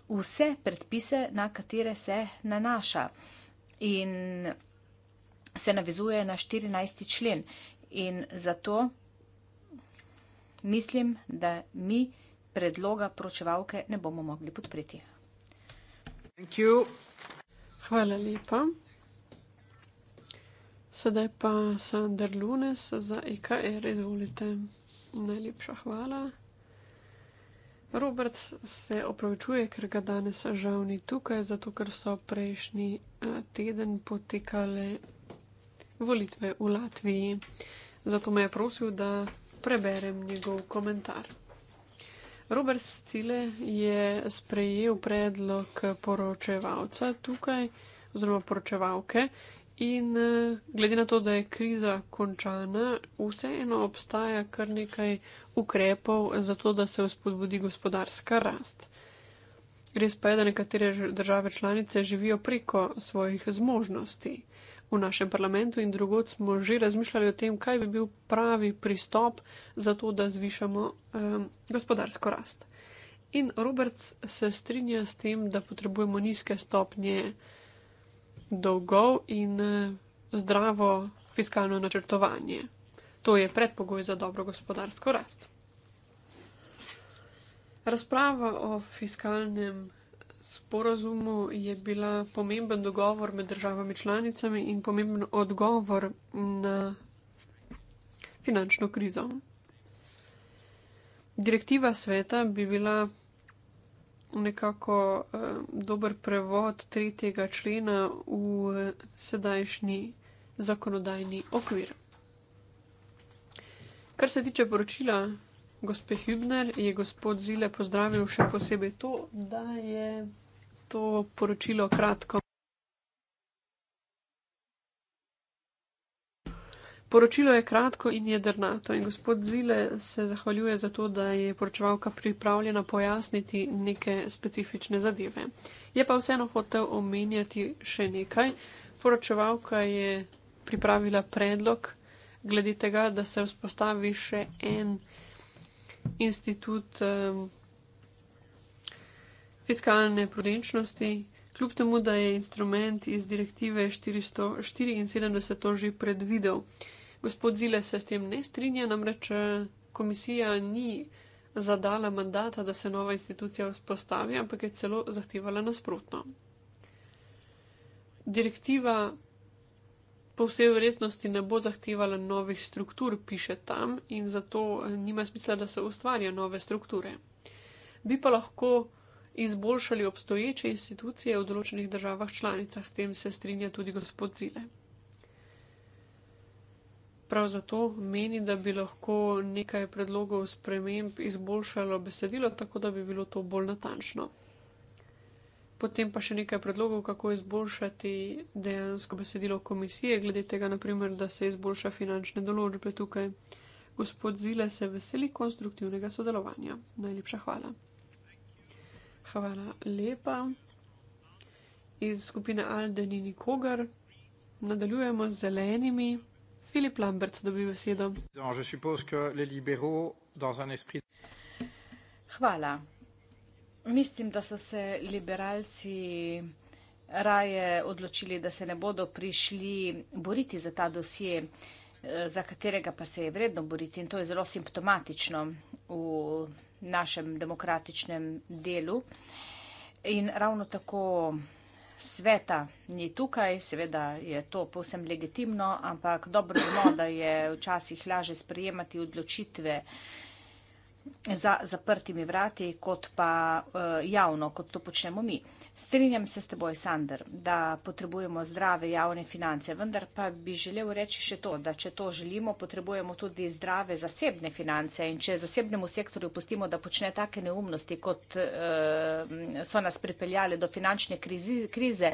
vse predpise, na katere se nanaša in se navezuje na 14. člen. In zato mislim, da mi predloga pročevalke ne bomo mogli podpreti. Hvala lepa. Sedaj pa Sander Lunes za IKR, e izvolite. Najlepša hvala. Robert se opravičuje, ker ga danes žal ni tukaj, zato ker so prejšnji eh, teden potekale volitve v Latviji. Zato me je prosil, da preberem njegov komentar. Robert Cile je sprejel predlog poročevalca tukaj, oziroma poročevalke, In e, glede na to, da je kriza končana, vseeno obstaja kar nekaj ukrepov za to, da se vzpodbudi gospodarska rast. Res pa je, da nekatere države članice živijo preko svojih zmožnosti. V našem parlamentu in drugod smo že razmišljali o tem, kaj bi bil pravi pristop za to, da zvišamo um, gospodarsko rast. In Roberts se strinja s tem, da potrebujemo nizke stopnje dolgov in eh, zdravo fiskalno načrtovanje. To je predpogoj za dobro gospodarsko rast. Razprava o fiskalnem sporazumu je bila pomemben dogovor med državami članicami in pomemben odgovor na finančno krizo. Direktiva sveta bi bila nekako eh, dober prevod tretjega člena v eh, sedajšnji zakonodajni okvir. Kar se tiče poročila gospe Hübner, je gospod Zile pozdravil še posebej to, da je to poročilo kratko. Poročilo je kratko in jedrnato in gospod Zile se zahvaljuje za to, da je poročevalka pripravljena pojasniti neke specifične zadeve. Je pa vseeno hotel omenjati še nekaj. Poročevalka je pripravila predlog glede tega, da se vzpostavi še en institut um, fiskalne prudenčnosti. Kljub temu, da je instrument iz direktive 474 to že predvidel. Gospod Zile se s tem ne strinja, namreč eh, komisija ni zadala mandata, da se nova institucija vzpostavi, ampak je celo zahtevala nasprotno. Direktiva po vsej vrednosti ne bo zahtevala novih struktur, piše tam, in zato eh, nima smisla, da se ustvarja nove strukture. Bi pa lahko izboljšali obstoječe institucije v določenih državah članicah, s tem se strinja tudi gospod Zile. Prav zato meni, da bi lahko nekaj predlogov sprememb izboljšalo besedilo, tako da bi bilo to bolj natančno. Potem pa še nekaj predlogov, kako izboljšati dejansko besedilo komisije, glede tega, naprimer, da se izboljša finančne določbe tukaj. Gospod Zile se veseli konstruktivnega sodelovanja. Najlepša hvala. Hvala lepa. Iz skupine Alde ni nikogar. Nadaljujemo z zelenimi. Filip Lambert dobi besedo. Hvala. Mislim, da so se liberalci raje odločili, da se ne bodo prišli boriti za ta dosje, eh, za katerega pa se je vredno boriti. In to je zelo simptomatično v našem demokratičnem delu. In ravno tako sveta ni tukaj, seveda je to povsem legitimno, ampak dobro vemo, da je včasih laže sprejemati odločitve za zaprtimi vrati, kot pa eh, javno, kot to počnemo mi. Strinjam se s teboj, Sander, da potrebujemo zdrave javne finance, vendar pa bi želel reči še to, da če to želimo, potrebujemo tudi zdrave zasebne finance in če zasebnemu sektorju pustimo, da počne take neumnosti, kot eh, so nas pripeljali do finančne krize,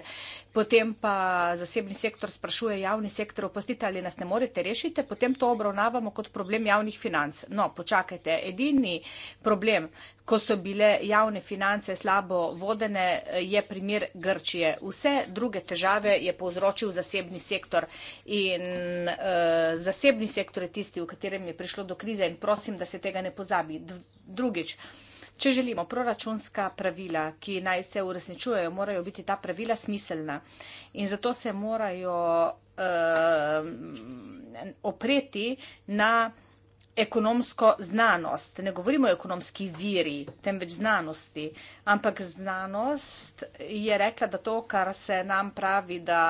potem pa zasebni sektor sprašuje javni sektor, opostite ali nas ne morete rešiti, potem to obravnavamo kot problem javnih financ. No, počakajte, edini edini problem, ko so bile javne finance slabo vodene, je primer Grčije. Vse druge težave je povzročil zasebni sektor in uh, zasebni sektor je tisti, v katerem je prišlo do krize in prosim, da se tega ne pozabi. Dv drugič. Če želimo proračunska pravila, ki naj se uresničujejo, morajo biti ta pravila smiselna in zato se morajo uh, opreti na ekonomsko znanost, ne govorimo o ekonomski viri, temveč znanosti, ampak znanost je rekla, da to, kar se nam pravi, da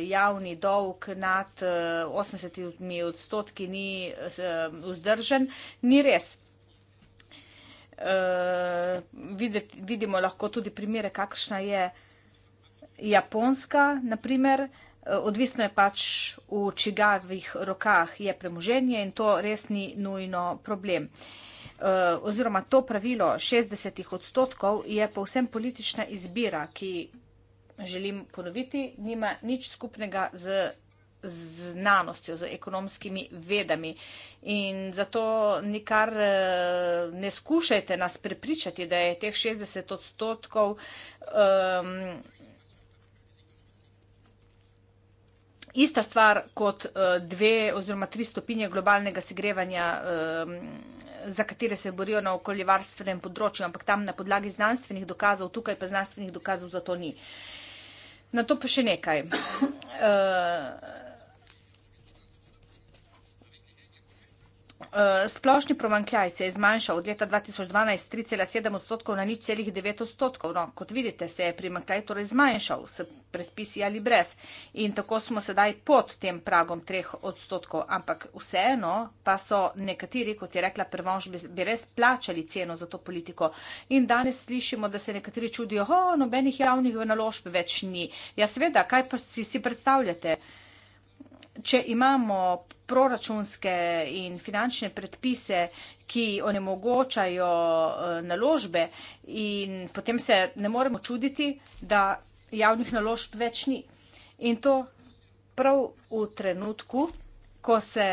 javni dolg nad 80 eh, odstotki ni eh, vzdržen, ni res. Eh, vidimo lahko tudi primere, kakšna je Japonska, naprimer, Eh, odvisno je pač v čigavih rokah je premoženje in to res ni nujno problem. Eh, oziroma to pravilo 60 odstotkov je povsem politična izbira, ki želim ponoviti, nima nič skupnega z znanostjo, z ekonomskimi vedami. In zato nikar eh, ne skušajte nas prepričati, da je teh 60 odstotkov um, ista stvar kot eh, dve oziroma tri stopinje globalnega segrevanja, ehm, za katere se borijo na okoljevarstvenem področju, ampak tam na podlagi znanstvenih dokazov, tukaj pa znanstvenih dokazov za to ni. Na to pa še nekaj. Eh, Eh, splošni promankljaj se je zmanjšal od leta 2012 3,7 odstotkov na nič celih 9 odstotkov. No, kot vidite, se je primankljaj torej zmanjšal s predpisi ali brez. In tako smo sedaj pod tem pragom 3 odstotkov, ampak vseeno pa so nekateri, kot je rekla Prvonš, bi res plačali ceno za to politiko. In danes slišimo, da se nekateri čudijo, o, nobenih javnih naložb več ni. Ja, seveda, kaj pa si, si predstavljate? če imamo proračunske in finančne predpise, ki onemogočajo eh, naložbe, in potem se ne moremo čuditi, da javnih naložb več ni. In to prav v trenutku, ko se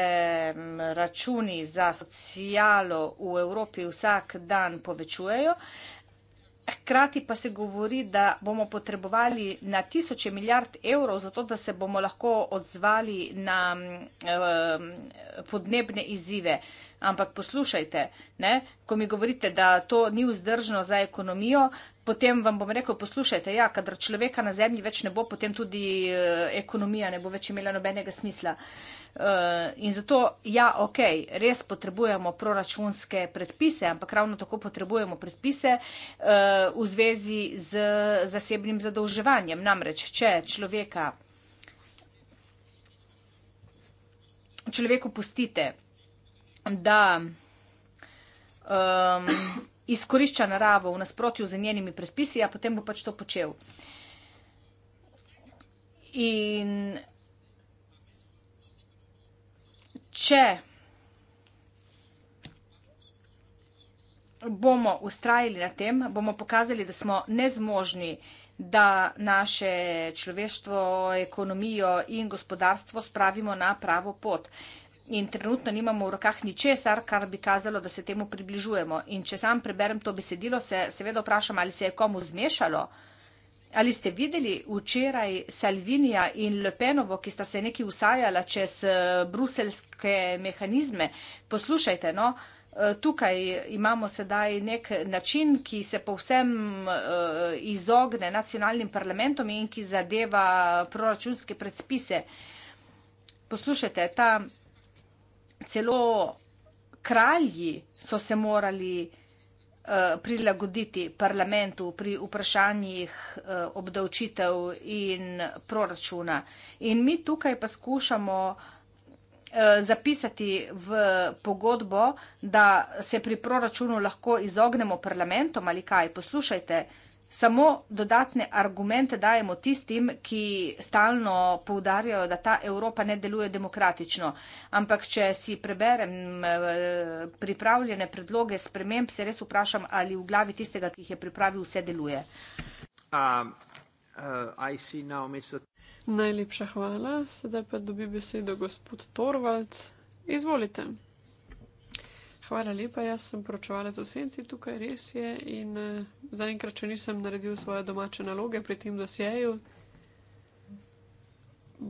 mm, računi za socialo v Evropi vsak dan povečujejo, Hkrati pa se govori, da bomo potrebovali na tisoče milijard evrov, zato da se bomo lahko odzvali na um, podnebne izzive. Ampak poslušajte, ne, ko mi govorite, da to ni vzdržno za ekonomijo, potem vam bom rekel, poslušajte, ja, kadar človeka na zemlji več ne bo, potem tudi uh, ekonomija ne bo več imela nobenega smisla. Uh, Eh, in zato, ja, ok, res potrebujemo proračunske predpise, ampak ravno tako potrebujemo predpise uh, v zvezi z zasebnim zadolževanjem. Namreč, če človeka, človeku pustite, da um, izkorišča naravo v nasprotju z njenimi predpisi, ja, potem bo pač to počel. In če bomo ustrajali na tem, bomo pokazali, da smo nezmožni, da naše človeštvo, ekonomijo in gospodarstvo spravimo na pravo pot. In trenutno nimamo v rokah ničesar, kar bi kazalo, da se temu približujemo. In če sam preberem to besedilo, se seveda vprašam, ali se je komu zmešalo. Ali ste videli včeraj Salvinija in Le Penovo, ki sta se neki usajala čez eh, bruselske mehanizme? Poslušajte, no, eh, tukaj imamo sedaj nek način, ki se povsem eh, izogne nacionalnim parlamentom in ki zadeva proračunske predpise. Poslušajte, ta celo kralji so se morali. Eh, prilagoditi parlamentu pri vprašanjih eh, obdavčitev in proračuna. In mi tukaj pa skušamo eh, zapisati v pogodbo, da se pri proračunu lahko izognemo parlamentom ali kaj. Poslušajte, samo dodatne argumente dajemo tistim, ki stalno poudarjajo, da ta Evropa ne deluje demokratično. Ampak, če si preberem eh, pripravljene predloge sprememb, se res vprašam, ali v glavi tistega, ki jih je pripravil, vse deluje. Um, uh, Najlepša hvala. Sedaj pa dobi besedo gospod Torvalc. Izvolite. Hvala lepa, jaz sem poročevalec v senci tukaj, res je. In uh, zaenkrat, če nisem naredil svoje domače naloge pri tem dosjeju,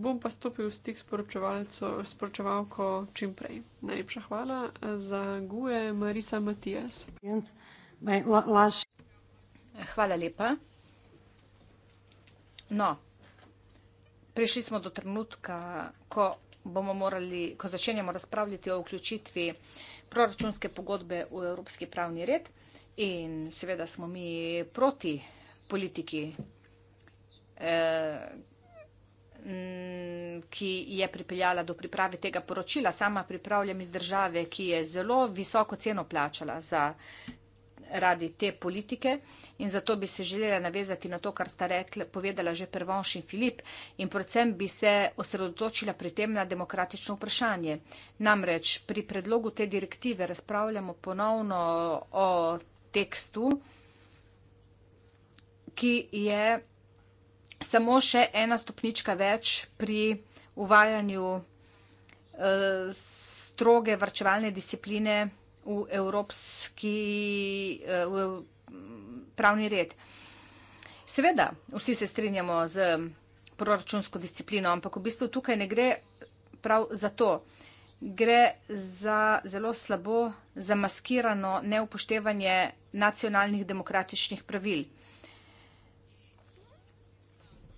bom pa stopil v stik s poročevalko čim prej. Najlepša hvala eh, za guje, Marisa Matijas. Hvala lepa. No, prišli smo do trenutka, ko bomo morali, ko začenjamo razpravljati o vključitvi proračunske pogodbe v evropski pravni red in seveda smo mi proti politiki, eh, ki je pripeljala do priprave tega poročila. Sama pripravljam iz države, ki je zelo visoko ceno plačala za radi te politike in zato bi se želela navezati na to, kar sta rekla, povedala že Pervonš in Filip in predvsem bi se osredotočila pri tem na demokratično vprašanje. Namreč pri predlogu te direktive razpravljamo ponovno o tekstu, ki je samo še ena stopnička več pri uvajanju uh, stroge vrčevalne discipline v evropski eh, v pravni red. Seveda, vsi se strinjamo z proračunsko disciplino, ampak v bistvu tukaj ne gre prav za to. Gre za zelo slabo zamaskirano neupoštevanje nacionalnih demokratičnih pravil.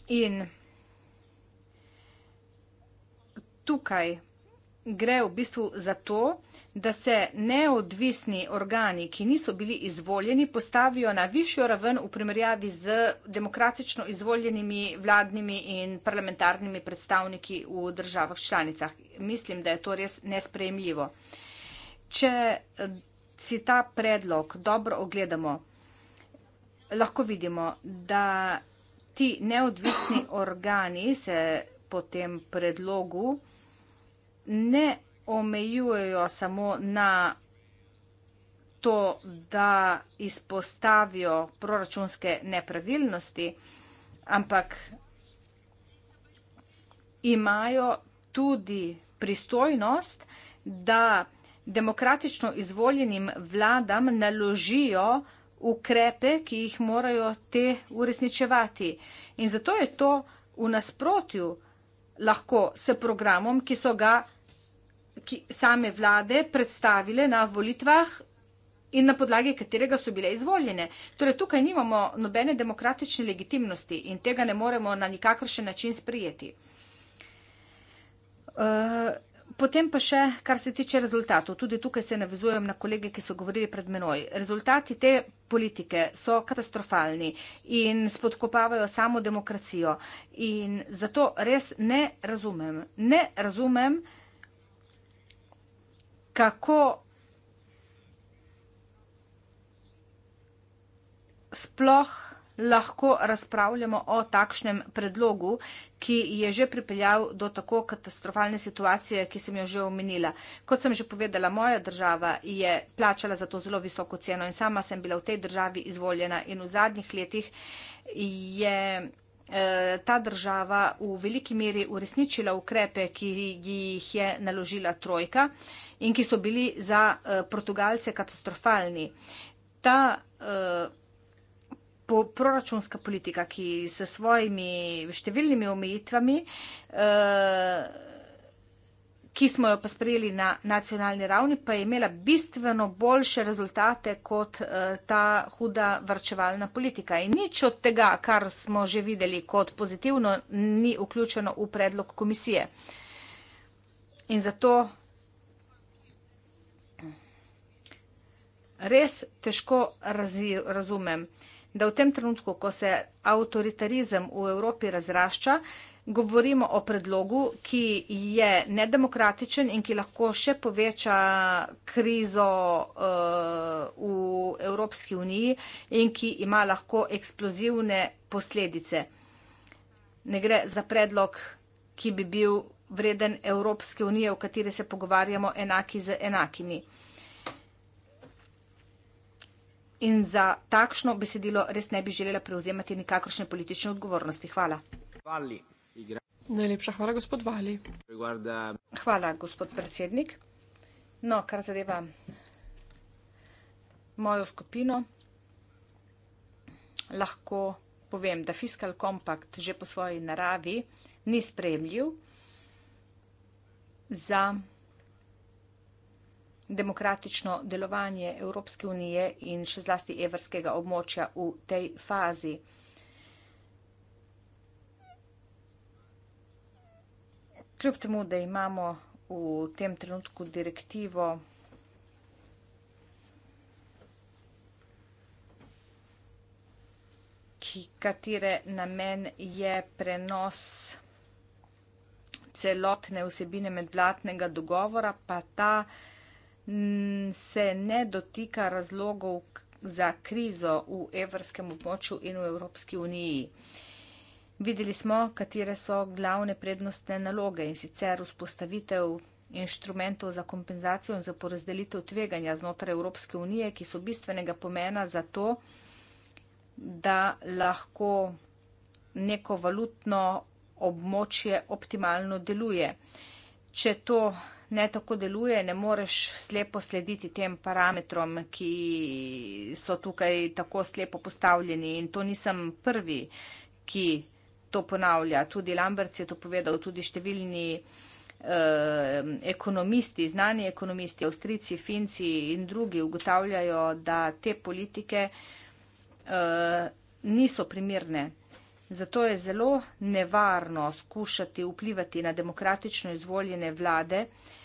In tukaj gre v bistvu za to, da se neodvisni organi, ki niso bili izvoljeni, postavijo na višjo raven v primerjavi z demokratično izvoljenimi vladnimi in parlamentarnimi predstavniki v državah članicah. Mislim, da je to res nesprejemljivo. Če eh, si ta predlog dobro ogledamo, lahko vidimo, da ti neodvisni organi se po tem predlogu ne omejujejo samo na to, da izpostavijo proračunske nepravilnosti, ampak imajo tudi pristojnost, da demokratično izvoljenim vladam naložijo ukrepe, ki jih morajo te uresničevati. In zato je to v nasprotju lahko s programom, ki so ga ki same vlade predstavile na volitvah in na podlagi katerega so bile izvoljene. Torej, tukaj nimamo nobene demokratične legitimnosti in tega ne moremo na nikakršen način sprijeti. Uh, eh, Potem pa še, kar se tiče rezultatov. Tudi tukaj se navezujem na kolege, ki so govorili pred menoj. Rezultati te politike so katastrofalni in spodkopavajo samo demokracijo. In zato res ne razumem. Ne razumem, kako sploh lahko razpravljamo o takšnem predlogu, ki je že pripeljal do tako katastrofalne situacije, ki sem jo že omenila. Kot sem že povedala, moja država je plačala za to zelo visoko ceno in sama sem bila v tej državi izvoljena in v zadnjih letih je eh, ta država v veliki meri uresničila ukrepe, ki jih je naložila trojka in ki so bili za eh, Portugalce katastrofalni. Ta uh, po, proračunska politika, ki s svojimi številnimi omejitvami, eh, ki smo jo pa sprejeli na nacionalni ravni, pa je imela bistveno boljše rezultate kot eh, ta huda vrčevalna politika. In nič od tega, kar smo že videli kot pozitivno, ni vključeno v predlog komisije. In zato. Res težko razumem da v tem trenutku, ko se avtoritarizem v Evropi razrašča, govorimo o predlogu, ki je nedemokratičen in ki lahko še poveča krizo uh, v Evropski uniji in ki ima lahko eksplozivne posledice. Ne gre za predlog, ki bi bil vreden Evropske unije, v kateri se pogovarjamo enaki z enakimi in za takšno besedilo res ne bi želela prevzemati nikakršne politične odgovornosti. Hvala. Vali, Najlepša hvala, gospod Vali. Riguarda... Hvala, gospod predsednik. No, kar zadeva mojo skupino, lahko povem, da fiskal kompakt že po svoji naravi ni sprejemljiv za demokratično delovanje Evropske unije in še zlasti evrskega območja v tej fazi. Kljub temu, da imamo v tem trenutku direktivo, ki, katere namen je prenos celotne vsebine medvladnega dogovora, pa ta direktiva, se ne dotika razlogov za krizo v evrskem območju in v Evropski uniji. Videli smo, katere so glavne prednostne naloge in sicer vzpostavitev inštrumentov za kompenzacijo in za porazdelitev tveganja znotraj Evropske unije, ki so bistvenega pomena za to, da lahko neko valutno območje optimalno deluje. Če to ne tako deluje, ne moreš slepo slediti tem parametrom, ki so tukaj tako slepo postavljeni. In to nisem prvi, ki to ponavlja. Tudi Lambert je to povedal, tudi številni eh, ekonomisti, znani ekonomisti, avstrici, finci in drugi ugotavljajo, da te politike eh, niso primirne. Zato je zelo nevarno skušati vplivati na demokratično izvoljene vlade, eh,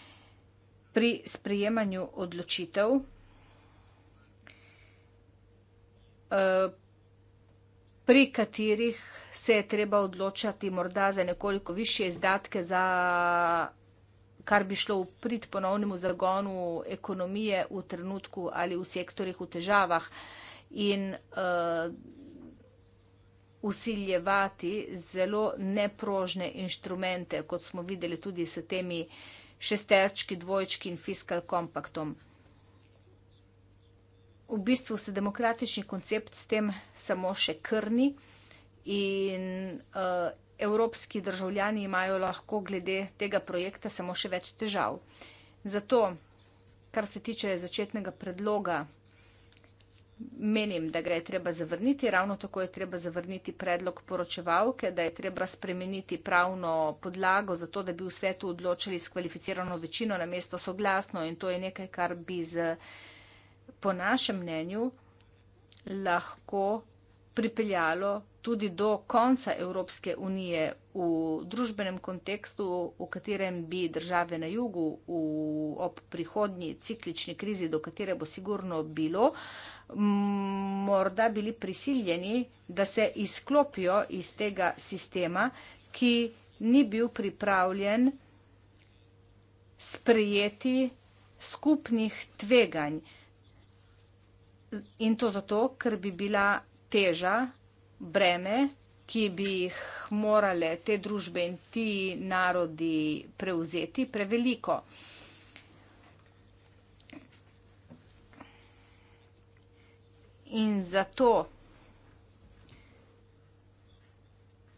pri sprejemanju odločitev. Eh, pri katerih se je treba odločiti morda za nekoliko više izdatke, za kar bi šlo v prid ponovnemu zagonu ekonomije v trenutku ali v sektorjih v težavah in uh, usiljevati zelo neprožne inštrumente, kot smo videli tudi s temi uh, šesterčki, dvojčki in fiskal kompaktom. V bistvu se demokratični koncept s tem samo še krni in uh, evropski državljani imajo lahko glede tega projekta samo še več težav. Zato, kar se tiče začetnega predloga, menim, da ga je treba zavrniti. Ravno tako je treba zavrniti predlog poročevalke, da je treba spremeniti pravno podlago za to, da bi v svetu odločili s kvalificirano večino na mesto soglasno in to je nekaj, kar bi z, po našem mnenju lahko pripeljalo tudi do konca Evropske unije v družbenem kontekstu, v katerem bi države na jugu v, ob prihodnji ciklični krizi, do katere bo sigurno bilo, morda bili prisiljeni, da se izklopijo iz tega sistema, ki ni bil pripravljen sprejeti skupnih tveganj. In to zato, ker bi bila teža, breme ki bi jih morale te družbe in ti narodi prevzeti, preveliko. In zato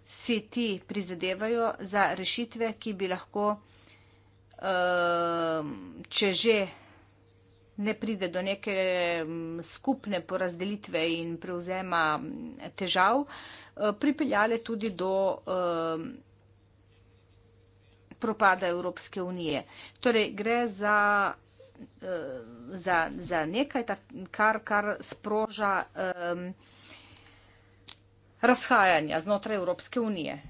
si ti prizadevajo za rešitve, ki bi lahko, ehm, če že, ne pride do neke mm, skupne porazdelitve in prevzema mm, težav, eh, pripeljale tudi do eh, propada Evropske unije. Torej, gre za, eh, za, za nekaj, kar, kar sproža um, razhajanja znotraj Evropske unije.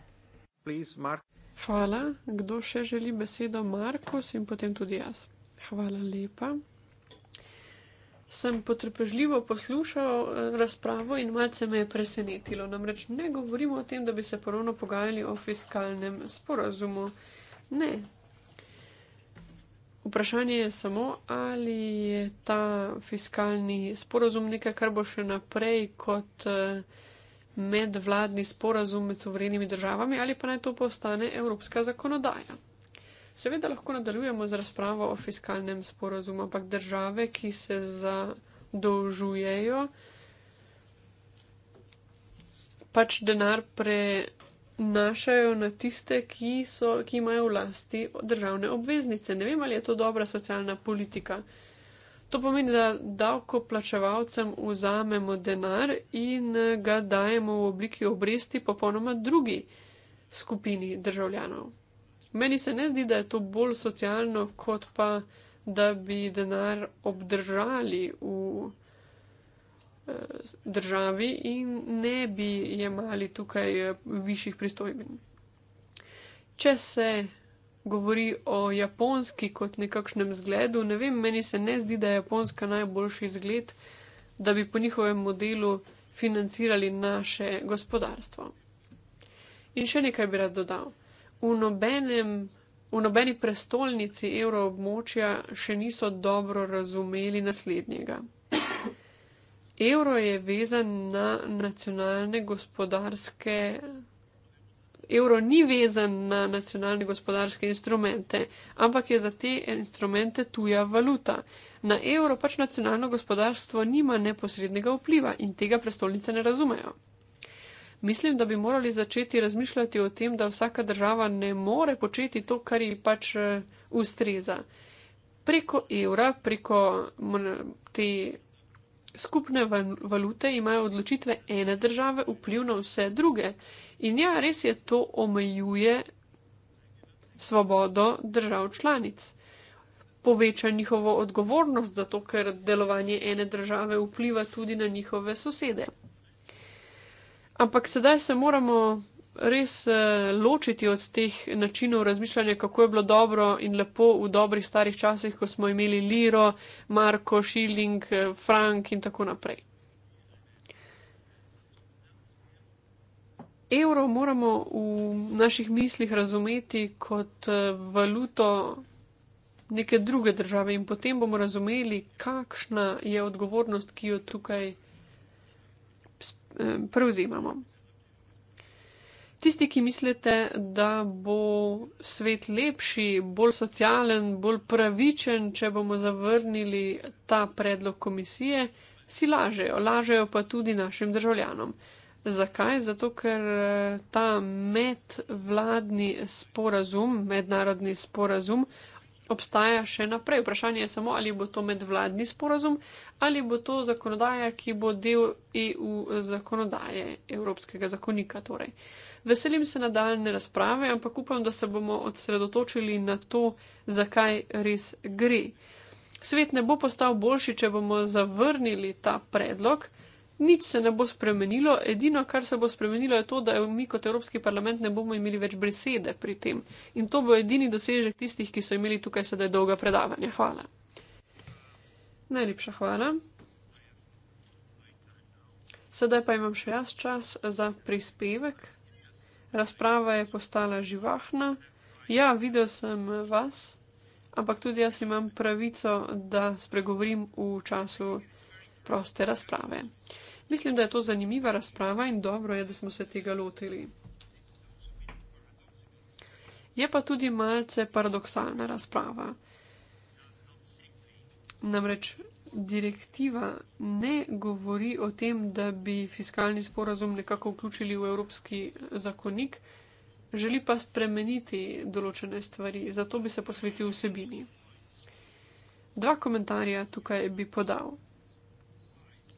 Hvala. Kdo še želi besedo? Markus in potem tudi jaz. Hvala lepa sem potrpežljivo poslušal eh, razpravo in malce me je presenetilo. Namreč ne govorimo o tem, da bi se ponovno pogajali o fiskalnem sporazumu. Ne. Vprašanje je samo, ali je ta fiskalni sporazum nekaj, kar bo še naprej kot eh, medvladni sporazum med sovrenimi državami, ali pa naj to postane evropska zakonodaja. Seveda lahko nadaljujemo z razpravo o fiskalnem sporazumu, ampak države, ki se zadolžujejo, pač denar prenašajo na tiste, ki, so, ki imajo vlasti državne obveznice. Ne vem, ali je to dobra socialna politika. To pomeni, da davkoplačevalcem vzamemo denar in ga dajemo v obliki obresti popolnoma drugi skupini državljanov. Meni se ne zdi, da je to bolj socialno, kot pa da bi denar obdržali v eh, državi in ne bi jemali tukaj eh, višjih pristojbin. Če se govori o japonski kot nekakšnem zgledu, ne vem, meni se ne zdi, da je japonska najboljši zgled, da bi po njihovem modelu financirali naše gospodarstvo. In še nekaj bi rad dodal v, nobenem, v nobeni prestolnici evroobmočja še niso dobro razumeli naslednjega. Evro je vezan na nacionalne gospodarske. Evro ni vezan na nacionalne gospodarske instrumente, ampak je za te instrumente tuja valuta. Na evro pač nacionalno gospodarstvo nima neposrednega vpliva in tega prestolnice ne razumejo mislim, da bi morali začeti razmišljati o tem, da vsaka država ne more početi to, kar ji pač eh, ustreza. Preko evra, preko te skupne valute imajo odločitve ene države vpliv na vse druge. In ja, res je, to omejuje svobodo držav članic. Poveča njihovo odgovornost, zato ker delovanje ene države vpliva tudi na njihove sosede. Ampak sedaj se moramo res eh, ločiti od teh načinov razmišljanja, kako je bilo dobro in lepo v dobrih starih časih, ko smo imeli liro, marko, šiling, eh, frank in tako naprej. Evro moramo v naših mislih razumeti kot eh, valuto neke druge države in potem bomo razumeli, kakšna je odgovornost, ki jo tukaj imamo. Eh, prevzemamo. Tisti, ki mislite, da bo svet lepši, bolj socialen, bolj pravičen, če bomo zavrnili ta predlog komisije, si lažejo, lažejo pa tudi našim državljanom. Zakaj? Zato, ker eh, ta medvladni sporazum, mednarodni sporazum obstaja še naprej. Vprašanje je samo, ali bo to medvladni sporazum ali bo to zakonodaja, ki bo del EU eh, zakonodaje, Evropskega zakonika. Torej. Veselim se nadaljne razprave, ampak upam, da se bomo osredotočili na to, zakaj res gre. Svet ne bo postal boljši, če bomo zavrnili ta predlog. Nič se ne bo spremenilo, edino, kar se bo spremenilo, je to, da mi kot Evropski parlament ne bomo imeli več besede pri tem. In to bo edini dosežek tistih, ki so imeli tukaj sedaj dolga predavanja. Hvala. Najlepša hvala. Sedaj pa imam še jaz čas za prispevek. Razprava je postala živahna. Ja, videl sem vas, ampak tudi jaz imam pravico, da spregovorim v času proste razprave. Mislim, da je to zanimiva razprava in dobro je, da smo se tega lotili. Je pa tudi malce paradoksalna razprava. Namreč direktiva ne govori o tem, da bi fiskalni sporazum nekako vključili v evropski zakonik, želi pa spremeniti določene stvari, zato bi se posvetil vsebini. Dva komentarja tukaj bi podal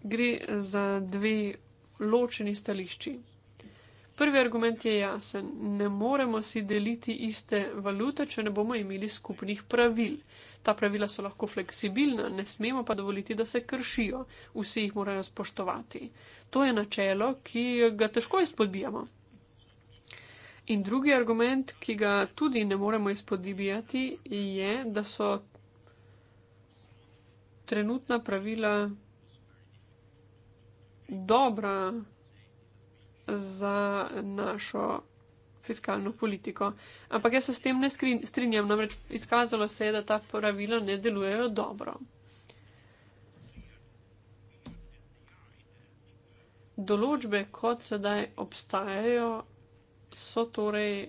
gre za dve ločeni stališči. Prvi argument je jasen: ne moremo si deliti iste valute, če ne bomo imeli skupnih pravil. Ta pravila so lahko fleksibilna, ne smemo pa dovoliti, da se kršijo, vsi jih morajo spoštovati. To je načelo, ki ga težko izpodbijamo. In drugi argument, ki ga tudi ne moremo izpodbijati, je, da so trenutna pravila dobra za našo fiskalno politiko. Ampak jaz se s tem ne strinjam, namreč izkazalo se je, da ta pravila ne delujejo dobro. Določbe, kot sedaj obstajajo, so torej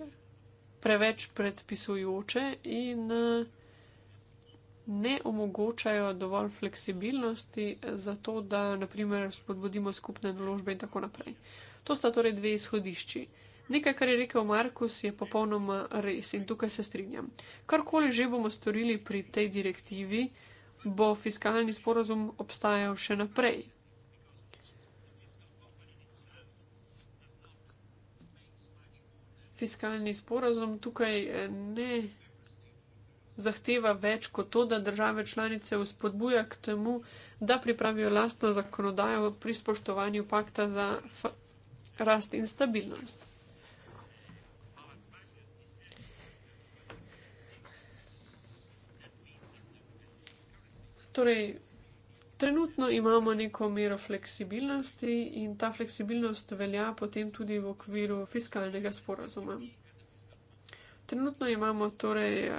preveč predpisujoče in uh, ne omogočajo dovolj fleksibilnosti za to, da naprimer spodbudimo skupne naložbe in tako naprej. To sta torej dve izhodišči. Nekaj, kar je rekel Markus, je popolnoma res in tukaj se strinjam. Karkoli že bomo storili pri tej direktivi, bo fiskalni sporozum obstajal še naprej. Fiskalni sporozum tukaj eh, ne zahteva več kot to, da države članice vzpodbuja k temu, da pripravijo lastno zakonodajo pri spoštovanju pakta za rast in stabilnost. Torej, trenutno imamo neko mero fleksibilnosti in ta fleksibilnost velja potem tudi v okviru fiskalnega sporazuma. Trenutno imamo torej eh,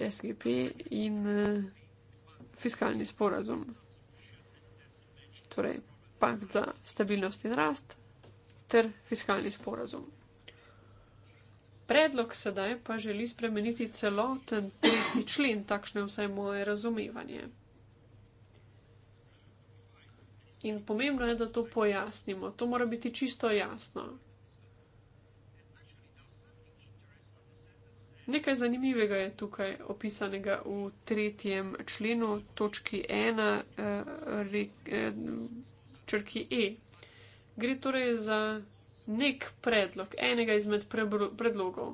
SGP in uh, fiskalni sporazum, torej pakt za stabilnost in rast ter fiskalni sporazum. Predlog sedaj pa želi spremeniti celoten tretji člen, takšne vsaj moje razumevanje. In pomembno je, da to pojasnimo. To mora biti čisto jasno. Nekaj zanimivega je tukaj opisanega v tretjem členu, točki ena, eh, eh, črki E. Gre torej za nek predlog, enega izmed predlogov.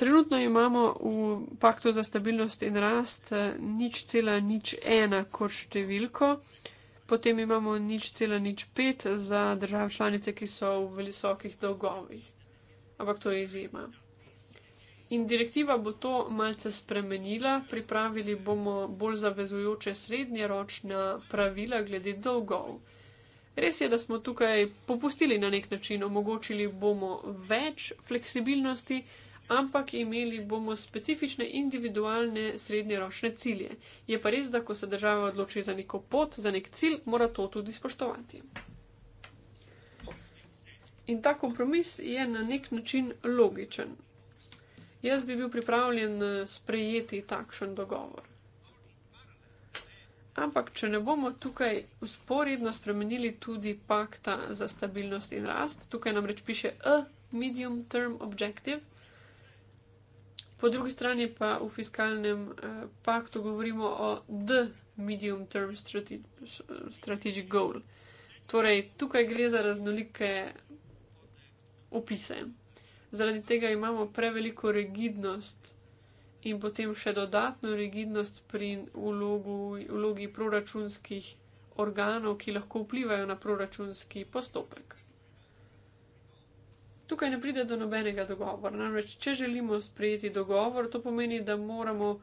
Trenutno imamo v paktu za stabilnost in rast eh, nič cela nič ena kot številko, potem imamo nič cela nič pet za države članice, ki so v visokih dolgovih ampak to je izjema. In direktiva bo to malce spremenila, pripravili bomo bolj zavezujoče srednjeročna pravila glede dolgov. Res je, da smo tukaj popustili na nek način, omogočili bomo več fleksibilnosti, ampak imeli bomo specifične individualne srednjeročne cilje. Je pa res, da ko se država odloči za neko pot, za nek cilj, mora to tudi spoštovati. In ta kompromis je na nek način logičen. Jaz bi bil pripravljen eh, sprejeti takšen dogovor. Ampak, če ne bomo tukaj usporedno spremenili tudi pakta za stabilnost in rast, tukaj nam reč piše a medium term objective, po drugi strani pa v fiskalnem eh, paktu govorimo o the medium term strategic goal. Torej, tukaj gre za raznolike opise. Zaradi tega imamo preveliko rigidnost in potem še dodatno rigidnost pri vlogu, vlogi proračunskih organov, ki lahko vplivajo na proračunski postopek. Tukaj ne pride do nobenega dogovora. Namreč, če želimo sprejeti dogovor, to pomeni, da moramo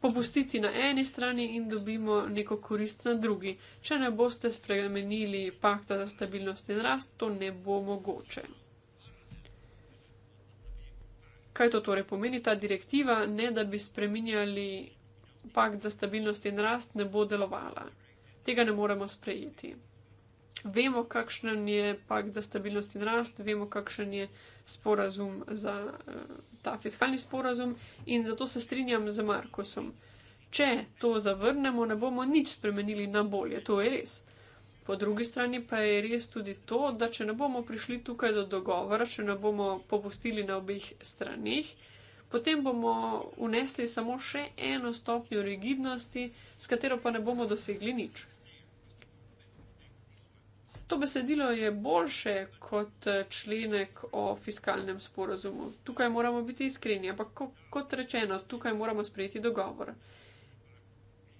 popustiti na eni strani in dobimo neko korist na drugi. Če ne boste spremenili pakta za stabilnost in rast, to ne bo mogoče. Kaj to torej pomeni ta direktiva? Ne, da bi spremenjali pakt za stabilnost in rast, ne bo delovala. Tega ne moremo sprejeti. Vemo, kakšen je pakt za stabilnost in rast, vemo, kakšen je sporazum za eh, ta fiskalni sporazum in zato se strinjam z Markusom. Če to zavrnemo, ne bomo nič spremenili na bolje, to je res. Po drugi strani pa je res tudi to, da če ne bomo prišli tukaj do dogovora, če ne bomo popustili na obeh stranih, potem bomo unesli samo še eno stopnjo rigidnosti, s katero pa ne bomo dosegli nič. To besedilo je boljše kot eh, členek o fiskalnem sporazumu. Tukaj moramo biti iskreni, ampak ko, kot rečeno, tukaj moramo sprejeti dogovor.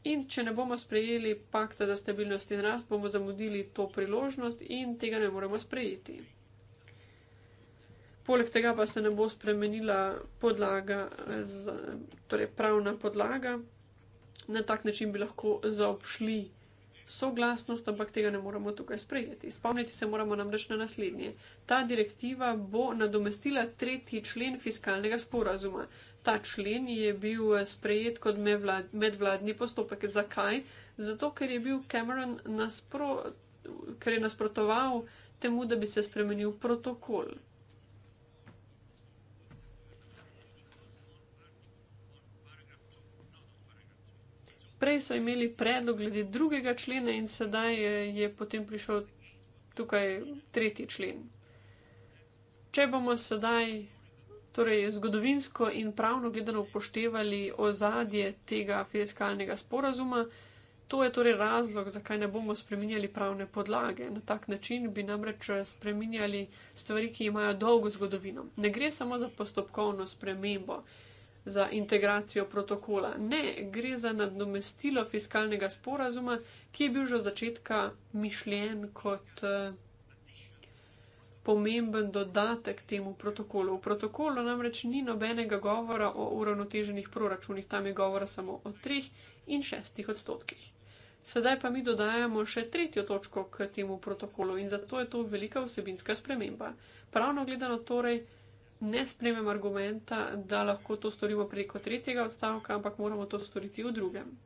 In če ne bomo sprejeli pakta za stabilnost in rast, bomo zamudili to priložnost in tega ne moremo sprejeti. Poleg tega pa se ne bo spremenila podlaga, torej pravna podlaga. Na tak način bi lahko zaobšli soglasnost, ampak tega ne moramo tukaj sprejeti. Spomniti se moramo namreč na naslednje. Ta direktiva bo nadomestila tretji člen fiskalnega sporazuma. Ta člen je bil eh, sprejet kot medvladni postopek. Zakaj? Zato, ker je bil Cameron nasprotoval temu, da bi se spremenil protokol. prej so imeli predlog glede drugega člena, in sedaj je, je potem prišel tukaj tretji člen. Če bomo sedaj, torej zgodovinsko in pravno gledano, upoštevali ozadje tega fiskalnega sporazuma, to je torej razlog, zakaj ne bomo spremenjali pravne podlage. Na tak način bi namreč spremenjali stvari, ki imajo dolgo zgodovino. Ne gre samo za postopkovno spremembo za integracijo protokola. Ne, gre za nadomestilo fiskalnega sporazuma, ki je bil že od začetka mišljen kot eh, pomemben dodatek temu protokolu. V protokolu namreč ni nobenega govora o uravnoteženih proračunih, tam je govora samo o treh in šestih odstotkih. Sedaj pa mi dodajamo še tretjo točko k temu protokolu in zato je to velika vsebinska sprememba. Pravno gledano torej ne sprejmem argumenta, da lahko to storimo preko tretjega odstavka, ampak moramo to storiti v drugem.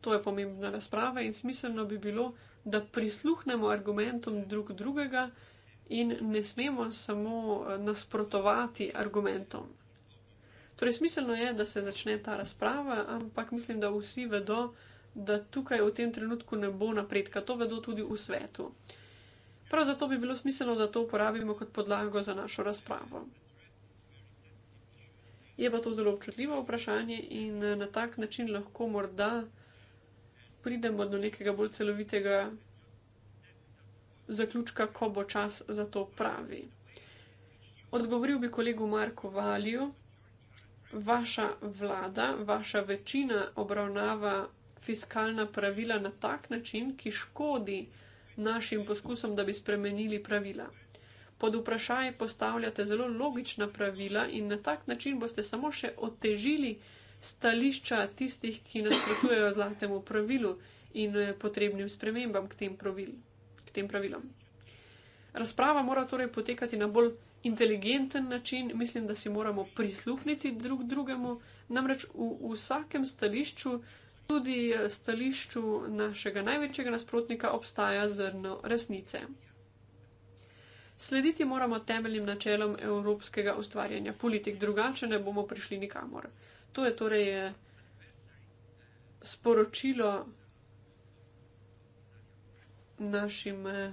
To je pomembna razprava in smiselno bi bilo, da prisluhnemo argumentom drug drugega in ne smemo samo eh, nasprotovati argumentom. Torej, smiselno je, da se začne ta razprava, ampak mislim, da vsi vedo, da tukaj v tem trenutku ne bo napredka. To vedo tudi v svetu. Prav zato bi bilo smiselno, da to uporabimo kot podlago za našo razpravo. Je pa to zelo občutljivo vprašanje in eh, na tak način lahko morda pridemo do nekega bolj celovitega zaključka, ko bo čas za to pravi. Odgovoril bi kolegu Marku Valju, vaša vlada, vaša večina obravnava fiskalna pravila na tak način, ki škodi našim poskusom, da bi spremenili pravila. Pod vprašaj postavljate zelo logična pravila in na tak način boste samo še otežili stališča tistih, ki nasprotujejo zlatemu pravilu in eh, potrebnim spremembam k tem, pravil, k tem pravilom. Razprava mora torej potekati na bolj inteligenten način, mislim, da si moramo prisluhniti drug drugemu, namreč v vsakem stališču tudi eh, stališču našega največjega nasprotnika obstaja zrno resnice. Slediti moramo temeljnim načelom evropskega ustvarjanja politik, drugače ne bomo prišli nikamor. To je torej eh, sporočilo našim eh,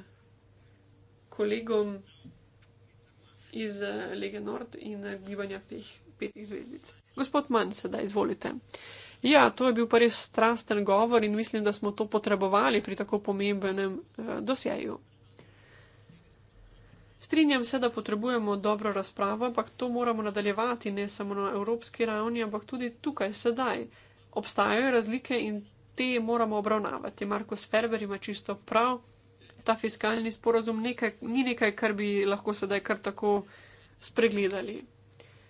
kolegom iz Lege Nord in gibanja teh petih zvezdic. Gospod Mann, sedaj izvolite. Ja, to je bil pa res strasten govor in mislim, da smo to potrebovali pri tako pomembenem eh, dosjeju. Strinjam se, da potrebujemo dobro razpravo, ampak to moramo nadaljevati ne samo na evropski ravni, ampak tudi tukaj, sedaj. Obstajajo razlike in te moramo obravnavati. Marko Sferber ima čisto prav, ta fiskalni sporozum nekaj, ni nekaj, kar bi lahko sedaj kar tako spregledali.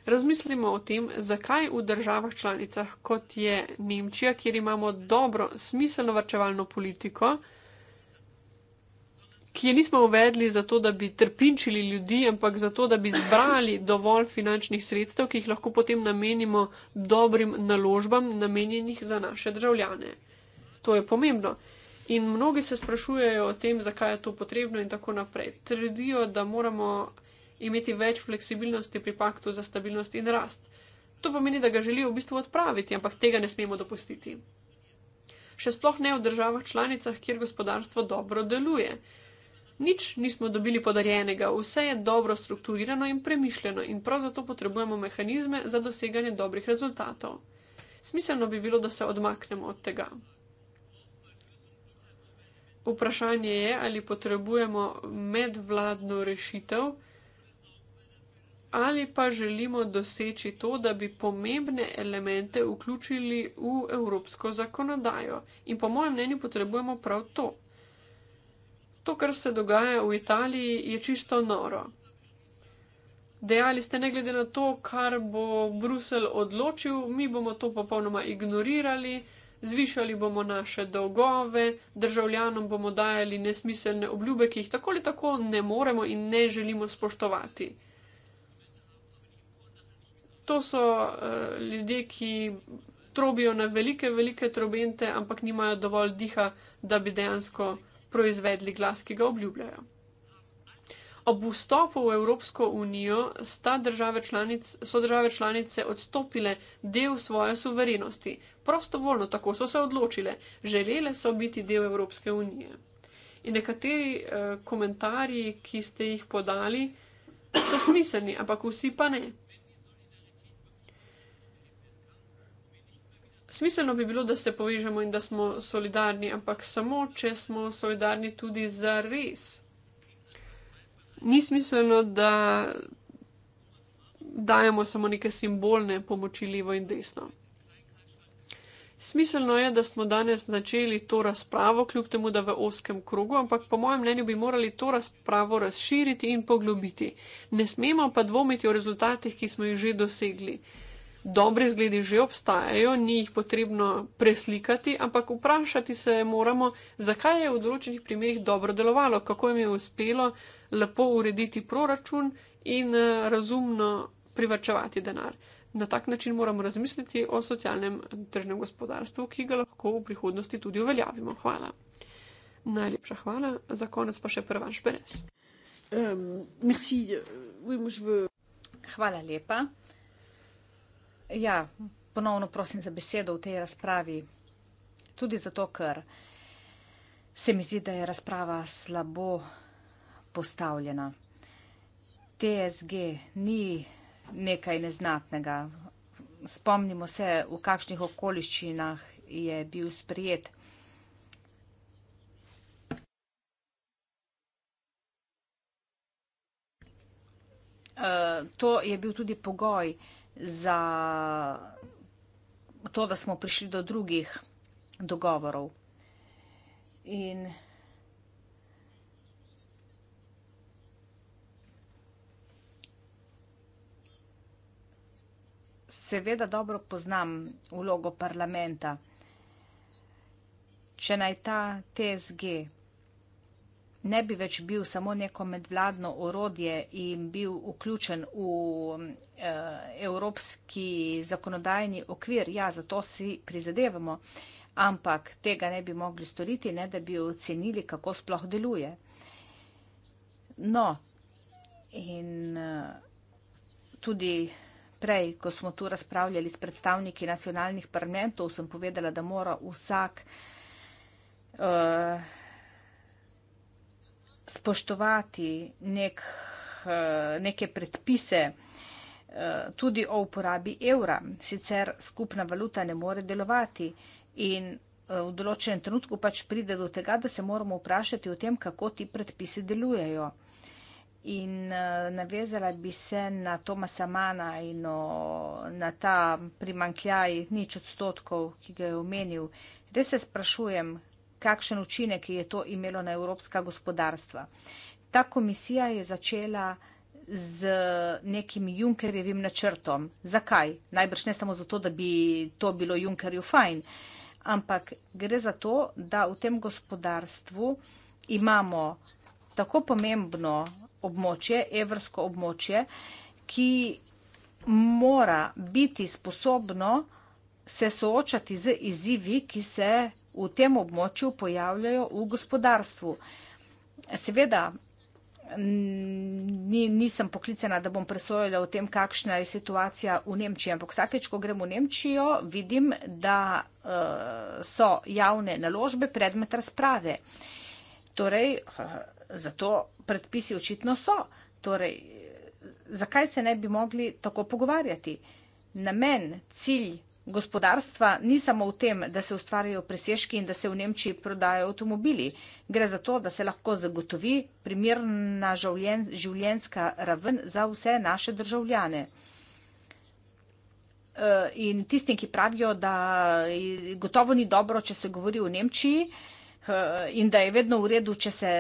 Razmislimo o tem, zakaj v državah članicah, kot je Nemčija, kjer imamo dobro, smiselno vrčevalno politiko, ki je nismo uvedli zato, da bi trpinčili ljudi, ampak zato, da bi zbrali dovolj finančnih sredstev, ki jih lahko potem namenimo dobrim naložbam, namenjenih za naše državljane. To je pomembno. In mnogi se sprašujejo o tem, zakaj je to potrebno in tako naprej. Trdijo, da moramo imeti več fleksibilnosti pri paktu za stabilnost in rast. To pomeni, da ga želijo v bistvu odpraviti, ampak tega ne smemo dopustiti. Še sploh ne v državah članicah, kjer gospodarstvo dobro deluje. Nič nismo dobili podarjenega, vse je dobro strukturirano in premišljeno in prav zato potrebujemo mehanizme za doseganje dobrih rezultatov. Smiselno bi bilo, da se odmaknemo od tega. Vprašanje je, ali potrebujemo medvladno rešitev ali pa želimo doseči to, da bi pomembne elemente vključili v evropsko zakonodajo. In po mojem mnenju potrebujemo prav to. To, kar se dogaja v Italiji, je čisto noro. Dejali ste, ne glede na to, kar bo Bruselj odločil, mi bomo to popolnoma ignorirali, zvišali bomo naše dolgove, državljanom bomo dajali nesmiselne obljube, ki jih tako ali tako ne moremo in ne želimo spoštovati to so uh, ljudje, ki trobijo na velike, velike trobente, ampak nimajo dovolj diha, da bi dejansko proizvedli glas, ki ga obljubljajo. Ob vstopu v Evropsko unijo države članic, so države članice odstopile del svoje suverenosti. Prostovoljno tako so se odločile, želele so biti del Evropske unije. In nekateri eh, komentarji, ki ste jih podali, so smiselni, ampak vsi pa ne. smiselno bi bilo, da se povežemo in da smo solidarni, ampak samo, če smo solidarni tudi za res. Ni smiselno, da dajemo samo neke simbolne pomoči levo in desno. Smiselno je, da smo danes začeli to razpravo, kljub temu, da v oskem krogu, ampak po mojem mnenju bi morali to razpravo razširiti in poglobiti. Ne smemo pa dvomiti o rezultatih, ki smo jih že dosegli dobri zgledi že obstajajo, ni jih potrebno preslikati, ampak vprašati se moramo, zakaj je v določenih primerjih dobro delovalo, kako jim je uspelo lepo urediti proračun in eh, razumno privačevati denar. Na tak način moramo razmisliti o socialnem tržnem gospodarstvu, ki ga lahko v prihodnosti tudi uveljavimo. Hvala. Najlepša hvala. Za konec pa še prvaš brez. Um, ehm, merci. Oui, moi je veux. Hvala lepa. Ja, ponovno prosim za besedo v tej razpravi. Tudi zato, ker se mi zdi, da je razprava slabo postavljena. TSG ni nekaj neznatnega. Spomnimo se, v kakšnih okoliščinah je bil sprijet. Eh, to je bil tudi pogoj, za to, da smo prišli do drugih dogovorov. In Seveda dobro poznam vlogo parlamenta. Če naj ta TSG ne bi več bil samo neko medvladno orodje in bil vključen v eh, evropski zakonodajni okvir. Ja, za to si prizadevamo, ampak tega ne bi mogli storiti, ne da bi ocenili, kako sploh deluje. No, in eh, tudi prej, ko smo tu razpravljali s predstavniki nacionalnih parlamentov, sem povedala, da mora vsak uh, spoštovati nek, eh, neke predpise eh, tudi o uporabi evra, sicer skupna valuta ne more delovati in eh, v določenem trenutku pač pride do tega, da se moramo vprašati o tem, kako ti predpisi delujejo. In navezala bi se na Tomasa Mana in o, na ta primankljaj nič odstotkov, ki ga je omenil. Res se sprašujem, kakšen učinek je to imelo na evropska gospodarstva. Ta komisija je začela z nekim Junkerjevim načrtom. Zakaj? Najbrž ne samo zato, da bi to bilo Junkerju fajn, ampak gre za to, da v tem gospodarstvu imamo tako pomembno območje, evrsko območje, ki mora biti sposobno se soočati z izzivi, ki se v tem območju pojavljajo v gospodarstvu. Seveda, ni, nisem poklicena, da bom presojala o tem, kakšna je situacija v Nemčiji, ampak vsakeč, ko grem v Nemčijo, vidim, da uh, so javne naložbe predmet razprave. Torej, uh, zato predpisi očitno so. Torej, eh, zakaj se ne bi mogli tako pogovarjati? Namen, cilj gospodarstva ni samo v tem, da se ustvarjajo presežki in da se v Nemčiji prodajo avtomobili. Gre za to, da se lahko zagotovi primerna življenjska raven za vse naše državljane. E, in tistim, ki pravijo, da gotovo ni dobro, če se govori o Nemčiji e, in da je vedno v redu, če se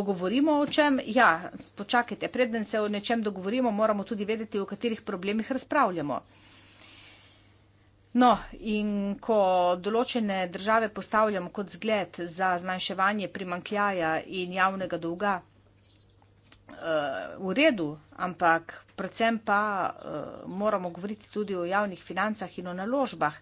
dogovorimo o čem, ja, počakajte, preden se o nečem dogovorimo, moramo tudi vedeti, o katerih problemih razpravljamo. No, in ko določene države postavljamo kot zgled za zmanjševanje primankljaja in javnega dolga, uh, v redu, ampak predvsem pa uh, moramo govoriti tudi o javnih financah in o naložbah.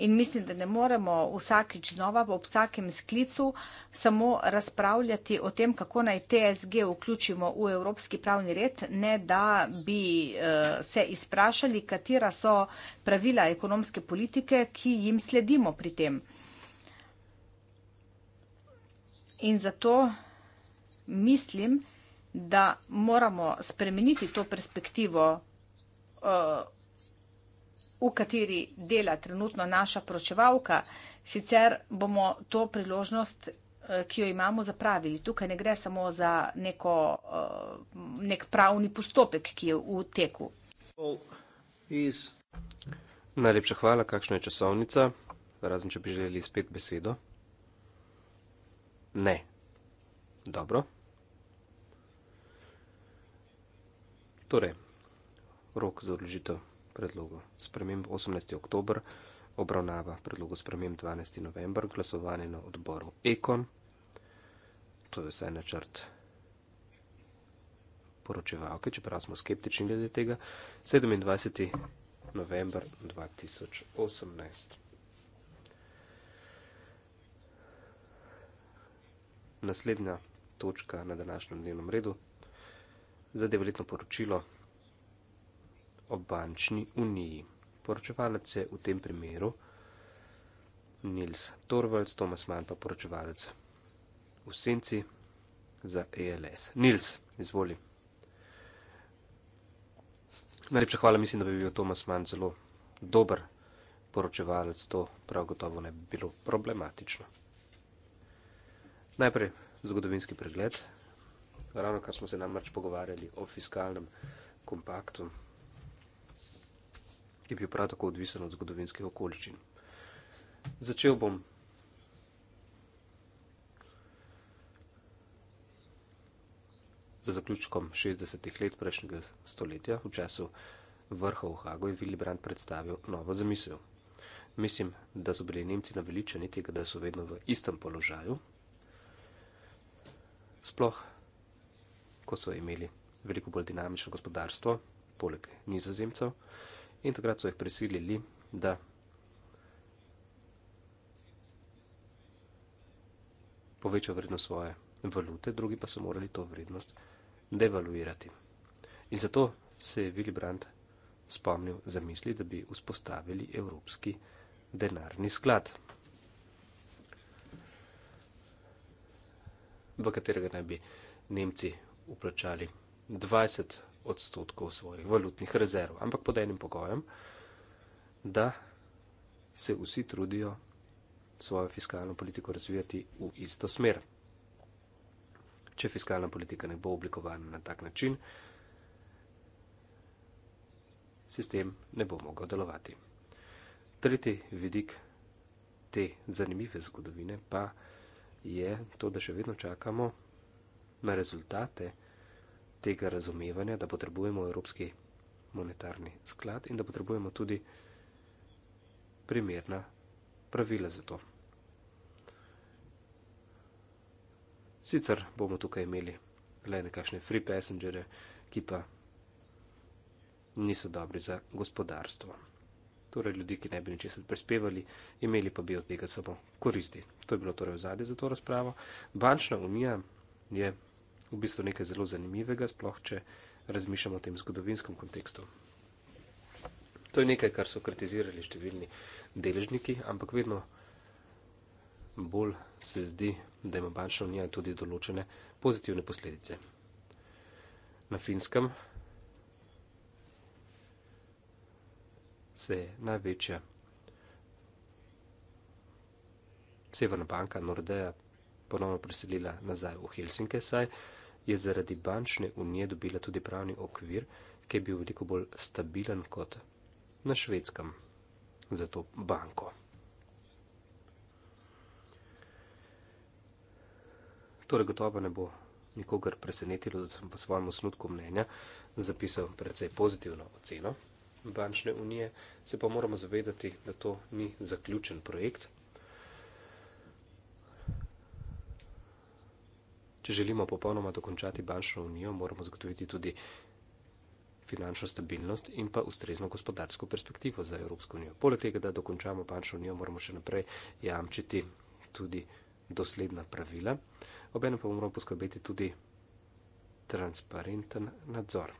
In mislim, da ne moremo vsakič znova v vsakem sklicu samo razpravljati o tem, kako naj TSG vključimo v evropski pravni red, ne da bi uh, se izprašali, katera so pravila ekonomske politike, ki jim sledimo pri tem. In zato mislim, da moramo spremeniti to perspektivo, eh, v kateri dela trenutno naša pročevalka, sicer bomo to priložnost, eh, ki jo imamo, zapravili. Tukaj ne gre samo za neko, eh, nek pravni postopek, ki je v teku. Najlepša hvala, kakšna je časovnica, razen če bi želeli spet besedo. Ne. Dobro. Torej, rok za odložitev predlogov sprememb 18. oktober, obravnava predlogov sprememb 12. november, glasovanje na odboru Ekon, to je vsaj načrt poročevalke, čeprav smo skeptični glede tega, 27. november 2018. Naslednja točka na današnjem dnevnem redu, za devetletno poročilo o bančni uniji. Poročevalec je v tem primeru Nils Torvalds, Tomas Mann pa poročevalec v senci za ELS. Nils, izvoli. Najlepša hvala, mislim, da bi bil Tomas Mann zelo dober poročevalec, to prav gotovo ne bi bilo problematično. Najprej zgodovinski pregled, ravno kar smo se namreč pogovarjali o fiskalnem kompaktu, ki bi prav tako odvisen od zgodovinskih okoliščin. Začel bom za zaključkom 60. let prejšnjega stoletja, v času vrha v Hagu je Willy Brandt predstavil novo zamisel. Mislim, da so bili Nemci naveličeni tega, da so vedno v istem položaju. Sploh ko so imeli veliko bolj dinamično gospodarstvo, poleg nizozemcev, in takrat so jih prisilili, da povečajo vrednost svoje valute, drugi pa so morali to vrednost devaluirati. In zato se je Willy Brandt spomnil za misli, da bi vzpostavili evropski denarni sklad. v katerega naj bi Nemci vplačali 20 odstotkov svojih valutnih rezerv, ampak pod enim pogojem, da se vsi trudijo svojo fiskalno politiko razvijati v isto smer. Če fiskalna politika ne bo oblikovana na tak način, sistem ne bo mogel delovati. Tretji vidik te zanimive zgodovine pa je to, da še vedno čakamo na rezultate, tega razumevanja, da potrebujemo evropski monetarni sklad in da potrebujemo tudi primerna pravila za to. Sicer bomo tukaj imeli le nekakšne free passengere, ki pa niso dobri za gospodarstvo. Torej ljudi, ki ne bi ničesar prispevali, imeli pa bi od tega samo koristi. To je bilo torej v zadnji za to razpravo. Bančna unija je v bistvu nekaj zelo zanimivega, sploh če razmišljamo o tem zgodovinskem kontekstu. To je nekaj, kar so kritizirali številni deležniki, ampak vedno bolj se zdi, da ima bančna unija tudi določene pozitivne posledice. Na finskem se je največja Severna banka Nordea ponovno preselila nazaj v Helsinke, saj je zaradi bančne unije dobila tudi pravni okvir, ki je bil veliko bolj stabilen kot na švedskem za to banko. Torej, gotovo ne bo nikogar presenetilo, da sem v svojem osnutku mnenja zapisal precej pozitivno oceno bančne unije, se pa moramo zavedati, da to ni zaključen projekt, Če želimo popolnoma dokončati bančno unijo, moramo zagotoviti tudi finančno stabilnost in pa ustrezno gospodarsko perspektivo za Evropsko unijo. Poleg tega, da dokončamo bančno unijo, moramo še naprej jamčiti tudi dosledna pravila, obenem pa moramo poskrbeti tudi transparenten nadzor.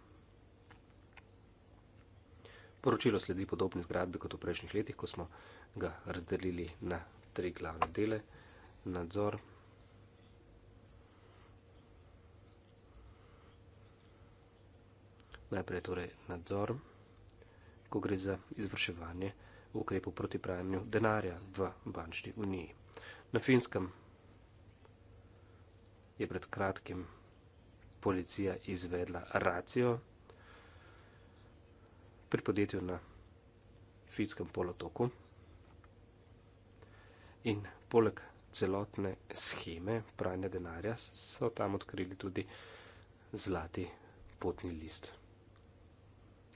Poročilo sledi podobni zgradbi kot v prejšnjih letih, ko smo ga razdelili na tri glavne dele. Nadzor. najprej torej nadzor, ko gre za izvrševanje ukrepov proti pranju denarja v bančni uniji. Na finskem je pred kratkim policija izvedla racijo pri podjetju na finskem polotoku in poleg celotne scheme pranja denarja so tam odkrili tudi zlati potni list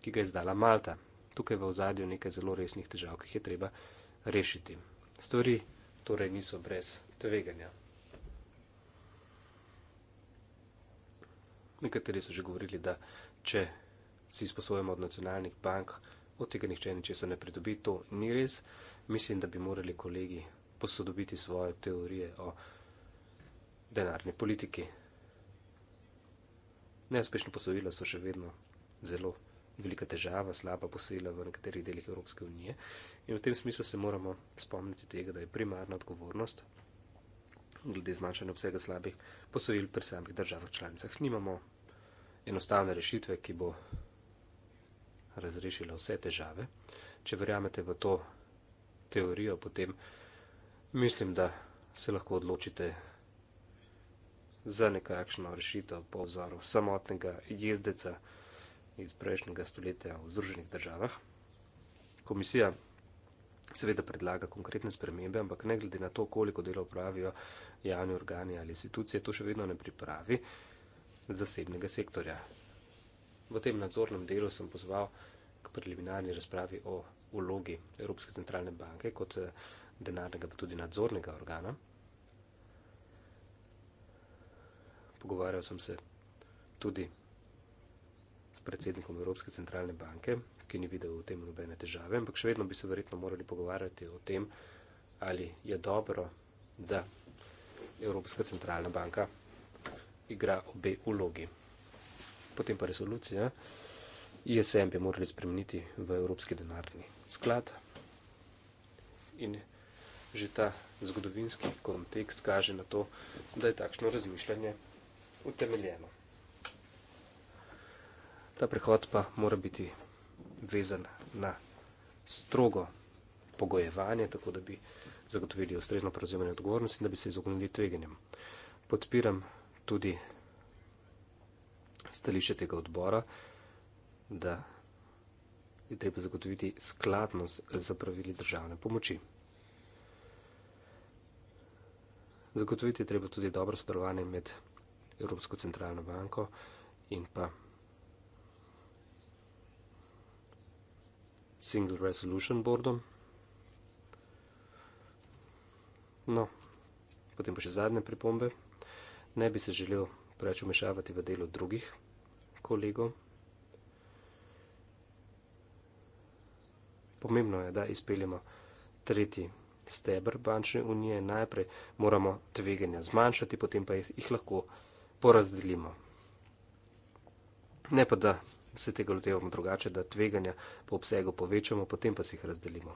ki ga je izdala Malta. Tukaj v ozadju nekaj zelo resnih težav, ki jih je treba rešiti. Stvari torej niso brez tveganja. Nekateri so že govorili, da če si sposojamo od nacionalnih bank, od tega nihče niče se ne pridobi, to ni res. Mislim, da bi morali kolegi posodobiti svoje teorije o denarni politiki. Neuspešno posojilo so še vedno zelo velika težava, slaba posela v nekaterih delih Evropske unije. In v tem smislu se moramo spomniti tega, da je primarna odgovornost glede zmanjšanja obsega slabih posojil pri samih državah članicah. Nimamo enostavne rešitve, ki bo razrešila vse težave. Če verjamete v to teorijo, potem mislim, da se lahko odločite za nekakšno rešitev po vzoru samotnega jezdeca iz prejšnjega stoletja v Združenih državah. Komisija seveda predlaga konkretne spremembe, ampak ne glede na to, koliko delo upravijo javni organi ali institucije, to še vedno ne pripravi zasebnega sektorja. V tem nadzornem delu sem pozval k preliminarni razpravi o vlogi Evropske centralne banke kot eh, denarnega pa tudi nadzornega organa. Pogovarjal sem se tudi s predsednikom Evropske centralne banke, ki ni videl v tem nobene težave, ampak še vedno bi se verjetno morali pogovarjati o tem, ali je dobro, da Evropska centralna banka igra obe vlogi. Potem pa resolucija. ISM bi morali spremeniti v Evropski denarni sklad. In že ta zgodovinski kontekst kaže na to, da je takšno razmišljanje utemeljeno. Ta prehod pa mora biti vezan na strogo pogojevanje, tako da bi zagotovili ustrezno prevzemanje odgovornosti in da bi se izognili tveganjem. Podpiram tudi stališče tega odbora, da je treba zagotoviti skladnost za pravili državne pomoči. Zagotoviti je treba tudi dobro sodelovanje med Evropsko centralno banko in pa Single Resolution Boardom. No, potem pa še zadnje pripombe. Ne bi se želel preveč umešavati v delo drugih kolegov. Pomembno je, da izpeljemo tretji stebr bančne unije. Najprej moramo tveganja zmanjšati, potem pa jih lahko porazdelimo. Ne pa da se tega lotevamo drugače, da tveganja po obsegu povečamo, potem pa si jih razdelimo.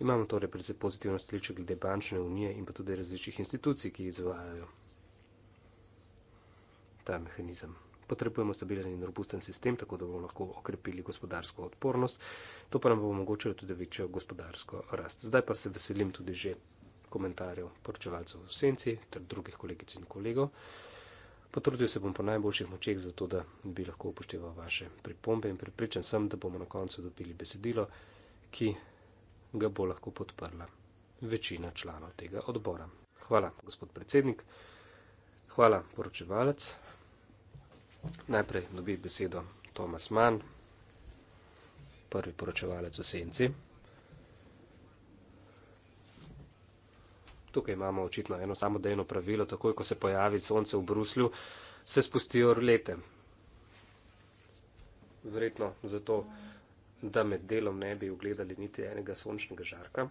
Imamo torej predvsej pozitivno stališče glede bančne unije in pa tudi različnih institucij, ki izvajajo ta mehanizem. Potrebujemo stabilen in robusten sistem, tako da bomo lahko okrepili gospodarsko odpornost. To pa nam bo omogočilo tudi večjo gospodarsko rast. Zdaj pa se veselim tudi že komentarjev poročevalcev v senci ter drugih kolegic in kolegov. Potrudil se bom po najboljših močeh, zato da bi lahko upošteval vaše pripombe in pripričan sem, da bomo na koncu dobili besedilo, ki ga bo lahko podprla večina članov tega odbora. Hvala, gospod predsednik. Hvala, poročevalec. Najprej dobi besedo Tomas Mann, prvi poročevalec v Senci. Tukaj imamo očitno eno samodejno pravilo, takoj ko se pojavi sonce v Bruslju, se spustijo orlete. Verjetno zato, da med delom ne bi ugledali niti enega sončnega žarka.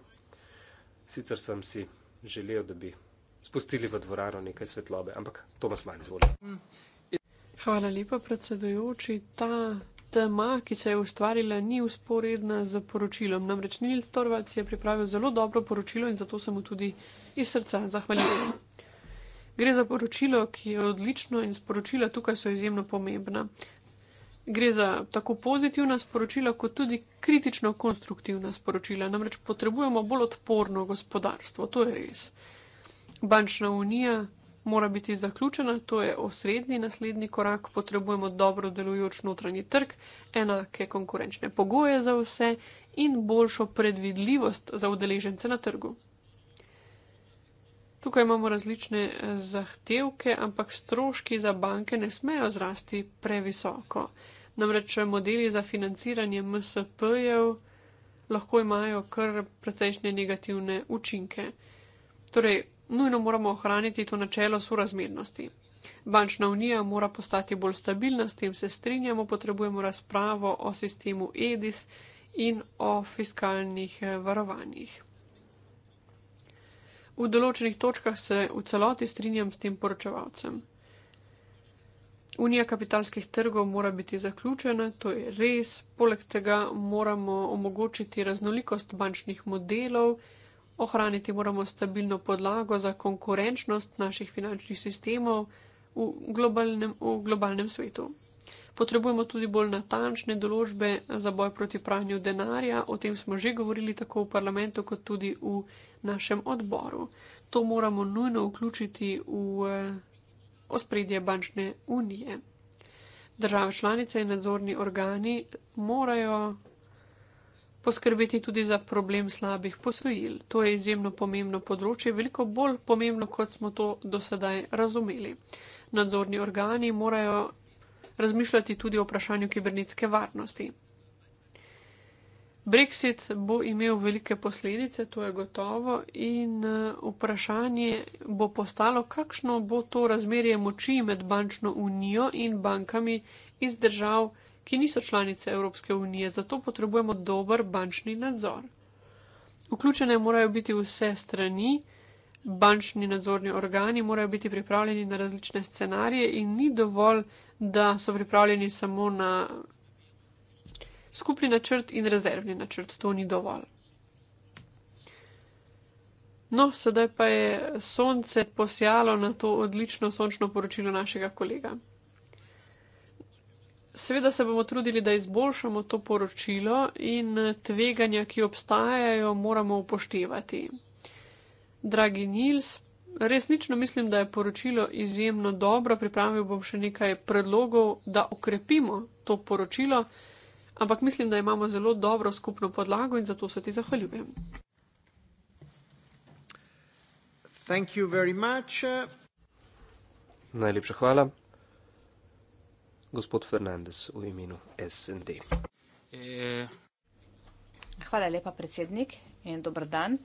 Sicer sem si želel, da bi spustili v dvorano nekaj svetlobe, ampak to vas manj zvoli. Hvala lepa, predsedujoči. Ta tema, ki se je ustvarila, ni usporedna z poročilom. Namreč Nils Torvalc je pripravil zelo dobro poročilo in zato sem mu tudi iz srca zahvaljujem. Gre za poročilo, ki je odlično in sporočila tukaj so izjemno pomembna. Gre za tako pozitivna sporočila, kot tudi kritično konstruktivna sporočila. Namreč potrebujemo bolj odporno gospodarstvo, to je res. Bančna unija mora biti zaključena, to je osrednji naslednji korak, potrebujemo dobro delujoč notranji trg, enake konkurenčne pogoje za vse in boljšo predvidljivost za udeležence na trgu. Tukaj imamo različne eh, zahtevke, ampak stroški za banke ne smejo zrasti previsoko. Namreč eh, modeli za financiranje MSP-jev lahko imajo kar precejšnje negativne učinke. Torej, nujno moramo ohraniti to načelo sorazmernosti. Bančna unija mora postati bolj stabilna, s tem se strinjamo, potrebujemo razpravo o sistemu EDIS in o fiskalnih eh, varovanjih. V določenih točkah se v celoti strinjam s tem poročevalcem. Unija kapitalskih trgov mora biti zaključena, to je res, poleg tega moramo omogočiti raznolikost bančnih modelov, ohraniti moramo stabilno podlago za konkurenčnost naših finančnih sistemov v globalnem, v globalnem svetu. Potrebujemo tudi bolj natančne določbe za boj proti pranju denarja, o tem smo že govorili tako v parlamentu, kot tudi v našem odboru. To moramo nujno vključiti v eh, ospredje bančne unije. Države članice in nadzorni organi morajo poskrbeti tudi za problem slabih posojil. To je izjemno pomembno področje, veliko bolj pomembno, kot smo to do sedaj razumeli. Nadzorni organi morajo razmišljati tudi o vprašanju kibernetske varnosti. Brexit bo imel velike posledice, to je gotovo, in eh, vprašanje bo postalo, kakšno bo to razmerje moči med bančno unijo in bankami iz držav, ki niso članice Evropske unije. Zato potrebujemo dober bančni nadzor. Vključene morajo biti vse strani bančni nadzorni organi morajo biti pripravljeni na različne scenarije in ni dovolj, da so pripravljeni samo na skupni načrt in rezervni načrt. To ni dovolj. No, sedaj pa je sonce posijalo na to odlično sončno poročilo našega kolega. Seveda se bomo trudili, da izboljšamo to poročilo in tveganja, ki obstajajo, moramo upoštevati. Dragi Nils, resnično mislim, da je poročilo izjemno dobro. Pripravil bom še nekaj predlogov, da okrepimo to poročilo, ampak mislim, da imamo zelo dobro skupno podlago in zato se ti zahvaljujem. Najlepša hvala. Gospod Fernandez v imenu SND. Eh. Hvala lepa, predsednik, in dober dan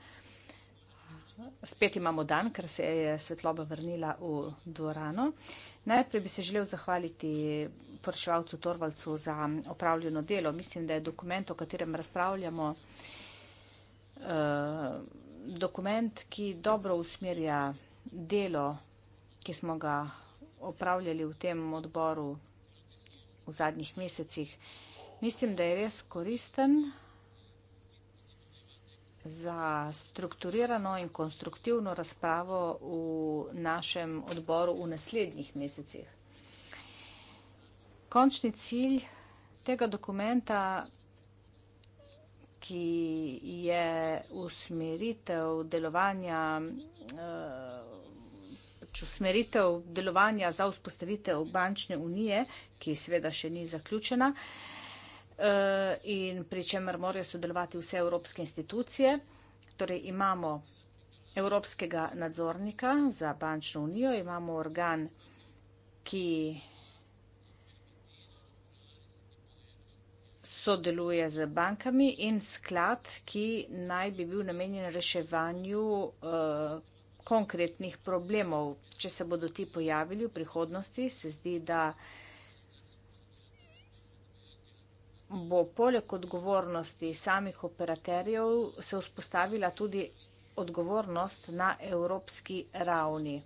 spet imamo dan, ker se je svetloba vrnila v dvorano. Najprej bi se želel zahvaliti poročevalcu Torvalcu za opravljeno delo. Mislim, da je dokument, o katerem razpravljamo, eh, dokument, ki dobro usmerja delo, ki smo ga opravljali v tem odboru v zadnjih mesecih. Mislim, da je res koristen za strukturirano in konstruktivno razpravo v našem odboru v naslednjih mesecih. Končni cilj tega dokumenta, ki je usmeritev delovanja eh, pač usmeritev delovanja za vzpostavitev bančne unije, ki seveda še ni zaključena, Eh, in pri čemer morajo sodelovati vse evropske institucije. Torej imamo evropskega nadzornika za bančno unijo, imamo organ, ki sodeluje z bankami in sklad, ki naj bi bil namenjen reševanju eh, konkretnih problemov. Če se bodo ti pojavili v prihodnosti, se zdi, da bo poleg odgovornosti samih operaterjev se vzpostavila tudi odgovornost na evropski ravni.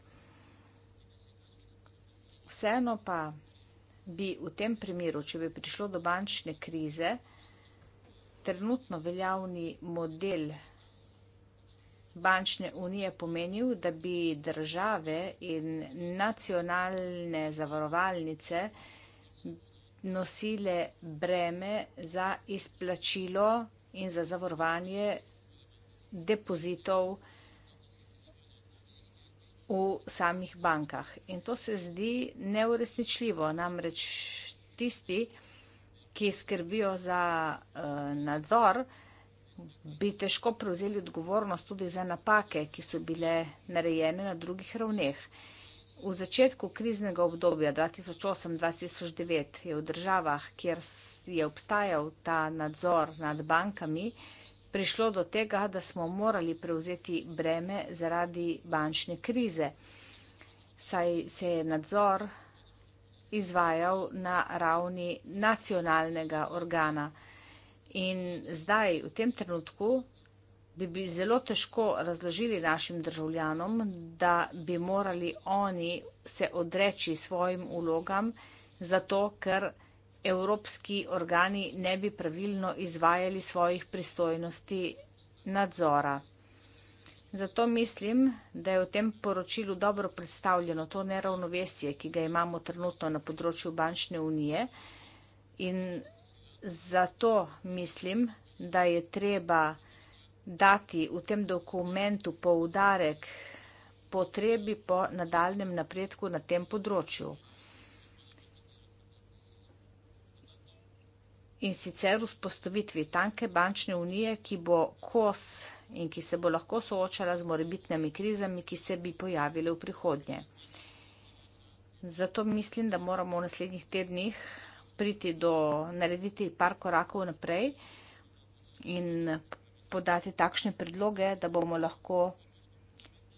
Vseeno pa bi v tem primeru, če bi prišlo do bančne krize, trenutno veljavni model bančne unije pomenil, da bi države in nacionalne zavarovalnice nosile breme za izplačilo in za zavarovanje depozitov v samih bankah. In to se zdi neuresničljivo, namreč tisti, ki skrbijo za eh, nadzor, bi težko prevzeli odgovornost tudi za napake, ki so bile narejene na drugih ravneh. V začetku kriznega obdobja 2008-2009 je v državah, kjer je obstajal ta nadzor nad bankami, prišlo do tega, da smo morali prevzeti breme zaradi bančne krize, saj se je nadzor izvajal na ravni nacionalnega organa. In zdaj, v tem trenutku, bi, bi zelo težko razložili našim državljanom, da bi morali oni se odreči svojim ulogam, zato ker evropski organi ne bi pravilno izvajali svojih pristojnosti nadzora. Zato mislim, da je v tem poročilu dobro predstavljeno to neravnovesje, ki ga imamo trenutno na področju bančne unije in zato mislim, da je treba dati v tem dokumentu poudarek potrebi po nadaljem napredku na tem področju. In sicer vzpostavitvi tanke bančne unije, ki bo kos in ki se bo lahko soočala z morebitnimi krizami, ki se bi pojavile v prihodnje. Zato mislim, da moramo v naslednjih tednih priti do narediti par korakov naprej in podati takšne predloge, da bomo lahko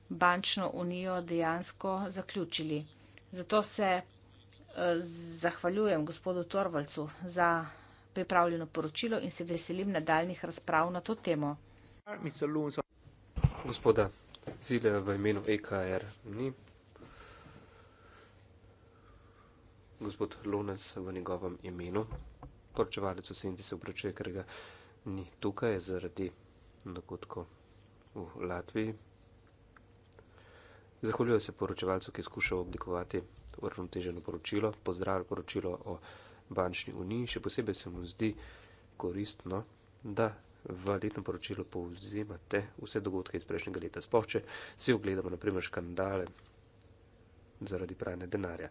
bančno unijo dejansko zaključili. Zato se eh, zahvaljujem gospodu Torvalcu za pripravljeno poročilo in se veselim nadaljnih razprav na to temo. Gospoda Zile v imenu EKR ni. Gospod Lunes v njegovem imenu. Poročevalec v Sinti se obračuje, ker ga ni tukaj zaradi prijetnem dogodku v Latviji. Zahvaljujem se poročevalcu, ki je skušal oblikovati uravnoteženo poročilo. Pozdravljam poročilo o bančni uniji. Še posebej se mu zdi koristno, da v letnem poročilu povzemate vse dogodke iz prejšnjega leta. Spohče si ogledamo naprimer škandale zaradi pranja denarja.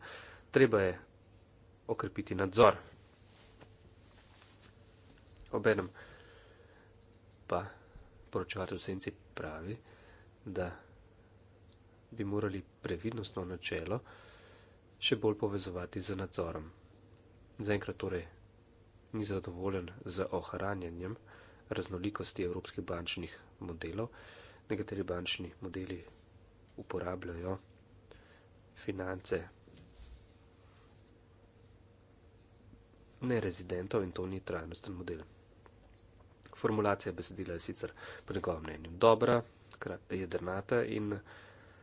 Treba je okrepiti nadzor. Obenem pa poročevalec v senci pravi, da bi morali previdnostno načelo še bolj povezovati z nadzorom. Zaenkrat torej ni zadovoljen z ohranjanjem raznolikosti evropskih bančnih modelov. Nekateri bančni modeli uporabljajo finance nerezidentov in to ni trajnosten model. Formulacija besedila je sicer po njegovem mnenju dobra, jedrnata in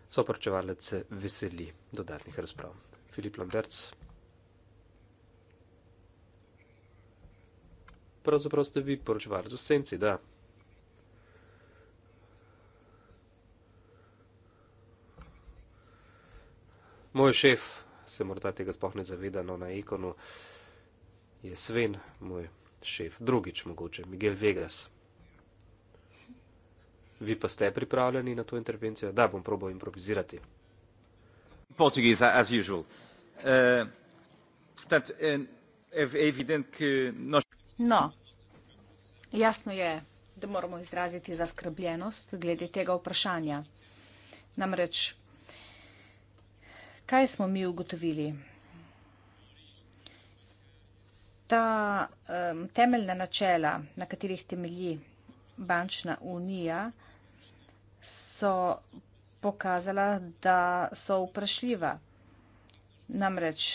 soporčevalec se veseli dodatnih razprav. Filip Lamberts. Pravzaprav ste vi poročevalec v senci, da. Moj šef se morda tega spohne zaveda, no na ikonu je Sven, moj šef, drugič mogoče, Miguel Vegas. Vi pa ste pripravljeni na to intervencijo? Da, bom probal improvizirati. Portugiza, as usual. Eh, eh, no, jasno je, da moramo izraziti zaskrbljenost glede tega vprašanja. Namreč, kaj smo mi ugotovili? ta um, temeljna načela, na katerih temelji bančna unija, so pokazala, da so vprašljiva. Namreč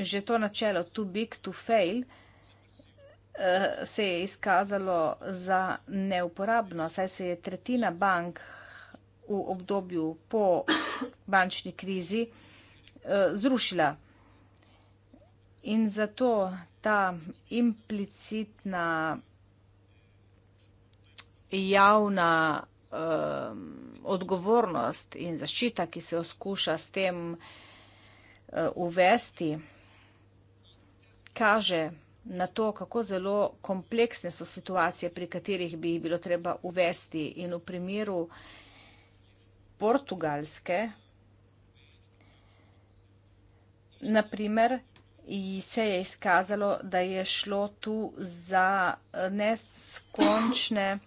že to načelo too big to fail eh, se je izkazalo za neuporabno, saj se je tretjina bank v obdobju po bančni krizi eh, zrušila. In zato ta implicitna javna um, odgovornost in zaščita, ki se oskuša s tem uh, uvesti, kaže na to, kako zelo kompleksne so situacije, pri katerih bi jih bilo treba uvesti. In v primeru portugalske, naprimer, se je izkazalo, da je šlo tu za eh, neskončne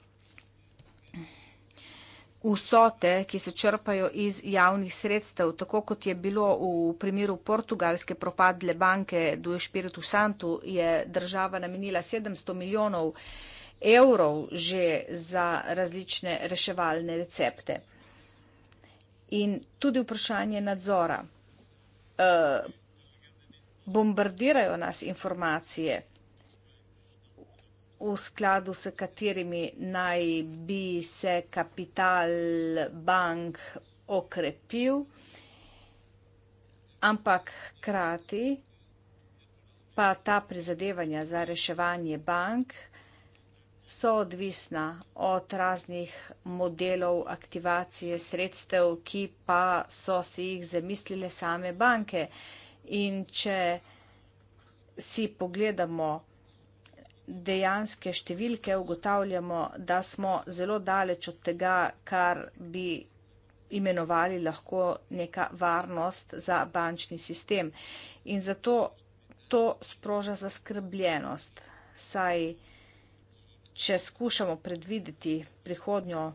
vsote, ki se črpajo iz javnih sredstev, tako kot je bilo v primeru portugalske propadle banke do Espiritu Santu, je država namenila 700 milijonov evrov že za različne reševalne recepte. In tudi vprašanje nadzora. Eh, bombardirajo nas informacije, v skladu s katerimi naj bi se kapital bank okrepil, ampak hkrati pa ta prizadevanja za reševanje bank so odvisna od raznih modelov aktivacije sredstev, ki pa so si jih zamislile same banke. In če si pogledamo dejanske številke, ugotavljamo, da smo zelo daleč od tega, kar bi imenovali lahko neka varnost za bančni sistem. In zato to sproža zaskrbljenost, saj če skušamo predvideti prihodnjo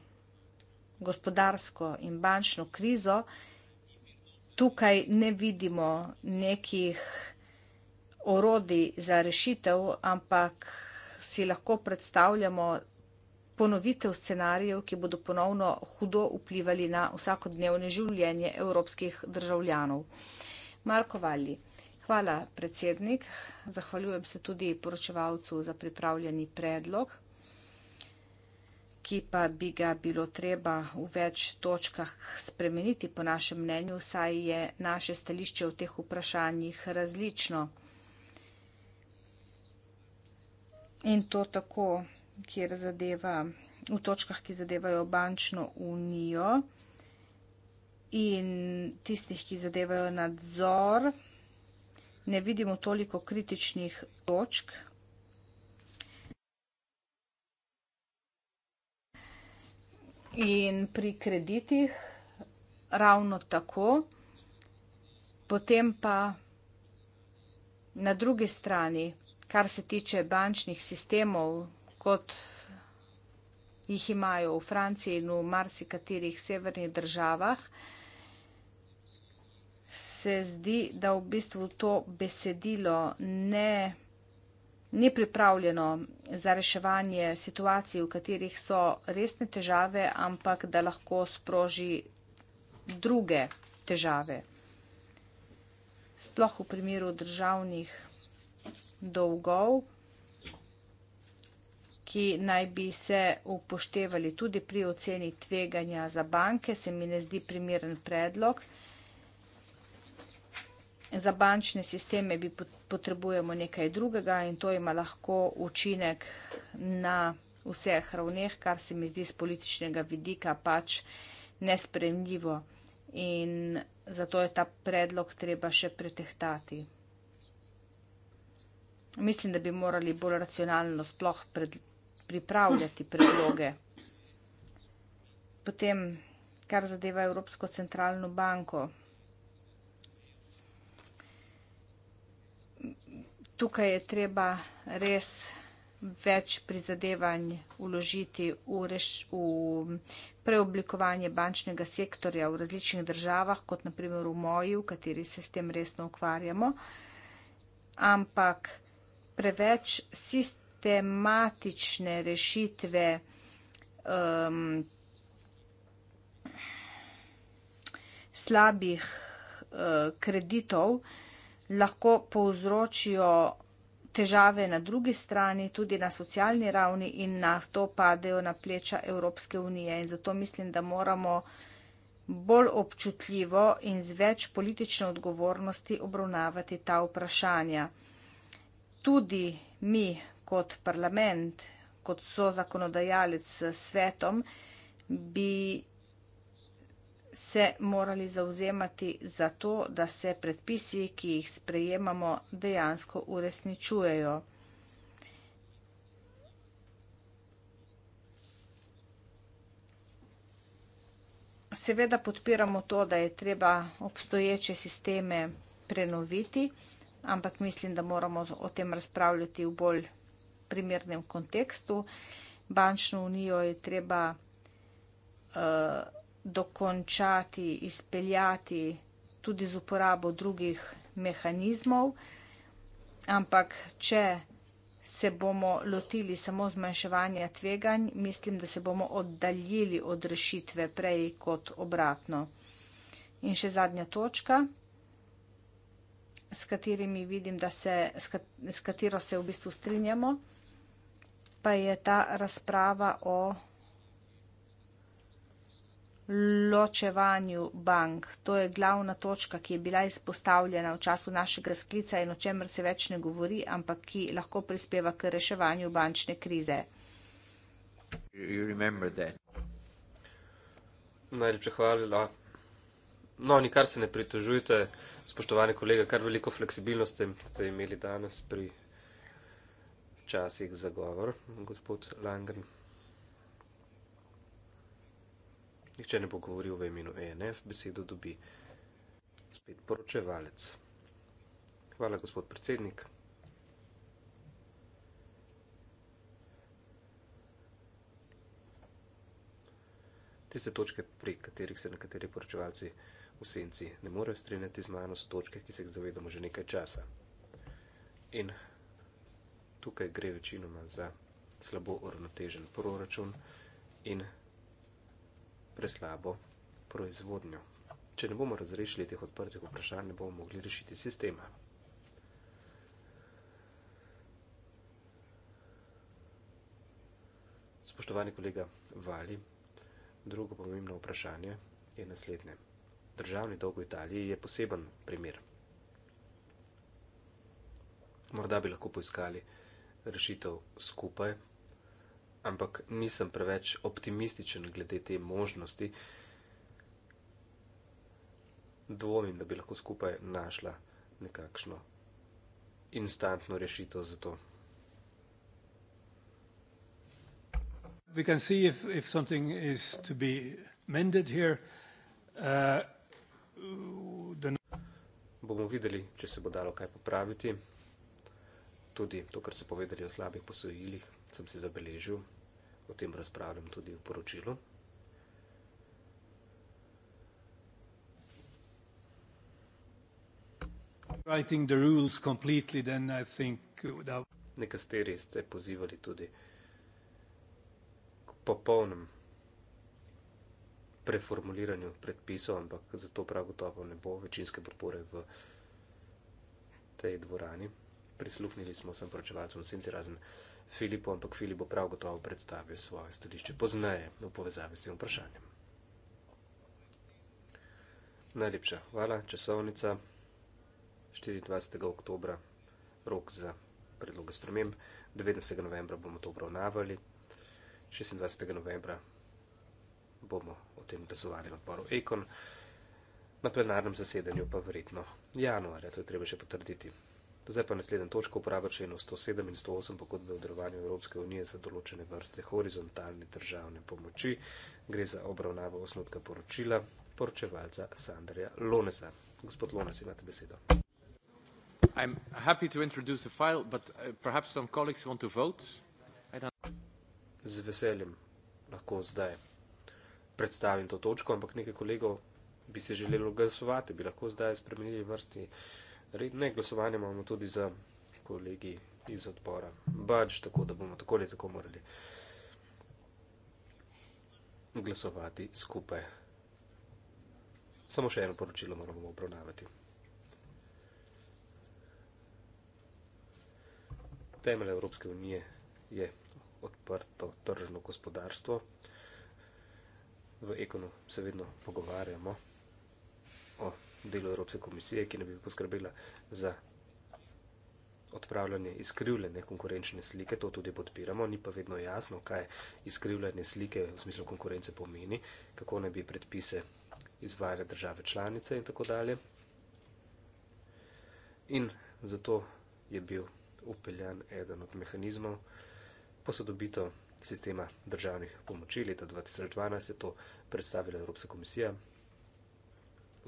gospodarsko in bančno krizo, tukaj ne vidimo nekih orodij za rešitev, ampak si lahko predstavljamo ponovitev scenarijev, ki bodo ponovno hudo vplivali na vsakodnevne življenje evropskih državljanov. Marko Valji, hvala predsednik, zahvaljujem se tudi poročevalcu za pripravljeni predlog ki pa bi ga bilo treba v več točkah spremeniti, po našem mnenju, saj je naše stališče v teh vprašanjih različno. In to tako, kjer zadeva v točkah, ki zadevajo bančno unijo in tistih, ki zadevajo nadzor, ne vidimo toliko kritičnih točk, in pri kreditih ravno tako, potem pa na drugi strani, kar se tiče bančnih sistemov, kot jih imajo v Franciji in v marsikaterih severnih državah, se zdi, da v bistvu to besedilo ne nepripravljeno za reševanje situacij, v katerih so resne težave, ampak da lahko sproži druge težave. Sploh v primeru državnih dolgov, ki naj bi se upoštevali tudi pri oceni tveganja za banke, se mi ne zdi primeren predlog. Za bančne sisteme bi potrebujemo nekaj drugega in to ima lahko učinek na vseh ravneh, kar se mi zdi z političnega vidika pač nespremljivo in zato je ta predlog treba še pretehtati. Mislim, da bi morali bolj racionalno sploh pred, pripravljati predloge. Potem, kar zadeva Evropsko centralno banko. tukaj je treba res več prizadevanj vložiti v, reš, v preoblikovanje bančnega sektorja v različnih državah, kot naprimer v moji, v kateri se s tem resno ukvarjamo. Ampak preveč sistematične rešitve um, slabih uh, kreditov uh, lahko povzročijo težave na drugi strani, tudi na socialni ravni in na to padejo na pleča Evropske unije. In zato mislim, da moramo bolj občutljivo in z več politične odgovornosti obravnavati ta vprašanja. Tudi mi kot parlament, kot so zakonodajalec s svetom, bi se morali zauzemati za to, da se predpisi, ki jih sprejemamo, dejansko uresničujejo. Seveda podpiramo to, da je treba obstoječe sisteme prenoviti, ampak mislim, da moramo o tem razpravljati v bolj primernem kontekstu. Bančno unijo je treba uh, dokončati, izpeljati tudi z uporabo drugih mehanizmov. Ampak, če se bomo lotili samo zmanjševanja tveganj, mislim, da se bomo oddaljili od rešitve prej kot obratno. In še zadnja točka, s, vidim, se, s katero se v bistvu strinjamo, pa je ta razprava o ločevanju bank. To je glavna točka, ki je bila izpostavljena v času našega sklica in o čemer se več ne govori, ampak ki lahko prispeva k reševanju bančne krize. Najlepša hvala. No, nikar se ne pritožujte, spoštovani kolega, kar veliko fleksibilnosti ste imeli danes pri časih za govor, gospod Langren. Nihče ne bo govoril v imenu ENF, besedo dobi spet poročevalec. Hvala, gospod predsednik. Tiste točke, pri katerih se nekateri poročevalci v senci ne morejo strinjati z mano, so točke, ki se jih zavedamo že nekaj časa. In tukaj gre večinoma za slabo uravnotežen proračun in preslabo proizvodnjo. Če ne bomo razrešili teh odprtih vprašanj, ne bomo mogli rešiti sistema. Spoštovani kolega Vali, drugo pomembno vprašanje je naslednje. Državni dolg v Italiji je poseben primer. Morda bi lahko poiskali rešitev skupaj ampak nisem preveč optimističen glede te možnosti. Dvomim, da bi lahko skupaj našla nekakšno instantno rešitev za to. We can see if, if something is to be mended here. Uh, the... Bomo videli, če se bo dalo kaj popraviti. Tudi to, kar so povedali o slabih posojilih sem si zabeležil, o tem razpravljam tudi v poročilu. Nekateri ste pozivali tudi k popolnem preformuliranju predpisov, ampak zato prav gotovo ne bo večinske podpore v tej dvorani. Prisluhnili smo sem poročevalcem, vsem si razen. Filipu, ampak Filip bo prav gotovo predstavil svoje stališče pozneje v povezavi s tem vprašanjem. Najlepša hvala, časovnica 24. oktobra, rok za predloge sprememb. 19. novembra bomo to obravnavali, 26. novembra bomo o tem glasovali na odboru Ekon, na plenarnem zasedanju pa verjetno januarja, to je treba še potrditi. Zdaj pa naslednja točka uporaba členov 107 in 108 pogodbe o delovanju Evropske unije za določene vrste horizontalne državne pomoči. Gre za obravnavo osnutka poročila poročevalca Sandarja Lonesa. Gospod Lones, imate besedo. I'm happy to introduce the file, but uh, perhaps some colleagues want to vote. I don't... Z veseljem lahko zdaj predstavim to točko, ampak nekaj kolegov bi se želelo glasovati, bi lahko zdaj spremenili vrsti. Uh, redne glasovanje imamo tudi za kolegi iz odbora. Bač, tako da bomo tako ali tako morali glasovati skupaj. Samo še eno poročilo moramo obravnavati. Temelj Evropske unije je odprto tržno gospodarstvo. V ekonu se vedno pogovarjamo o delo Evropske komisije, ki ne bi poskrbela za odpravljanje izkrivljene konkurenčne slike, to tudi podpiramo, ni pa vedno jasno, kaj izkrivljene slike v smislu konkurence pomeni, kako ne bi predpise izvajale države članice in tako dalje. In zato je bil upeljan eden od mehanizmov posodobitev sistema državnih pomoči. Leta 2012 je to predstavila Evropska komisija,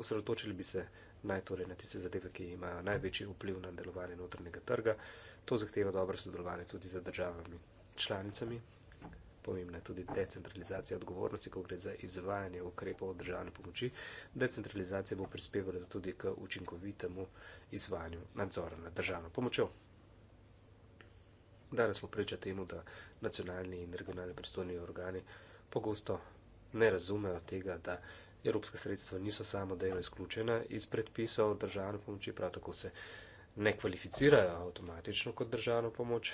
osredotočili bi se naj torej na tiste zadeve, ki imajo največji vpliv na delovanje notranjega trga. To zahteva dobro sodelovanje tudi z državami članicami. Pomembna je tudi decentralizacija odgovornosti, ko gre za izvajanje ukrepov državne pomoči. Decentralizacija bo prispevala tudi k učinkovitemu izvajanju nadzora nad državno pomočjo. Danes smo priča temu, da nacionalni in regionalni predstavni organi pogosto ne razumejo tega, da evropske sredstva niso samo delo izključena iz predpisov državne pomoči, prav tako se ne kvalificirajo avtomatično kot državno pomoč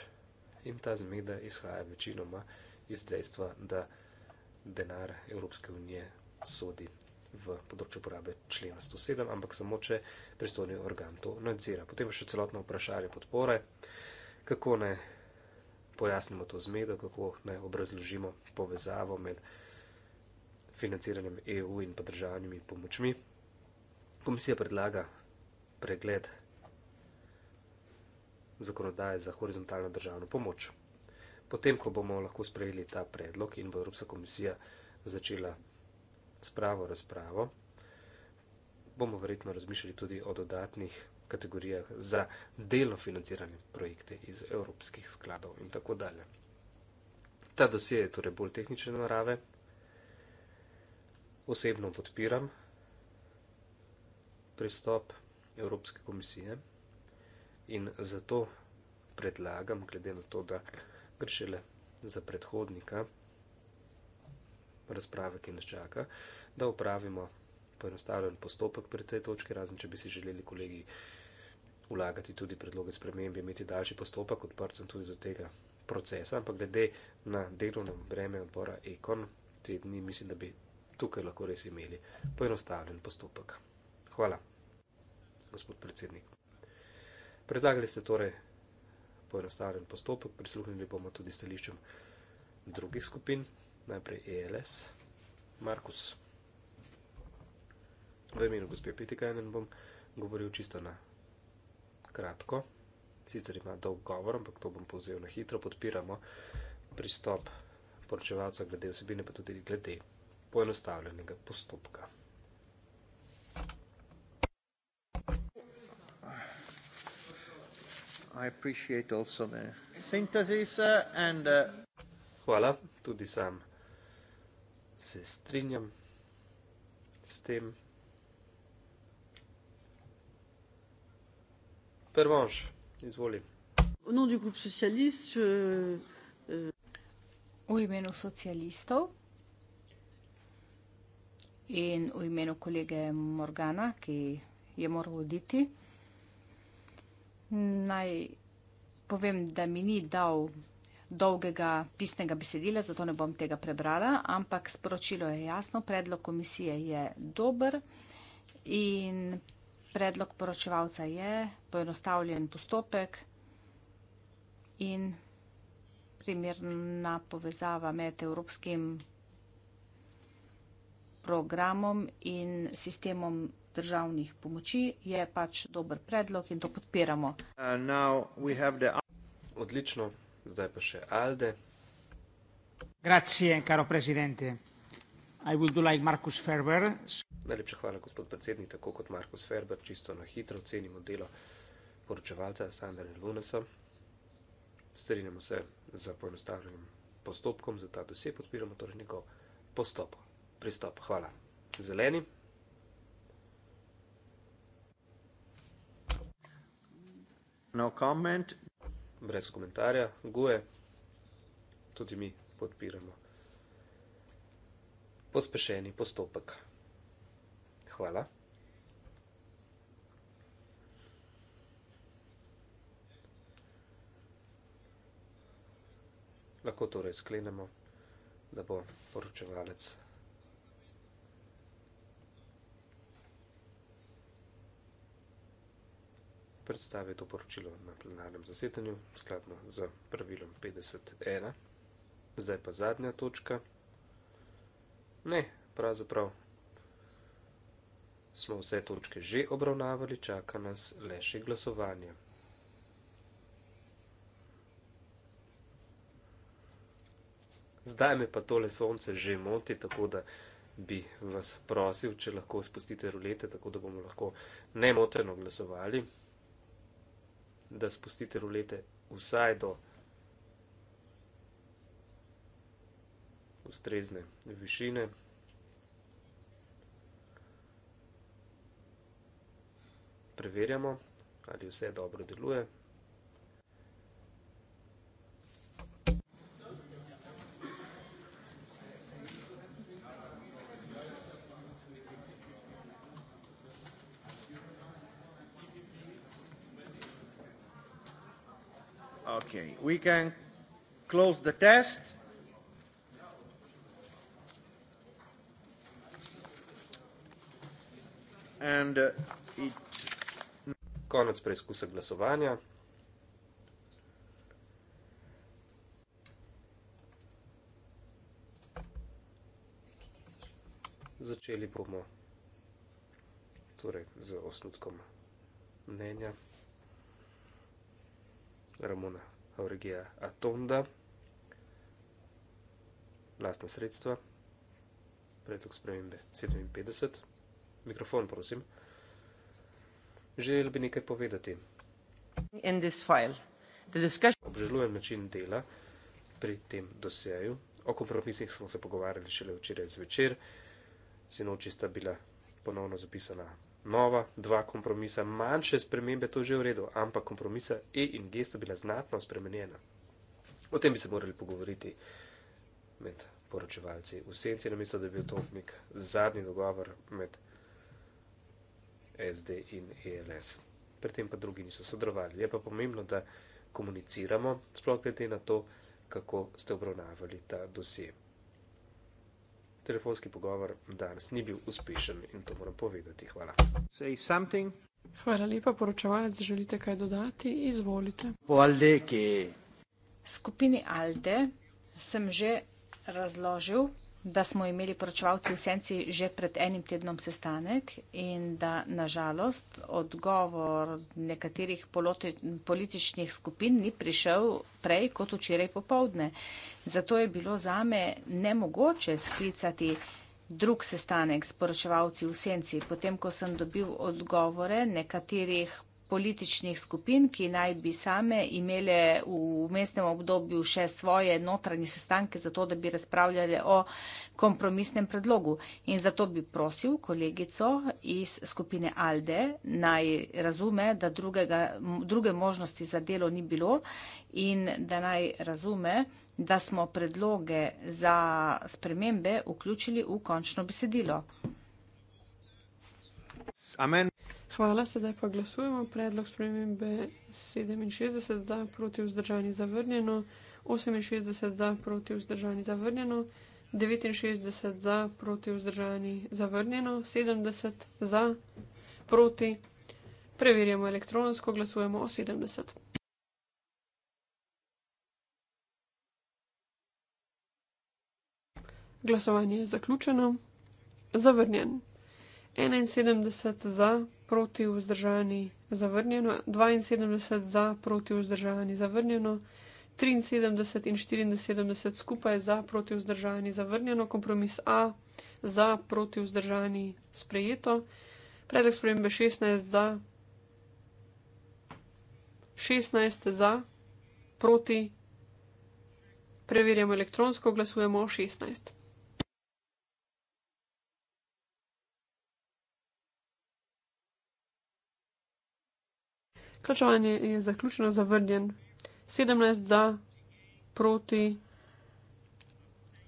in ta zmeda izhaja večinoma iz dejstva, da denar Evropske unije sodi v področju uporabe člena 107, ampak samo, če pristojni organ to nadzira. Potem pa še celotno vprašanje podpore, kako ne pojasnimo to zmedo, kako ne obrazložimo povezavo med financiranjem EU in pa državnimi pomočmi. Komisija predlaga pregled zakonodaje za horizontalno državno pomoč. Potem, ko bomo lahko sprejeli ta predlog in bo Evropska komisija začela spravo razpravo, bomo verjetno razmišljali tudi o dodatnih kategorijah za delno financiranje projekte iz evropskih skladov in tako dalje. Ta dosje je torej bolj tehnične narave, osebno podpiram pristop Evropske komisije in zato predlagam, glede na to, da gre šele za predhodnika razprave, ki nas čaka, da upravimo poenostavljen postopek pri tej točki, razen če bi si želeli kolegi vlagati tudi predloge spremembe, imeti daljši postopek, odprt sem tudi do tega procesa, ampak glede na delovno breme odbora Ekon, te dni mislim, da bi tukaj lahko res imeli poenostavljen postopek. Hvala, gospod predsednik. Predlagali ste torej poenostavljen postopek, prisluhnili bomo tudi stališčem drugih skupin, najprej ELS, Markus. V imenu gospe Pitikajnen bom govoril čisto na kratko, sicer ima dolg govor, ampak to bom povzel na hitro, podpiramo pristop poročevalca glede vsebine, pa tudi glede poenostavljenega postopka. Uh, uh, Hvala, tudi sam se strinjam s tem. Prvonš, izvoli. V imenu socialistov in v imenu kolege Morgana, ki je moral oditi. Naj povem, da mi ni dal dolgega pisnega besedila, zato ne bom tega prebrala, ampak sporočilo je jasno, predlog komisije je dober in predlog poročevalca je poenostavljen postopek in primerna povezava med Evropskim programom in sistemom državnih pomoči, je pač dober predlog in to podpiramo. Uh, the... Odlično, zdaj pa še Alde. Grazie, caro presidente. I would do like Markus Ferber. Najlepša hvala, gospod predsednik, tako kot Markus Ferber, čisto na hitro ocenimo delo poročevalca Sandra Lunasa. Strinjamo se za poenostavljenim postopkom, zato vse podpiramo torej njegov postopek pristop. Hvala. Zeleni. No comment. Brez komentarja. Guje. Tudi mi podpiramo. Pospešeni postopek. Hvala. Lahko torej sklenemo, da bo poročevalec predstavi to poročilo na plenarnem zasedanju, skladno z pravilom 51. Zdaj pa zadnja točka. Ne, pravzaprav smo vse točke že obravnavali, čaka nas le še glasovanje. Zdaj me pa tole sonce že moti, tako da bi vas prosil, če lahko spustite rulete, tako da bomo lahko nemoteno glasovali da spustite rolete vsaj do ustrezne višine. Preverjamo, ali vse dobro deluje. Okay, we can close the test. And, uh, it... Konec preizkusa glasovanja. Začeli bomo torej, z osnutkom mnenja Ramona orgija Atonda, lastna sredstva, predlog spremembe 57, mikrofon prosim. Želel bi nekaj povedati. Obžalujem način dela pri tem dosjeju. O kompromisih smo se pogovarjali šele včeraj zvečer. Sinoči sta bila ponovno zapisana nova, dva kompromisa, manjše spremembe, to je že v redu, ampak kompromisa E in G sta bila znatno spremenjena. O tem bi se morali pogovoriti med poročevalci v senci, na mislo, da je bil to nek zadnji dogovor med SD in ELS. Pri tem pa drugi niso sodelovali. Je pa pomembno, da komuniciramo, sploh glede na to, kako ste obravnavali ta dosje telefonski pogovor danes ni bil uspešen in to moram povedati. Hvala. Hvala lepa, poročevalec, želite kaj dodati? Izvolite. Skupini Alde sem že razložil, da smo imeli poročevalci v Senci že pred enim tednom sestanek in da nažalost odgovor nekaterih političnih skupin ni prišel prej kot včeraj popovdne. Zato je bilo zame nemogoče sklicati drug sestanek s poročevalci v Senci, potem ko sem dobil odgovore nekaterih političnih skupin, ki naj bi same imele v mestnem obdobju še svoje notranje sestanke za to, da bi razpravljali o kompromisnem predlogu. In zato bi prosil kolegico iz skupine Alde naj razume, da drugega, druge možnosti za delo ni bilo in da naj razume, da smo predloge za spremembe vključili v končno besedilo. Amen. Hvala, sedaj pa glasujemo. Predlog spremembe 67 za proti vzdržani zavrnjeno, 68 za proti vzdržani zavrnjeno, 69 za proti vzdržani zavrnjeno, 70 za proti. Preverjamo elektronsko, glasujemo o 70. Glasovanje je zaključeno. Zavrnjen. 71 za, proti vzdržani, zavrnjeno, 72 za, proti vzdržani, zavrnjeno, 73 in 74 skupaj za, proti vzdržani, zavrnjeno, kompromis A za, proti vzdržani, sprejeto, predlog spremembe 16 za, 16 za, proti, preverjamo elektronsko, glasujemo 16. Glasovanje je zaključeno, zavrnjen. 17 za, proti,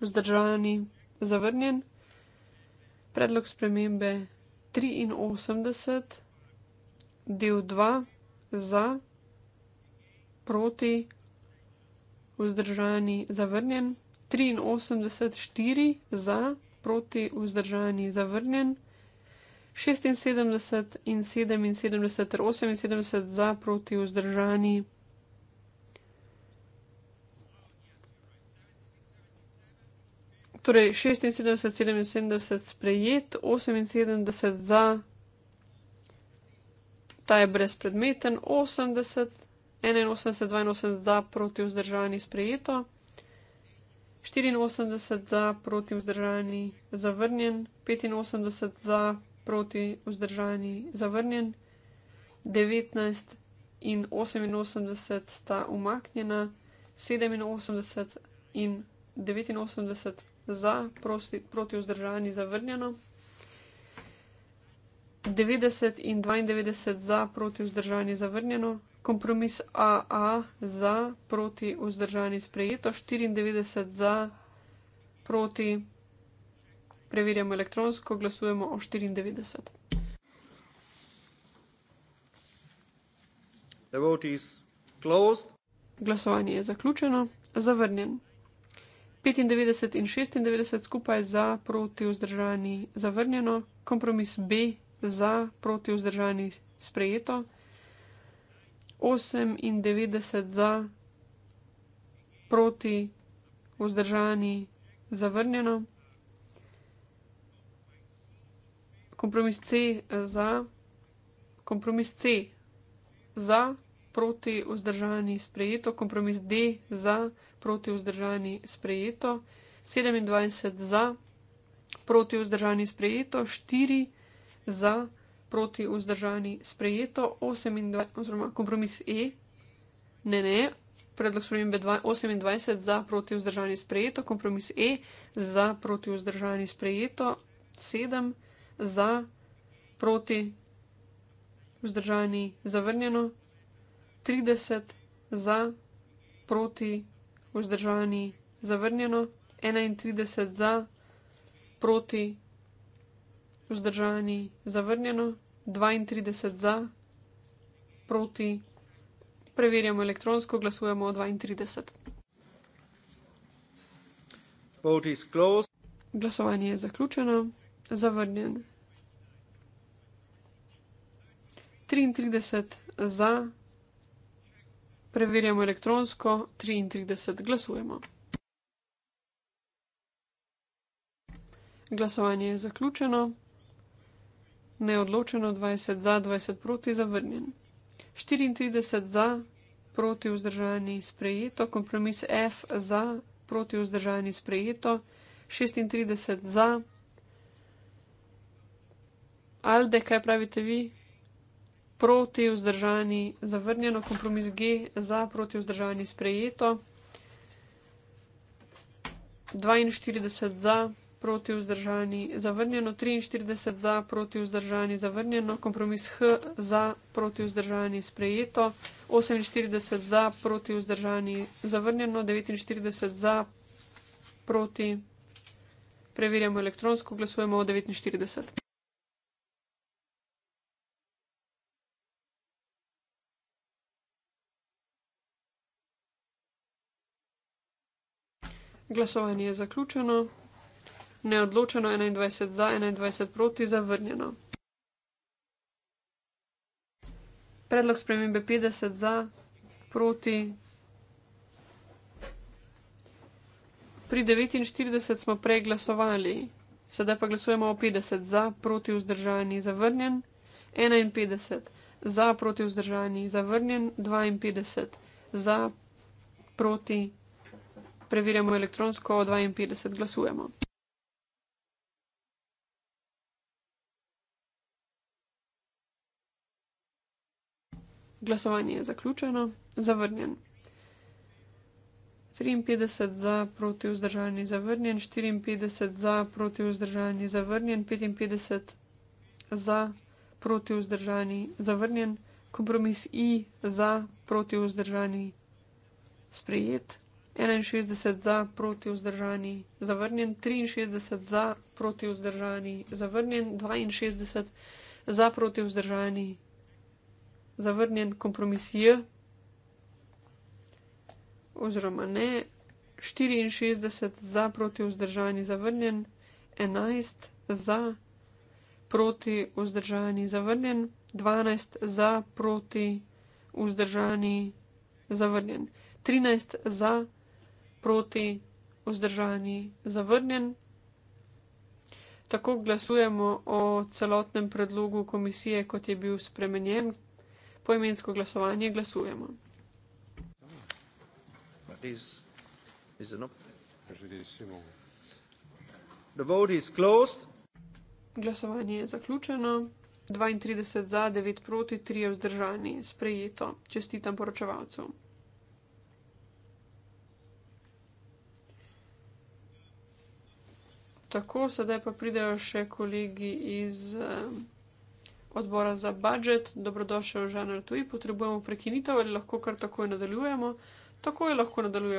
vzdržani, zavrnjen. Predlog spremembe 83, del 2, za, proti, vzdržani, zavrnjen. 83, 4 za, proti, vzdržani, zavrnjen. 76 in 77 ter 78 za proti vzdržani. Torej 76, 77 sprejet, 78 za, ta je brezpredmeten, 80, 81, 82 za proti vzdržani sprejeto, 84 za proti vzdržani zavrnjen, 85 za proti, vzdržani, zavrnjen, 19 in 88 sta umaknjena, 87 in 89 za, prosti, proti, vzdržani, zavrnjeno, 90 in 92 za, proti, vzdržani, zavrnjeno, kompromis AA za, proti, vzdržani, sprejeto, 94 za, proti, vzdržani. Preverjamo elektronsko, glasujemo o 94. The vote is closed. Glasovanje je zaključeno. Zavrnjen. 95 in 96 skupaj za, proti vzdržani, zavrnjeno. Kompromis B za, proti vzdržani, sprejeto. 98 za, proti vzdržani, zavrnjeno. Kompromis C eh, za. Kompromis C za, proti, vzdržani, sprejeto. Kompromis D za, proti, vzdržani, sprejeto. 27 za, proti, vzdržani, sprejeto. 4 za, proti, vzdržani, sprejeto. 28, oziroma kompromis E, ne, ne. Predlog spremembe 28 za proti vzdržanje sprejeto, kompromis E za proti vzdržanje sprejeto, 7 za za, proti, vzdržani, zavrnjeno, 30 za, proti, vzdržani, zavrnjeno, 31 za, proti, vzdržani, zavrnjeno, 32 za, proti, preverjamo elektronsko, glasujemo 32. Glasovanje je zaključeno zavrnjen. 33 za, preverjamo elektronsko, 33 glasujemo. Glasovanje je zaključeno, neodločeno 20 za, 20 proti zavrnjen. 34 za, proti vzdržani sprejeto, kompromis F za, proti vzdržani sprejeto, 36 za, Alde, kaj pravite vi? Proti vzdržani zavrnjeno, kompromis G za proti vzdržani sprejeto. 42 za proti vzdržani zavrnjeno, 43 za proti vzdržani zavrnjeno, kompromis H za proti vzdržani sprejeto, 48 za proti vzdržani zavrnjeno, 49 za proti. Preverjamo elektronsko, glasujemo o 49. Glasovanje je zaključeno. Neodločeno 21 za, 21 proti, zavrnjeno. Predlog spremembe 50 za, proti. Pri 49 smo preglasovali, sedaj pa glasujemo o 50 za, proti vzdržani, zavrnjen. 51 za, proti vzdržani, zavrnjen. 52 za, proti vzdržani preverjamo elektronsko, 52 glasujemo. Glasovanje je zaključeno, zavrnjen. 53 za proti vzdržanje zavrnjen, 54 za proti vzdržanje zavrnjen, 55 za proti vzdržanje zavrnjen, kompromis I za proti vzdržanje sprejet. 61 za, proti vzdržani, zavrnjen, 63 za, proti vzdržani, zavrnjen, 62 za, proti vzdržani, zavrnjen, kompromis J, oziroma ne, 64 za, proti vzdržani, zavrnjen, 11 za, proti vzdržani, zavrnjen, 12 za, proti vzdržani, zavrnjen, 13 za, proti vzdržani, proti, vzdržani, zavrnjen. Tako glasujemo o celotnem predlogu komisije, kot je bil spremenjen. Poimensko glasovanje glasujemo. Glasovanje je zaključeno. 32 za, 9 proti, 3 vzdržani. Sprejeto. Čestitam poročevalcu. Tako, sedaj pa pridejo še kolegi iz eh, odbora za budžet. Dobrodošli v žanr tuji, potrebujemo prekinitev ali lahko kar takoj nadaljujemo. Takoj lahko nadaljujemo.